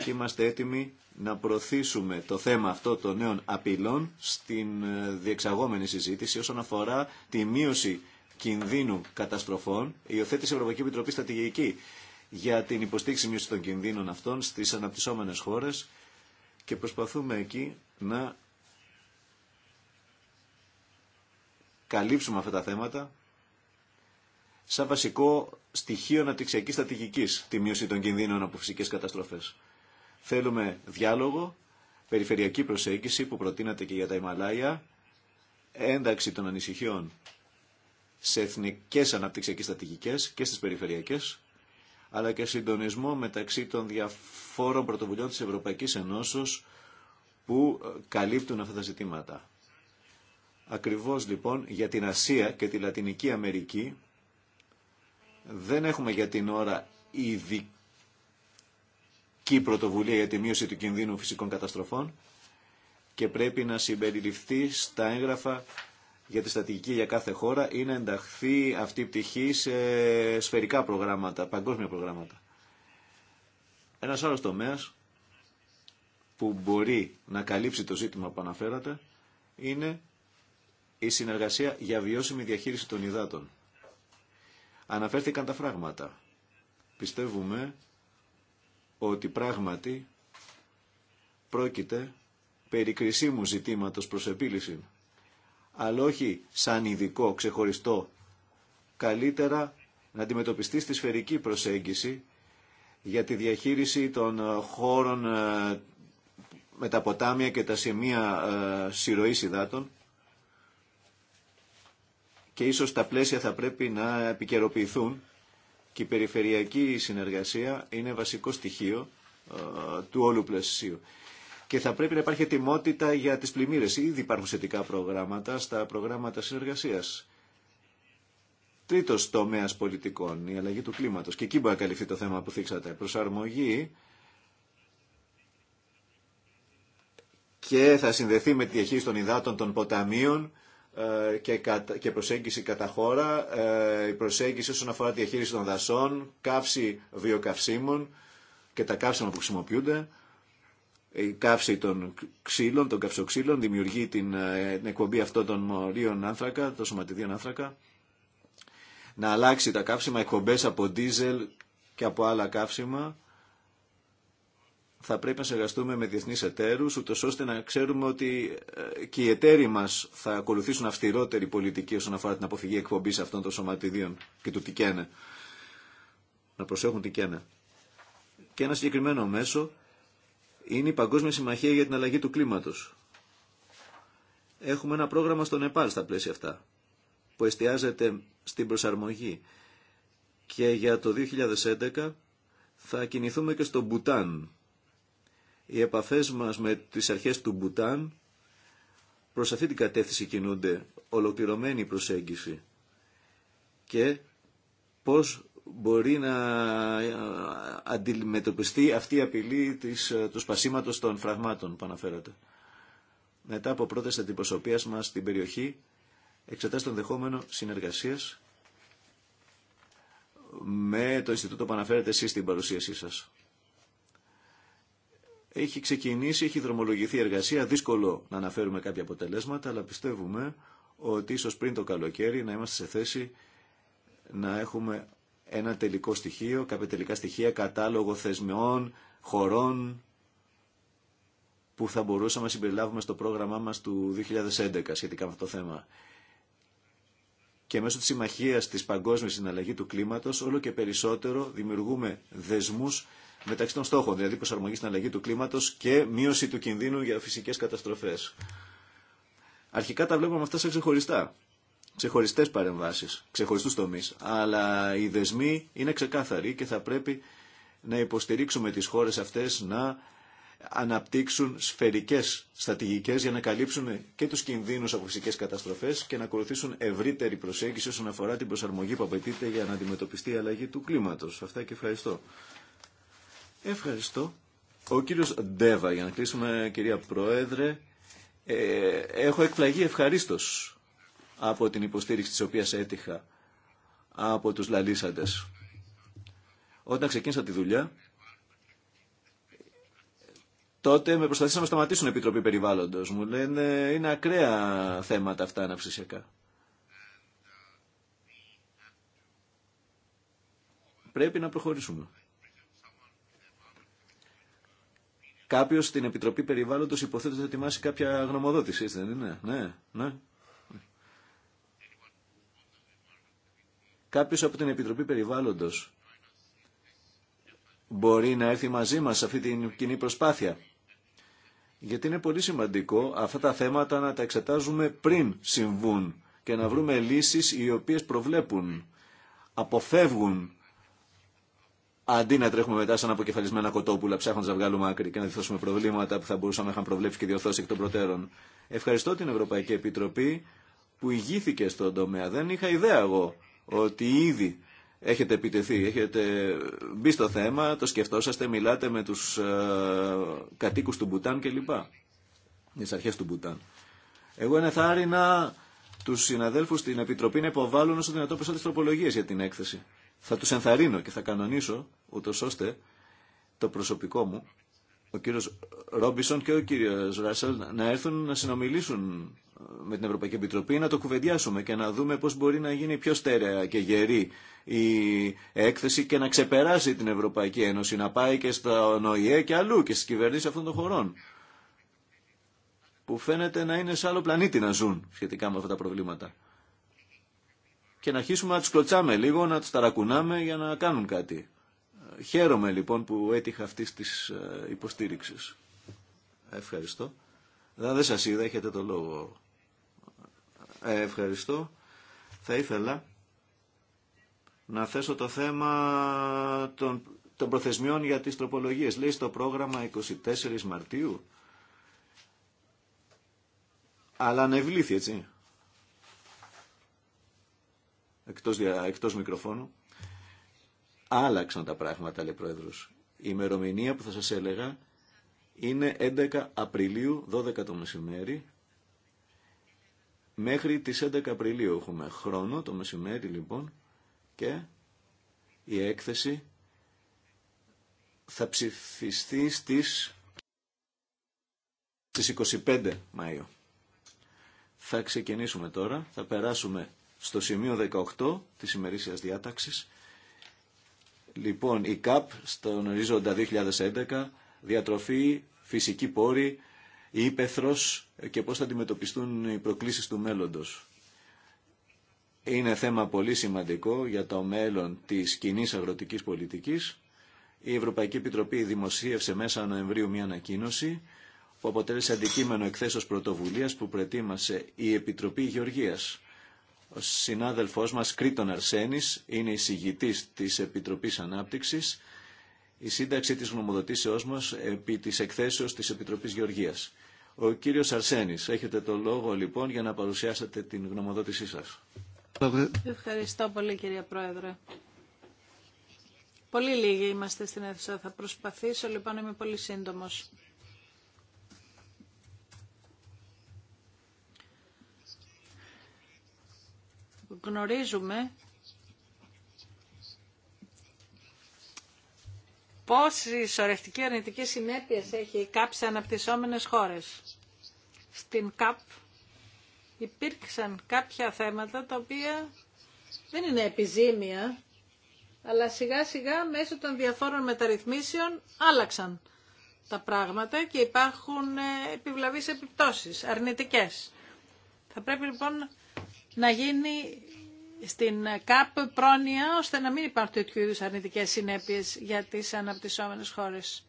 S3: και είμαστε έτοιμοι να προωθήσουμε το θέμα αυτό των νέων απειλών στην ε, διεξαγόμενη συζήτηση όσον αφορά τη μείωση κινδύνου καταστροφών. Υιοθέτησε Ευρωπαϊκή Επιτροπή Στρατηγική για την υποστήριξη μείωση των κινδύνων αυτών στις αναπτυσσόμενες χώρες και προσπαθούμε εκεί να καλύψουμε αυτά τα θέματα σαν βασικό στοιχείο αναπτυξιακής στρατηγικής τη μείωση των κινδύνων από φυσικές καταστροφές. Θέλουμε διάλογο, περιφερειακή προσέγγιση που προτείνατε και για τα Ιμαλάια, ένταξη των ανησυχιών σε εθνικές αναπτυξιακές στρατηγικές και στις περιφερειακές αλλά και συντονισμό μεταξύ των διαφόρων πρωτοβουλειών της Ευρωπαϊκής Ενώσεως που ε, καλύπτουν αυτά τα ζητήματα. Ακριβώς λοιπόν για την Ασία και τη Λατινική Αμερική δεν έχουμε για την ώρα ειδική πρωτοβουλία για τη μείωση του κινδύνου φυσικών καταστροφών και πρέπει να συμπεριληφθεί στα έγγραφα για τη στατική για κάθε χώρα είναι ενταχθεί αυτή η πτυχή σε σφαιρικά προγράμματα, παγκόσμια προγράμματα. Ένα άλλο τομέας που μπορεί να καλύψει το ζήτημα που αναφέρατε είναι η συνεργασία για βιώσιμη διαχείριση των υδάτων. Αναφέρθηκαν τα φράγματα. Πιστεύουμε ότι πράγματι πρόκειται περί κρισίμου ζητήματος προς επίλυση αλλά όχι σαν ειδικό, ξεχωριστό. Καλύτερα να αντιμετωπιστεί στη σφαιρική προσέγγιση για τη διαχείριση των ε, χώρων ε, με τα ποτάμια και τα σημεία ε, συρροής υδάτων και ίσως τα πλαίσια θα πρέπει να επικαιροποιηθούν και η περιφερειακή συνεργασία είναι βασικό στοιχείο του όλου πλαισίου και θα πρέπει να υπάρχει ετοιμότητα για τις πλημμύρες. Ήδη υπάρχουν σχετικά προγράμματα στα προγράμματα συνεργασίας. Τρίτος τομέας πολιτικών, η αλλαγή του κλίματος. Και εκεί μπορεί να καλυφθεί το θέμα που θίξατε. Προσαρμογή και θα συνδεθεί με τη διαχείριση των υδάτων των ποταμίων ε, και προσέγγιση κατά χώρα, ε, η προσέγγιση όσον αφορά τη διαχείριση των δασών, καύση βιοκαυσίμων και τα καύσιμα που χρησιμοποιούνται η καύση των ξύλων, των καυσοξύλων, δημιουργεί ε, την εκπομπή αυτών των μορίων άνθρακα, των σωματιδίων άνθρακα, να αλλάξει τα καύσιμα εκπομπέ από ντίζελ και από άλλα καύσιμα, θα πρέπει να συνεργαστούμε με διεθνεί εταίρου, ούτω ώστε να ξέρουμε ότι ε, και οι εταίροι μα θα ακολουθήσουν αυστηρότερη πολιτική όσον αφορά την αποφυγή εκπομπή αυτών των σωματιδίων και του τι καίνε. Να προσέχουν τι καίνε. Και ένα συγκεκριμένο μέσο είναι η Παγκόσμια Συμμαχία για την Αλλαγή του Κλίματος. Έχουμε ένα πρόγραμμα στο Νεπάλ στα πλαίσια αυτά, που εστιάζεται στην προσαρμογή. Και για το 2011 θα κινηθούμε και στο Μπουτάν. Οι επαφές μας με τις αρχές του Μπουτάν προς αυτή την κατεύθυνση κινούνται, ολοκληρωμένη προσέγγιση. Και πώς μπορεί να ε, αντιμετωπιστεί αυτή η απειλή της, ε, του σπασίματος των φραγμάτων που αναφέρατε. Μετά από πρώτες αντιπροσωπείας μας στην περιοχή, εξετάζει τον δεχόμενο συνεργασίας με το Ινστιτούτο που αναφέρατε εσείς στην παρουσίασή σας. Έχει ξεκινήσει, έχει δρομολογηθεί η εργασία, δύσκολο να αναφέρουμε κάποια αποτελέσματα, αλλά πιστεύουμε ότι ίσως πριν το καλοκαίρι να είμαστε σε θέση να έχουμε ένα τελικό στοιχείο, κάποια τελικά στοιχεία, κατάλογο θεσμεών, χωρών που θα μπορούσαμε να συμπεριλάβουμε στο πρόγραμμά μας του 2011 σχετικά με αυτό το θέμα. Και μέσω της συμμαχίας της παγκόσμιας συναλλαγή του κλίματος όλο και περισσότερο δημιουργούμε δεσμούς μεταξύ των στόχων, δηλαδή προσαρμογή στην αλλαγή του κλίματος και μείωση του κινδύνου για φυσικές καταστροφές. Αρχικά τα βλέπουμε αυτά σε ξεχωριστά ξεχωριστές παρεμβάσεις, ξεχωριστούς τομείς. Αλλά οι δεσμοί είναι ξεκάθαροι και θα πρέπει να υποστηρίξουμε τις χώρες αυτές να αναπτύξουν σφαιρικές στρατηγικές για να καλύψουν και τους κινδύνους από φυσικές καταστροφές και να ακολουθήσουν ευρύτερη προσέγγιση όσον αφορά την προσαρμογή που απαιτείται για να αντιμετωπιστεί η αλλαγή του κλίματος. Αυτά και ευχαριστώ. Ευχαριστώ. Ο κύριος Ντέβα, για να κλείσουμε κυρία Πρόεδρε, ε, έχω εκπλαγεί ευχαρίστως από την υποστήριξη της οποίας έτυχα από τους λαλίσαντες. Όταν ξεκίνησα τη δουλειά, τότε με προσπαθήσαν να σταματήσουν Επιτροπή Περιβάλλοντος. Μου λένε είναι ακραία θέματα αυτά αναψησιακά. Πρέπει να προχωρήσουμε. Κάποιος στην Επιτροπή Περιβάλλοντος υποθέτει ότι θα ετοιμάσει κάποια γνωμοδότηση, δεν είναι. Ναι, ναι. Κάποιο από την Επιτροπή περιβάλλοντο μπορεί να έρθει μαζί μα σε αυτή την κοινή προσπάθεια. Γιατί είναι πολύ σημαντικό αυτά τα θέματα να τα εξετάζουμε πριν συμβούν και να βρούμε λύσεις οι οποίες προβλέπουν, αποφεύγουν αντί να τρέχουμε μετά σαν αποκεφαλισμένα κοτόπουλα ψάχνοντας να βγάλουμε άκρη και να διθώσουμε προβλήματα που θα μπορούσαμε να είχαν προβλέψει και διορθώσει εκ των προτέρων. Ευχαριστώ την Ευρωπαϊκή Επιτροπή που ηγήθηκε στον τομέα. Δεν είχα ιδέα εγώ ότι ήδη έχετε επιτεθεί, έχετε μπει στο θέμα, το σκεφτόσαστε, μιλάτε με τους ε, κατοίκους του Μπουτάν κλπ. Τις αρχές του Μπουτάν. Εγώ ενεθάρρυνα τους συναδέλφους στην Επιτροπή να υποβάλουν όσο δυνατόν περισσότερες τροπολογίες για την έκθεση. Θα τους ενθαρρύνω και θα κανονίσω, ούτως ώστε το προσωπικό μου, ο κύριος Ρόμπισον και ο κύριος Ράσελ να έρθουν να συνομιλήσουν με την Ευρωπαϊκή Επιτροπή να το κουβεντιάσουμε και να δούμε πώς μπορεί να γίνει πιο στέρεα και γερή η έκθεση και να ξεπεράσει την Ευρωπαϊκή Ένωση, να πάει και στα ΟΗΕ και αλλού και στις κυβερνήσεις αυτών των χωρών που φαίνεται να είναι σε άλλο πλανήτη να ζουν σχετικά με αυτά τα προβλήματα. Και να αρχίσουμε να τους κλωτσάμε λίγο, να τους ταρακουνάμε για να κάνουν κάτι. Χαίρομαι λοιπόν που έτυχα αυτής της ε, υποστήριξης. Ευχαριστώ. Δεν σας είδα, έχετε το λόγο. Ε, ευχαριστώ. Θα ήθελα να θέσω το θέμα των, των προθεσμιών για τις τροπολογίες. Λέει στο πρόγραμμα 24 Μαρτίου, αλλά ανεβλήθη έτσι. Εκτός, εκτός μικροφώνου. Άλλαξαν τα πράγματα, λέει πρόεδρος. Η ημερομηνία που θα σας έλεγα είναι 11 Απριλίου, 12 το μεσημέρι. Μέχρι τις 11 Απριλίου έχουμε χρόνο, το μεσημέρι λοιπόν, και η έκθεση θα ψηφιστεί στις, στις 25 Μαΐου. Θα ξεκινήσουμε τώρα, θα περάσουμε στο σημείο 18 της ημερήσιας διάταξης. Λοιπόν, η ΚΑΠ στον ορίζοντα 2011 διατροφή, φυσική πόρη, η ύπεθρος και πώς θα αντιμετωπιστούν οι προκλήσεις του μέλλοντος. Είναι θέμα πολύ σημαντικό για το μέλλον της κοινή αγροτικής πολιτικής. Η Ευρωπαϊκή Επιτροπή δημοσίευσε μέσα Νοεμβρίου μια ανακοίνωση που αποτέλεσε αντικείμενο εκθέσεως πρωτοβουλίας που προετοίμασε η Επιτροπή Γεωργίας. Ο συνάδελφός μας Κρήτον Αρσένης είναι εισηγητής της Επιτροπής Ανάπτυξης η σύνταξη της γνωμοδοτήσεώς μας επί της εκθέσεως της Επιτροπής Γεωργίας. Ο κύριος Αρσένης, έχετε το λόγο λοιπόν για να παρουσιάσετε την γνωμοδότησή σας.
S1: Ευχαριστώ πολύ κυρία Πρόεδρε. Πολύ λίγοι είμαστε στην αίθουσα. Θα προσπαθήσω λοιπόν να είμαι πολύ σύντομος. Γνωρίζουμε πόση σωρευτική αρνητική συνέπεια έχει η ΚΑΠ σε αναπτυσσόμενες χώρες. Στην ΚΑΠ υπήρξαν κάποια θέματα τα οποία δεν είναι επιζήμια, αλλά σιγά σιγά μέσω των διαφόρων μεταρρυθμίσεων άλλαξαν τα πράγματα και υπάρχουν ε, επιβλαβείς επιπτώσεις, αρνητικές. Θα πρέπει λοιπόν να γίνει στην ΚΑΠ πρόνοια ώστε να μην υπάρχουν τέτοιου είδου αρνητικές συνέπειες για τις αναπτυσσόμενες χώρες.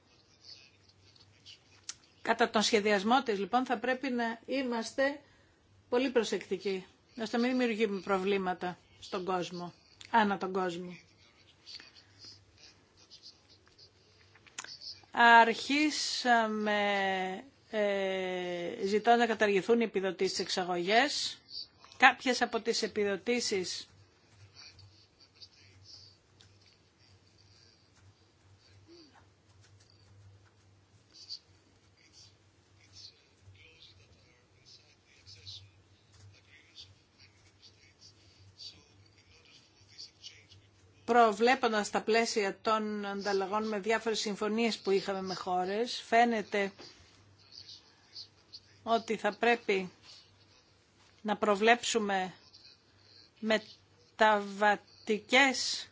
S1: Κατά τον σχεδιασμό της λοιπόν θα πρέπει να είμαστε πολύ προσεκτικοί ώστε να μην δημιουργούμε προβλήματα στον κόσμο, ανά τον κόσμο. Αρχίσαμε ε, ζητώντας να καταργηθούν οι επιδοτήσεις εξαγωγές κάποιες από τις επιδοτήσεις προβλέποντας τα πλαίσια των ανταλλαγών με διάφορες συμφωνίες που είχαμε με χώρες, φαίνεται ότι θα πρέπει να προβλέψουμε μεταβατικές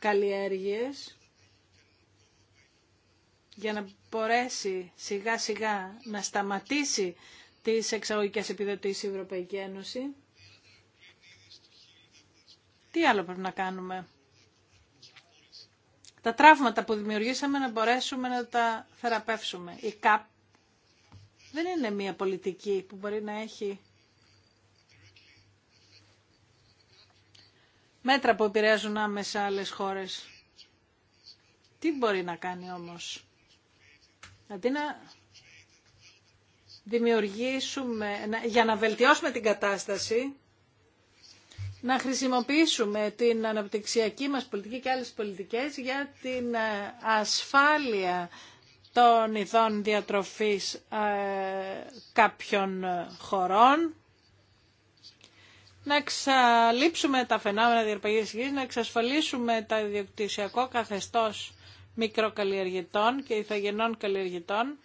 S1: καλλιέργειες για να μπορέσει σιγά σιγά να σταματήσει τις εξαγωγικές επιδοτήσεις η Ευρωπαϊκή Ένωση. Τι άλλο πρέπει να κάνουμε. Τα τραύματα που δημιουργήσαμε να μπορέσουμε να τα θεραπεύσουμε. Η ΚΑΠ δεν είναι μια πολιτική που μπορεί να έχει μέτρα που επηρεάζουν άμεσα άλλες χώρες. Τι μπορεί να κάνει όμως. Αντί να δημιουργήσουμε, για να βελτιώσουμε την κατάσταση, να χρησιμοποιήσουμε την αναπτυξιακή μας πολιτική και άλλες πολιτικές για την ε, ασφάλεια των ειδών διατροφής ε, κάποιων ε, χωρών, να εξαλείψουμε τα φαινόμενα διαρπαγής γης, να εξασφαλίσουμε τα ιδιοκτησιακό καθεστώς μικροκαλλιεργητών και ηθαγενών καλλιεργητών,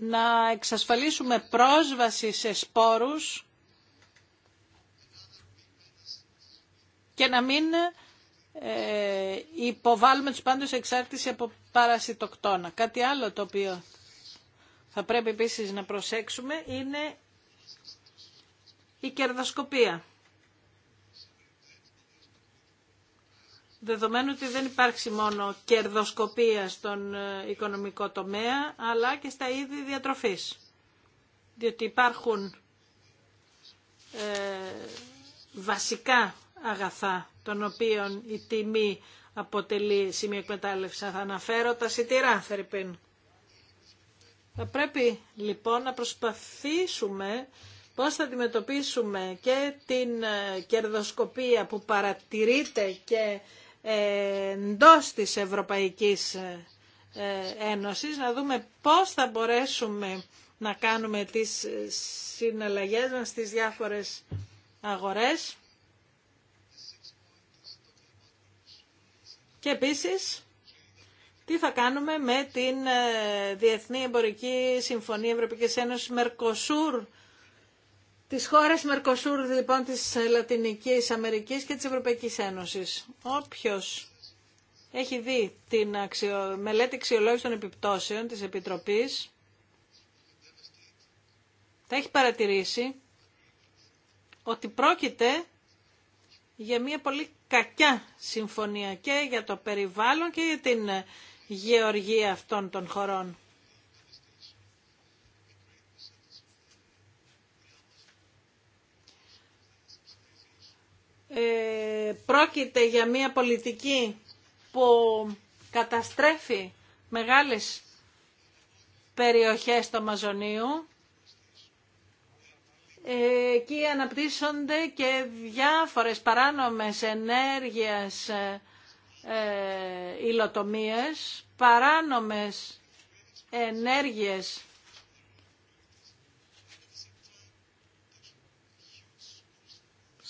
S1: να εξασφαλίσουμε πρόσβαση σε σπόρους και να μην ε, υποβάλλουμε τους πάντως εξάρτηση από παρασιτοκτόνα. Κάτι άλλο το οποίο θα πρέπει επίσης να προσέξουμε είναι η κερδοσκοπία. Δεδομένου ότι δεν υπάρχει μόνο κερδοσκοπία στον ε, οικονομικό τομέα, αλλά και στα είδη διατροφής. Διότι υπάρχουν ε, βασικά αγαθά των οποίων η τιμή αποτελεί σημείο εκμετάλλευση. Θα αναφέρω τα σιτηρά, Θερυπίν. Θα πρέπει λοιπόν να προσπαθήσουμε πώς θα αντιμετωπίσουμε και την ε, κερδοσκοπία που παρατηρείται και ε, εντό της Ευρωπαϊκής ε, Ένωσης, να δούμε πώς θα μπορέσουμε να κάνουμε τις συναλλαγές μας στις διάφορες αγορές. Και επίσης, τι θα κάνουμε με την ε, Διεθνή Εμπορική Συμφωνία Ευρωπαϊκής Ένωσης Μερκοσούρ, της χώρας Μερκοσούρ λοιπόν της Λατινικής Αμερικής και της Ευρωπαϊκής Ένωσης. Όποιος έχει δει την μελέτη αξιολόγηση των επιπτώσεων της Επιτροπής, θα έχει παρατηρήσει ότι πρόκειται για μια πολύ κακιά συμφωνία και για το περιβάλλον και για την γεωργία αυτών των χωρών. Ε, πρόκειται για μια πολιτική που καταστρέφει μεγάλες περιοχές του Αμαζονίου εκεί αναπτύσσονται και διάφορες παράνομες ενέργειες ε, ε, υλοτομίες, παράνομες ενέργειες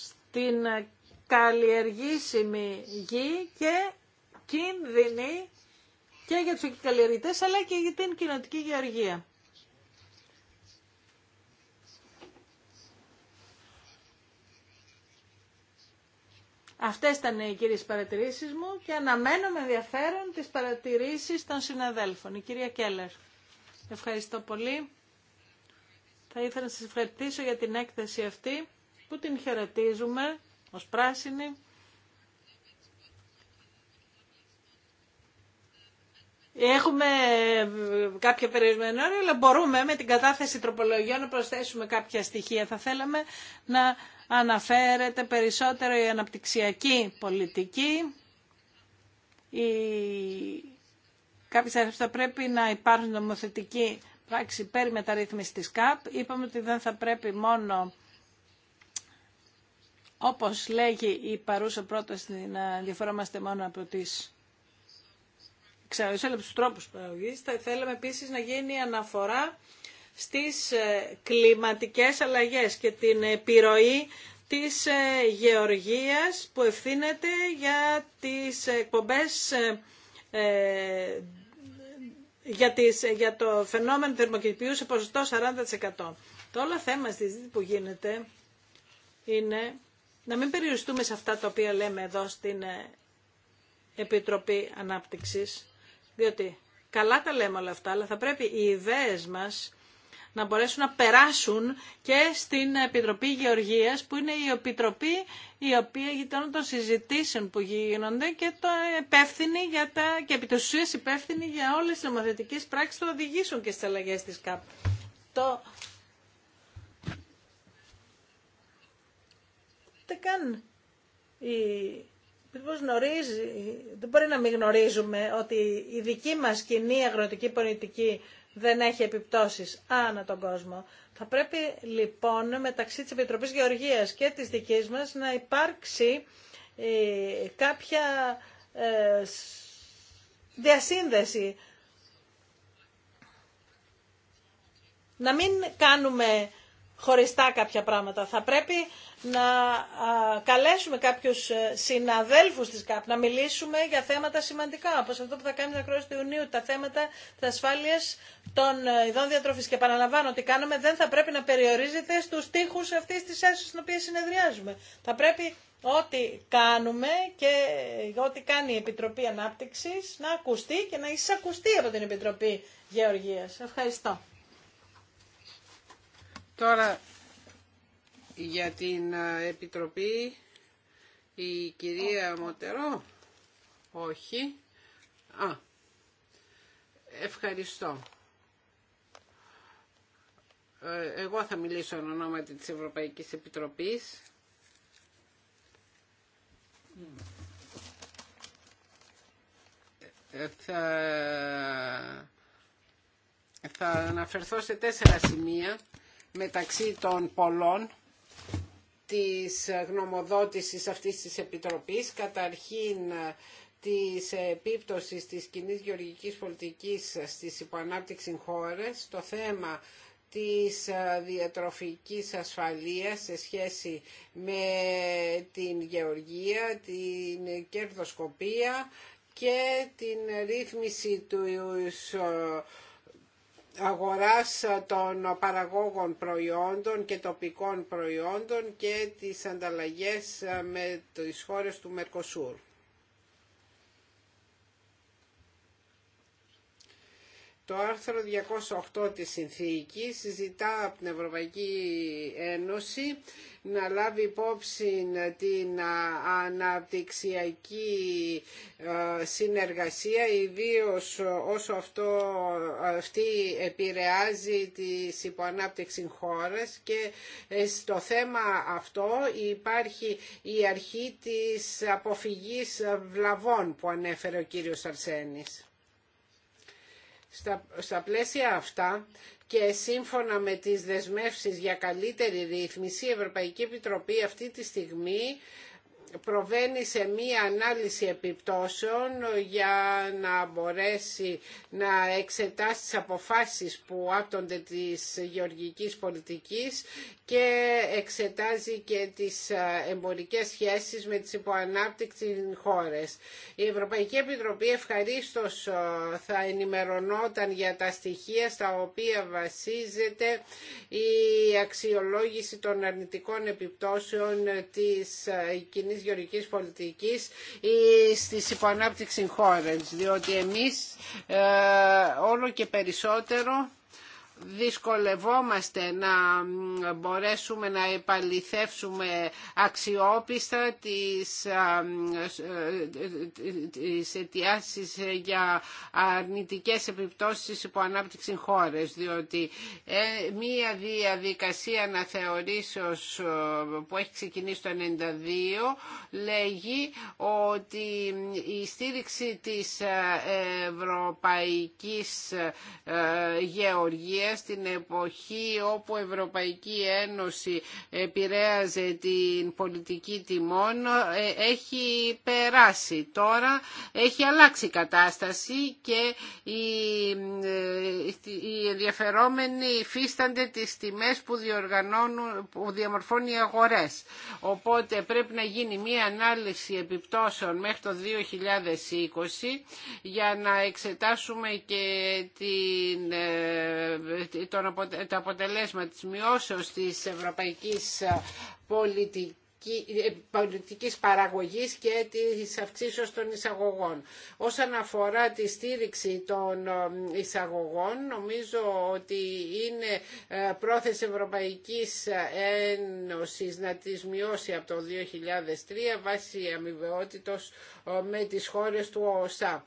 S1: στην καλλιεργήσιμη γη και κίνδυνοι και για τους καλλιεργητές αλλά και για την κοινωτική γεωργία. Αυτές ήταν οι κυρίες παρατηρήσεις μου και αναμένω με ενδιαφέρον τις παρατηρήσεις των συναδέλφων. Η κυρία Κέλλερ, ευχαριστώ πολύ. Θα ήθελα να σας ευχαριστήσω για την έκθεση αυτή που την χαιρετίζουμε ως πράσινη. Έχουμε ε, κάποια περιορισμένη όρια, αλλά μπορούμε με την κατάθεση τροπολογιών να προσθέσουμε κάποια στοιχεία. Θα θέλαμε να αναφέρεται περισσότερο η αναπτυξιακή πολιτική. Η... Κάποιες θα πρέπει να υπάρχουν νομοθετική πράξη πέρι μεταρρύθμιση της ΚΑΠ. Είπαμε ότι δεν θα πρέπει μόνο όπως λέγει η παρούσα πρόταση να διαφορόμαστε μόνο από τις τους τρόπους παραγωγής. Θα θέλαμε επίσης να γίνει αναφορά στις ε, κλιματικές αλλαγές και την επιρροή της ε, γεωργίας που ευθύνεται για τις εκπομπές ε, για, το φαινόμενο θερμοκηπίου σε ποσοστό 40%. Το όλο θέμα στη ζήτηση που γίνεται είναι να μην περιοριστούμε σε αυτά τα οποία λέμε εδώ στην Επιτροπή Ανάπτυξης, διότι καλά τα λέμε όλα αυτά, αλλά θα πρέπει οι ιδέες μας να μπορέσουν να περάσουν και στην Επιτροπή Γεωργίας, που είναι η Επιτροπή η οποία γινόταν των συζητήσεων που γίνονται και το υπεύθυνη για τα, και επί υπεύθυνη για όλες τις νομοθετικές πράξεις που οδηγήσουν και στις αλλαγέ της ΚΑΠ. Το... οι γνωρίζει, δεν μπορεί να μην γνωρίζουμε ότι η δική μας κοινή αγροτική πολιτική δεν έχει επιπτώσεις ανά τον κόσμο. Θα πρέπει λοιπόν μεταξύ της Επιτροπής Γεωργίας και της δικής μας να υπάρξει ε, κάποια ε, διασύνδεση. Να μην κάνουμε χωριστά κάποια πράγματα. Θα πρέπει να καλέσουμε κάποιους ε, συναδέλφους της ΚΑΠ να μιλήσουμε για θέματα σημαντικά, όπως αυτό που θα κάνει την ακρόαση του Ιουνίου, τα θέματα της ασφάλειας των ε, ειδών διατροφής. Και παραλαμβάνω ότι κάνουμε δεν θα πρέπει να περιορίζεται στους τείχους αυτής της αίθουσας στην οποία συνεδριάζουμε. Θα πρέπει ό,τι κάνουμε και ε, ό,τι κάνει η Επιτροπή Ανάπτυξης να ακουστεί και να εισακουστεί από την Επιτροπή Γεωργίας.
S2: Ευχαριστώ. Τώρα για την ε, Επιτροπή η κυρία Μοτερό. Όχι. Α, ευχαριστώ. Ε, εγώ θα μιλήσω εν ονόματι της Ευρωπαϊκής Επιτροπής. Ε, θα... θα αναφερθώ σε τέσσερα σημεία μεταξύ των πολλών της γνωμοδότησης αυτής της Επιτροπής. Καταρχήν ε, της επίπτωσης της κοινή γεωργικής πολιτικής στις υποανάπτυξη χώρες, το θέμα της ε, διατροφικής ασφαλείας σε σχέση με την γεωργία, την κερδοσκοπία και την ρύθμιση του ε, αγοράς ε, των παραγόγων προϊόντων και τοπικών προϊόντων και τις ανταλλαγές ε, με τις χώρες του Μερκοσούρ. Το άρθρο 208 της Συνθήκης συζητά από την Ευρωπαϊκή Ένωση να λάβει υπόψη την αναπτυξιακή ε, συνεργασία, ιδίω όσο αυτό, αυτή επηρεάζει τις υποανάπτυξη χώρες και ε, στο θέμα αυτό υπάρχει η αρχή της αποφυγής βλαβών που ανέφερε ο κύριος Αρσένης. Στα, πλαίσια αυτά και σύμφωνα με τις δεσμεύσεις για καλύτερη ρύθμιση, η Ευρωπαϊκή Επιτροπή αυτή τη στιγμή προβαίνει σε μία ανάλυση επιπτώσεων για να μπορέσει να εξετάσει τις αποφάσεις που άπτονται της γεωργικής πολιτικής και εξετάζει και τις ε, εμπορικές σχέσεις με τις υποανάπτυξης χώρες. Η Ευρωπαϊκή Επιτροπή ευχαρίστως ε, θα ενημερωνόταν για τα στοιχεία στα οποία βασίζεται η αξιολόγηση των αρνητικών επιπτώσεων της ε, κοινή της γεωργικής πολιτικής ή στις υποανάπτυξη χώρες, διότι εμείς ε, όλο και περισσότερο δυσκολευόμαστε να μπορέσουμε να επαληθεύσουμε αξιόπιστα τις, τις για αρνητικές επιπτώσεις υπό ανάπτυξη χώρες, διότι ε, μία διαδικασία αναθεωρήσεω που έχει ξεκινήσει το 1992 λέγει ότι η στήριξη της ε, ευρωπαϊκής ε, γεωργίας στην εποχή όπου η Ευρωπαϊκή Ένωση επηρέαζε την πολιτική τιμών ε, έχει περάσει. Τώρα έχει αλλάξει η κατάσταση και οι, ε, οι ενδιαφερόμενοι υφίστανται τις τιμές που, διοργανώνουν, που διαμορφώνουν οι αγορές. Οπότε πρέπει να γίνει μία ανάλυση επιπτώσεων μέχρι το 2020 για να εξετάσουμε και την ε, το αποτελέσμα της μειώσεως της ευρωπαϊκής ε, πολιτικής ε, πολιτικής παραγωγής και της αυξήσεως των εισαγωγών. Όσον αφορά τη στήριξη των ε, εισαγωγών, νομίζω ότι είναι πρόθεση Ευρωπαϊκής Ένωσης να τις μειώσει από το 2003 βάσει αμοιβαιότητος ε, με τις χώρες του ΟΣΑ.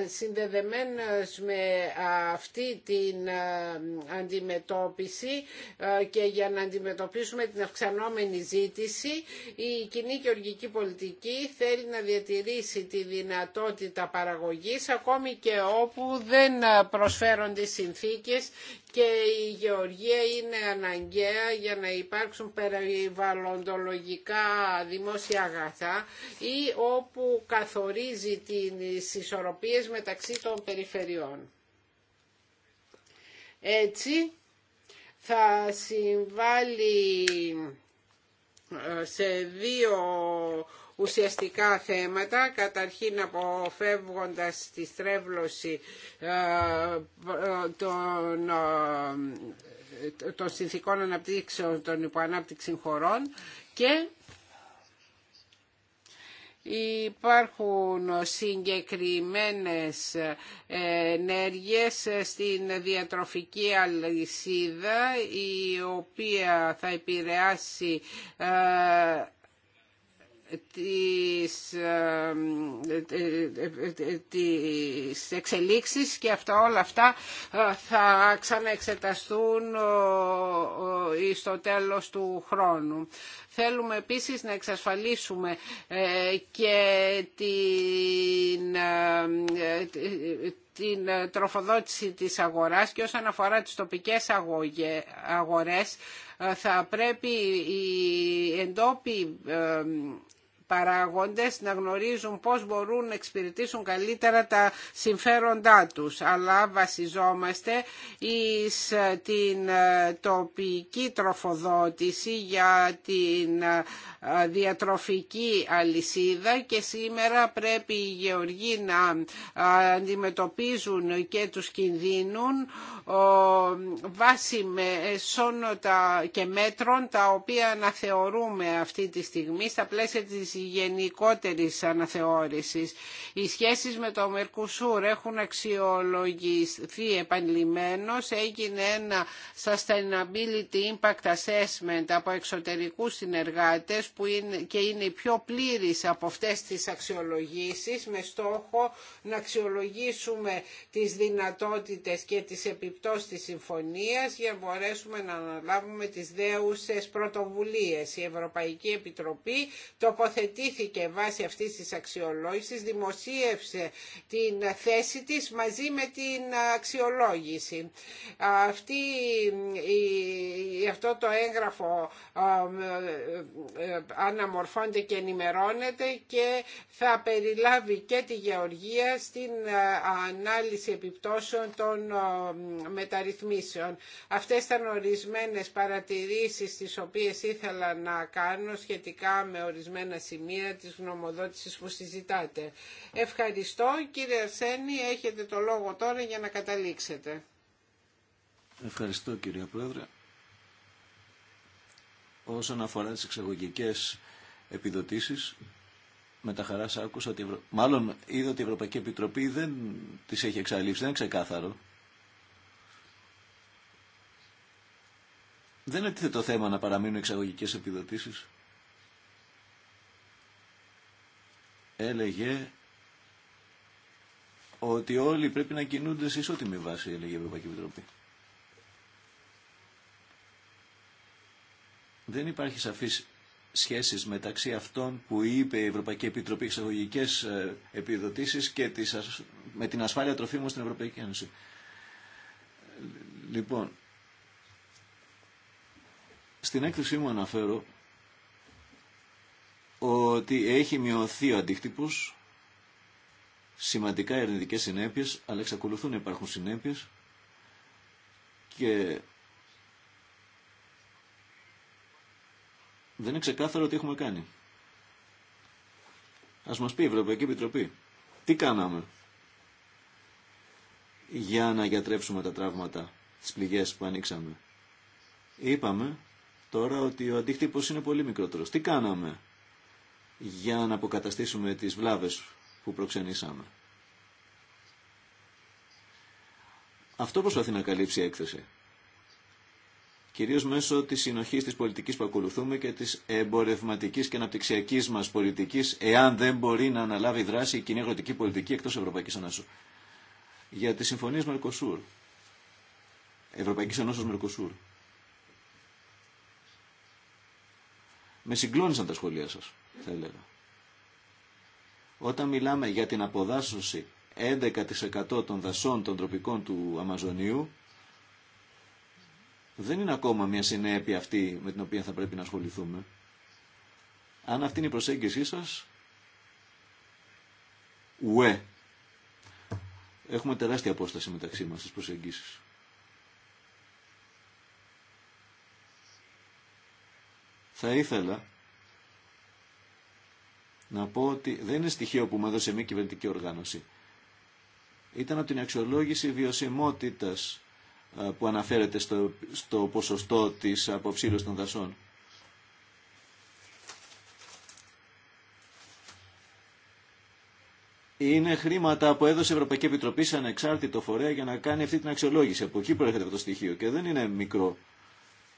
S2: Ε, συνδεδεμένες με αυτή την ε, αντιμετώπιση και για να αντιμετωπίσουμε την αυξανόμενη ζήτηση η κοινή οργική πολιτική θέλει να διατηρήσει τη δυνατότητα παραγωγής ακόμη και όπου δεν προσφέρονται συνθήκες και η γεωργία είναι αναγκαία για να υπάρξουν περιβαλλοντολογικά δημόσια αγαθά ή όπου καθορίζει τις ισορροπίες μεταξύ των περιφερειών. Έτσι θα συμβάλλει ε, σε δύο ουσιαστικά θέματα, καταρχήν αποφεύγοντας τη στρέβλωση ε, των ε, των συνθήκων αναπτύξεων των υποανάπτυξης χωρών και Υπάρχουν συγκεκριμένες ενέργειες στην διατροφική αλυσίδα η οποία θα επηρεάσει ε, τις, ε, ε, ε, τις εξελίξεις και αυτά όλα αυτά θα ξαναεξεταστούν στο τέλος του χρόνου. Θέλουμε επίσης να εξασφαλίσουμε και την, την τροφοδότηση της αγοράς και όσον αφορά τις τοπικές αγορές θα πρέπει οι εντόπιοι παράγοντες να γνωρίζουν πώς μπορούν να εξυπηρετήσουν καλύτερα τα συμφέροντά τους. Αλλά βασιζόμαστε εις ε, την ε, τοπική τροφοδότηση για την ε, διατροφική αλυσίδα και σήμερα πρέπει οι γεωργοί να αντιμετωπίζουν και τους κινδύνουν βάσει με και μέτρων τα οποία αναθεωρούμε αυτή τη στιγμή στα πλαίσια της γενικότερης αναθεώρησης. Οι σχέσεις με το Μερκουσούρ έχουν αξιολογηθεί επανειλημμένως. Έγινε ένα sustainability impact assessment από εξωτερικούς συνεργάτες που είναι και είναι οι πιο πλήρεις από αυτές τις αξιολογήσεις με στόχο να αξιολογήσουμε τις δυνατότητες και τις επιπτώσεις της συμφωνίας για να μπορέσουμε να αναλάβουμε τις δέουσες πρωτοβουλίες. Η Ευρωπαϊκή Επιτροπή τοποθετήθηκε βάσει αυτής της αξιολόγησης, δημοσίευσε την θέση της μαζί με την αξιολόγηση. Αυτή, αυτό το έγγραφο ε, αναμορφώνεται και ενημερώνεται και θα περιλάβει και τη γεωργία στην ε, ανάλυση επιπτώσεων των ε, μεταρρυθμίσεων. Αυτές ήταν ορισμένες παρατηρήσεις τις οποίες ήθελα να κάνω σχετικά με ορισμένα σημεία της γνωμοδότησης που συζητάτε. Ευχαριστώ. Κύριε Αρσένη, έχετε το λόγο τώρα για να καταλήξετε.
S3: Ευχαριστώ κύριε Πρόεδρε. Όσον αφορά τις εξαγωγικές επιδοτήσεις, με τα σας άκουσα ότι... Μάλλον είδα ότι η Ευρωπαϊκή Επιτροπή δεν τις έχει εξαλείψει, δεν είναι ξεκάθαρο. Δεν είναι τίθετο θέμα να παραμείνουν εξαγωγικές επιδοτήσεις. Έλεγε ότι όλοι πρέπει να κινούνται σε ισότιμη βάση, έλεγε η Ευρωπαϊκή Επιτροπή. Δεν υπάρχει σαφής σχέσεις μεταξύ αυτών που είπε η Ευρωπαϊκή Επιτροπή εξαγωγικέ ε, Επιδοτήσεις και τις, με την ασφάλεια τροφίμων στην Ευρωπαϊκή Ένωση. Λοιπόν, στην έκθεσή μου αναφέρω ότι έχει μειωθεί ο αντίκτυπος, σημαντικά οι αρνητικές συνέπειες, αλλά εξακολουθούν να υπάρχουν συνέπειες και δεν είναι ξεκάθαρο τι έχουμε κάνει. Ας μας πει η Ευρωπαϊκή Επιτροπή τι κάναμε για να γιατρέψουμε τα τραύματα, τις πληγές που ανοίξαμε. Είπαμε τώρα ότι ο αντίκτυπος είναι πολύ μικρότερος. Τι κάναμε για να αποκαταστήσουμε τις βλάβες που προξενήσαμε. Αυτό προσπαθεί να καλύψει η έκθεση. Κυρίω μέσω τη συνοχή τη πολιτική που ακολουθούμε και τη εμπορευματική και αναπτυξιακή μα πολιτική, εάν δεν μπορεί να αναλάβει δράση η κοινή αγροτική πολιτική εκτό Ευρωπαϊκή Ένωση. Για τι συμφωνίε Μερκοσούρ, Ευρωπαϊκή Ένωση Μερκοσούρ, με συγκλώνησαν τα σχολεία σα, θα έλεγα. Όταν μιλάμε για την αποδάσωση 11% των δασών των τροπικών του Αμαζονίου, δεν είναι ακόμα μια συνέπεια αυτή με την οποία θα πρέπει να ασχοληθούμε. Αν αυτή είναι η προσέγγιση σας, ουε. Έχουμε τεράστια απόσταση μεταξύ μας στις προσεγγίσεις. Θα ήθελα να πω ότι δεν είναι στοιχείο που μου έδωσε μη κυβερνητική οργάνωση. Ήταν από την αξιολόγηση βιωσιμότητας ε, που αναφέρεται στο, στο ποσοστό της αποψήλωσης των δασών. Είναι χρήματα που έδωσε η Ευρωπαϊκή Επιτροπή σε ανεξάρτητο φορέα για να κάνει αυτή την αξιολόγηση. Από εκεί προέρχεται αυτό το στοιχείο και δεν είναι μικρό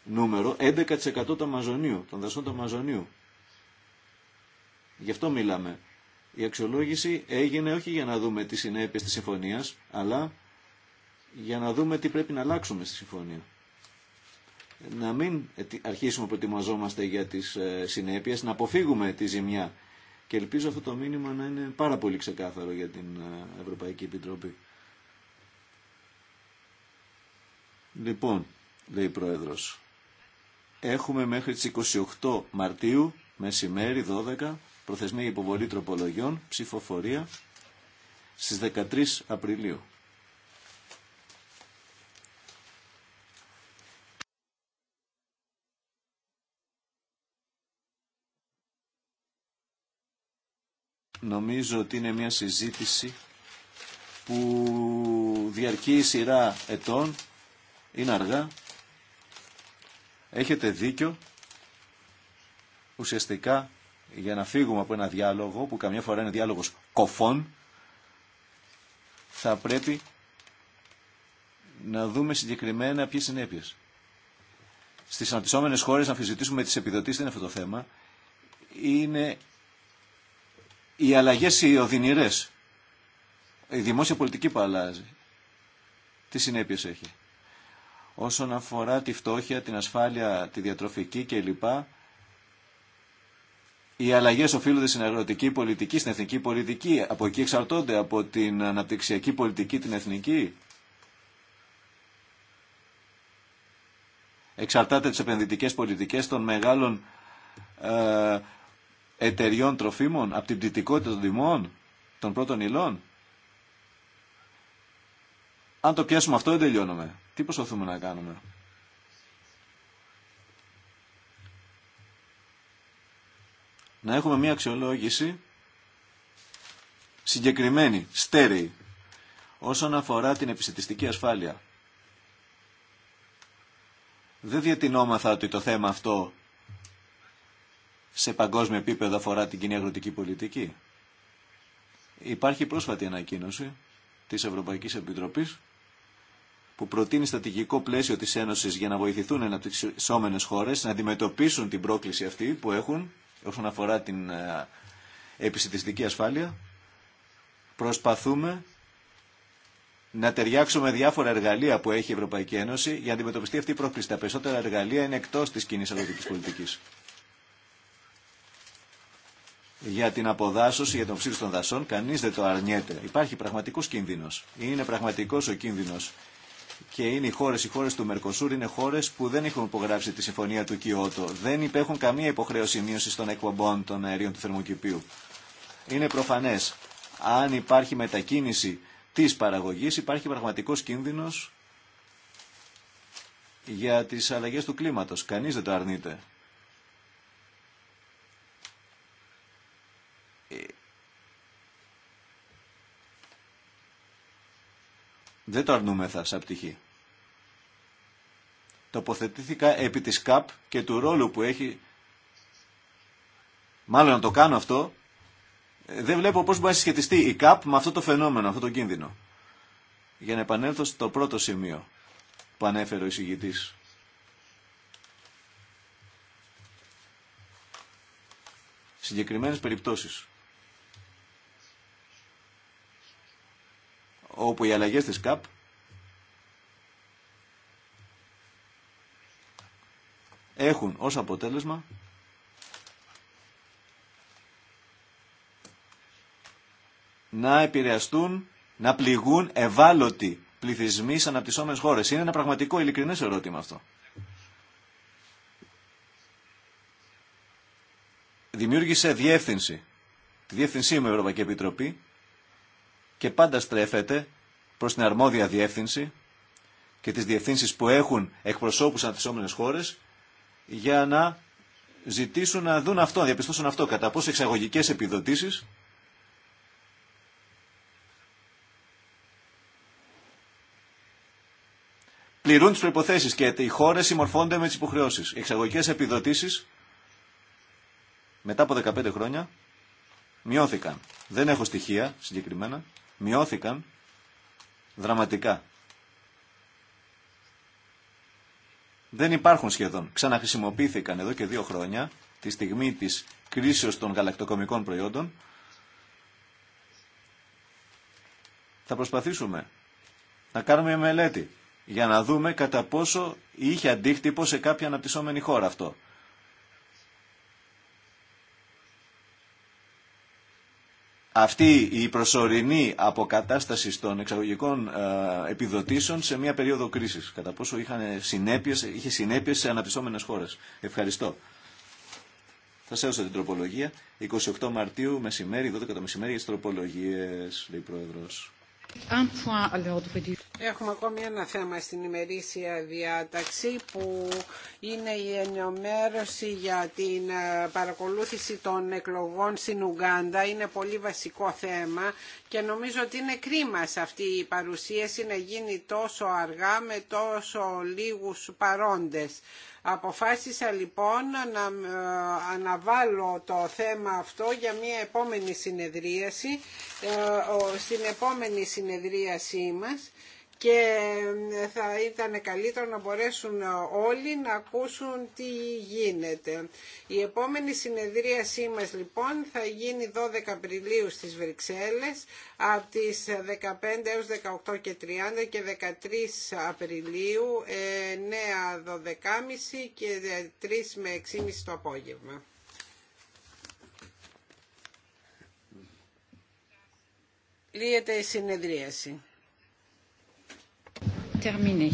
S3: νούμερο. 11% του Αμαζονίου, των δασών του Αμαζονίου. Γι' αυτό μιλάμε. Η αξιολόγηση έγινε όχι για να δούμε τι συνέπειες της συμφωνίας, αλλά για να δούμε τι πρέπει να αλλάξουμε στη συμφωνία. Να μην αρχίσουμε να προετοιμαζόμαστε για τις ε, συνέπειες, να αποφύγουμε τη ζημιά. Και ελπίζω αυτό το μήνυμα να είναι πάρα πολύ ξεκάθαρο για την ε, Ευρωπαϊκή Επιτροπή. Λοιπόν, λέει η Πρόεδρος, έχουμε μέχρι τις 28 Μαρτίου, μεσημέρι 12, προθεσμία υποβολή τροπολογιών, ψηφοφορία, στις 13 Απριλίου. Νομίζω ότι είναι μια συζήτηση που διαρκεί σειρά ετών, είναι αργά, έχετε δίκιο, ουσιαστικά για να φύγουμε από ένα διάλογο που καμιά φορά είναι διάλογος κοφών, θα πρέπει να δούμε συγκεκριμένα ποιες συνέπειες. Στις αναπτυσσόμενες χώρες να αμφιζητήσουμε τις επιδοτήσεις δεν είναι αυτό το θέμα. Είναι οι αλλαγέ οι οδυνηρέ. Η δημόσια πολιτική που αλλάζει. Τι συνέπειε έχει. Όσον αφορά τη φτώχεια, την ασφάλεια, τη διατροφική κλπ. Οι αλλαγέ οφείλονται στην αγροτική πολιτική, στην εθνική πολιτική. Από εκεί εξαρτώνται από την αναπτυξιακή πολιτική, την εθνική. Εξαρτάται τις επενδυτικέ πολιτικές των μεγάλων ε, εταιριών τροφίμων από την πτυτικότητα των δημών των πρώτων υλών. Αν το πιάσουμε αυτό δεν τελειώνουμε. Τι προσπαθούμε να κάνουμε. Να έχουμε μια αξιολόγηση συγκεκριμένη, στέρεη, όσον αφορά την επιστημιστική ασφάλεια. Δεν διατηνόμαθα ότι το θέμα αυτό σε παγκόσμιο επίπεδο αφορά την κοινή αγροτική πολιτική. Υπάρχει πρόσφατη ανακοίνωση της Ευρωπαϊκής Επιτροπής που προτείνει στατηγικό πλαίσιο της Ένωσης για να βοηθηθούν αναπτυξόμενες χώρες να αντιμετωπίσουν την πρόκληση αυτή που έχουν όσον αφορά την επιστημιστική ασφάλεια. Προσπαθούμε να ταιριάξουμε διάφορα εργαλεία που έχει η Ευρωπαϊκή Ένωση για να αντιμετωπιστεί αυτή η πρόκληση. Τα περισσότερα εργαλεία είναι εκτός της κοινή αγροτικής πολιτικής για την αποδάσωση, για τον ψήφιση των δασών, κανείς δεν το αρνιέται. Υπάρχει πραγματικός κίνδυνος. Είναι πραγματικός ο κίνδυνος. Και είναι οι χώρες, οι χώρες του Μερκοσούρ είναι χώρες που δεν έχουν υπογράψει τη συμφωνία του Κιώτο. Δεν υπέχουν καμία υποχρέωση μείωση των εκπομπών των αερίων του θερμοκηπίου. Είναι προφανές. Αν υπάρχει μετακίνηση της παραγωγής υπάρχει πραγματικός κίνδυνος για τις αλλαγές του κλίματος. Κανεί δεν το αρνείται. Δεν το αρνούμεθα σαν πτυχή. Τοποθετήθηκα επί της ΚΑΠ και του ρόλου που έχει. Μάλλον να το κάνω αυτό, ε, δεν βλέπω πώς μπορεί να συσχετιστεί η ΚΑΠ με αυτό το φαινόμενο, αυτό το κίνδυνο. Για να επανέλθω στο πρώτο σημείο που ανέφερε ο εισηγητής. Συγκεκριμένες περιπτώσεις. όπου οι αλλαγές της ΚΑΠ έχουν ως αποτέλεσμα να επηρεαστούν, να πληγούν ευάλωτοι πληθυσμοί σε αναπτυσσόμενες χώρες. Είναι ένα πραγματικό ειλικρινές ερώτημα αυτό. Δημιούργησε διεύθυνση. Τη διεύθυνσή μου Ευρωπαϊκή Επιτροπή και πάντα στρέφεται προς την αρμόδια διεύθυνση και τις διευθύνσεις που έχουν εκπροσώπους αναπτυσσόμενες χώρες για να ζητήσουν να δουν αυτό, να διαπιστώσουν αυτό, κατά πόσο εξαγωγικές επιδοτήσεις πληρούν τις προϋποθέσεις και οι χώρες συμμορφώνται με τις υποχρεώσεις. Οι εξαγωγικές επιδοτήσεις μετά από 15 χρόνια μειώθηκαν. Δεν έχω στοιχεία συγκεκριμένα μειώθηκαν δραματικά. Δεν υπάρχουν σχεδόν. Ξαναχρησιμοποιήθηκαν εδώ και δύο χρόνια, τη στιγμή της κρίσεως των γαλακτοκομικών προϊόντων. Θα προσπαθήσουμε να κάνουμε μελέτη για να δούμε κατά πόσο είχε αντίκτυπο σε κάποια αναπτυσσόμενη χώρα αυτό. αυτή η προσωρινή αποκατάσταση των εξαγωγικών ε, επιδοτήσεων σε μια περίοδο κρίσης. Κατά πόσο είχαν συνέπειες, είχε συνέπειες σε αναπτυσσόμενες χώρες. Ευχαριστώ. Θα σε έδωσα την τροπολογία. 28 Μαρτίου, μεσημέρι, 12 το μεσημέρι, για τις τροπολογίες, λέει Πρόεδρος.
S2: Έχουμε ακόμη ένα θέμα στην ημερήσια διάταξη που είναι η ενημέρωση για την ε, παρακολούθηση των εκλογών στην Ουγγάντα. Είναι πολύ βασικό θέμα και νομίζω ότι είναι κρίμα σε αυτή η παρουσίαση να γίνει τόσο αργά με τόσο λίγους παρόντες. Αποφάσισα λοιπόν να ε, αναβάλω το θέμα αυτό για μια επόμενη συνεδρίαση, ε, στην επόμενη συνεδρίασή μας και ε, θα ήταν καλύτερο να μπορέσουν όλοι να ακούσουν τι γίνεται. Η επόμενη συνεδρίασή μας λοιπόν θα γίνει 12 Απριλίου στις Βρυξέλλες από τις 15 έως 18 και 30 και 13 Απριλίου 9 ε, 12.30 και 3 ε, με 6.30 το απόγευμα. Λύεται η συνεδρίαση terminé.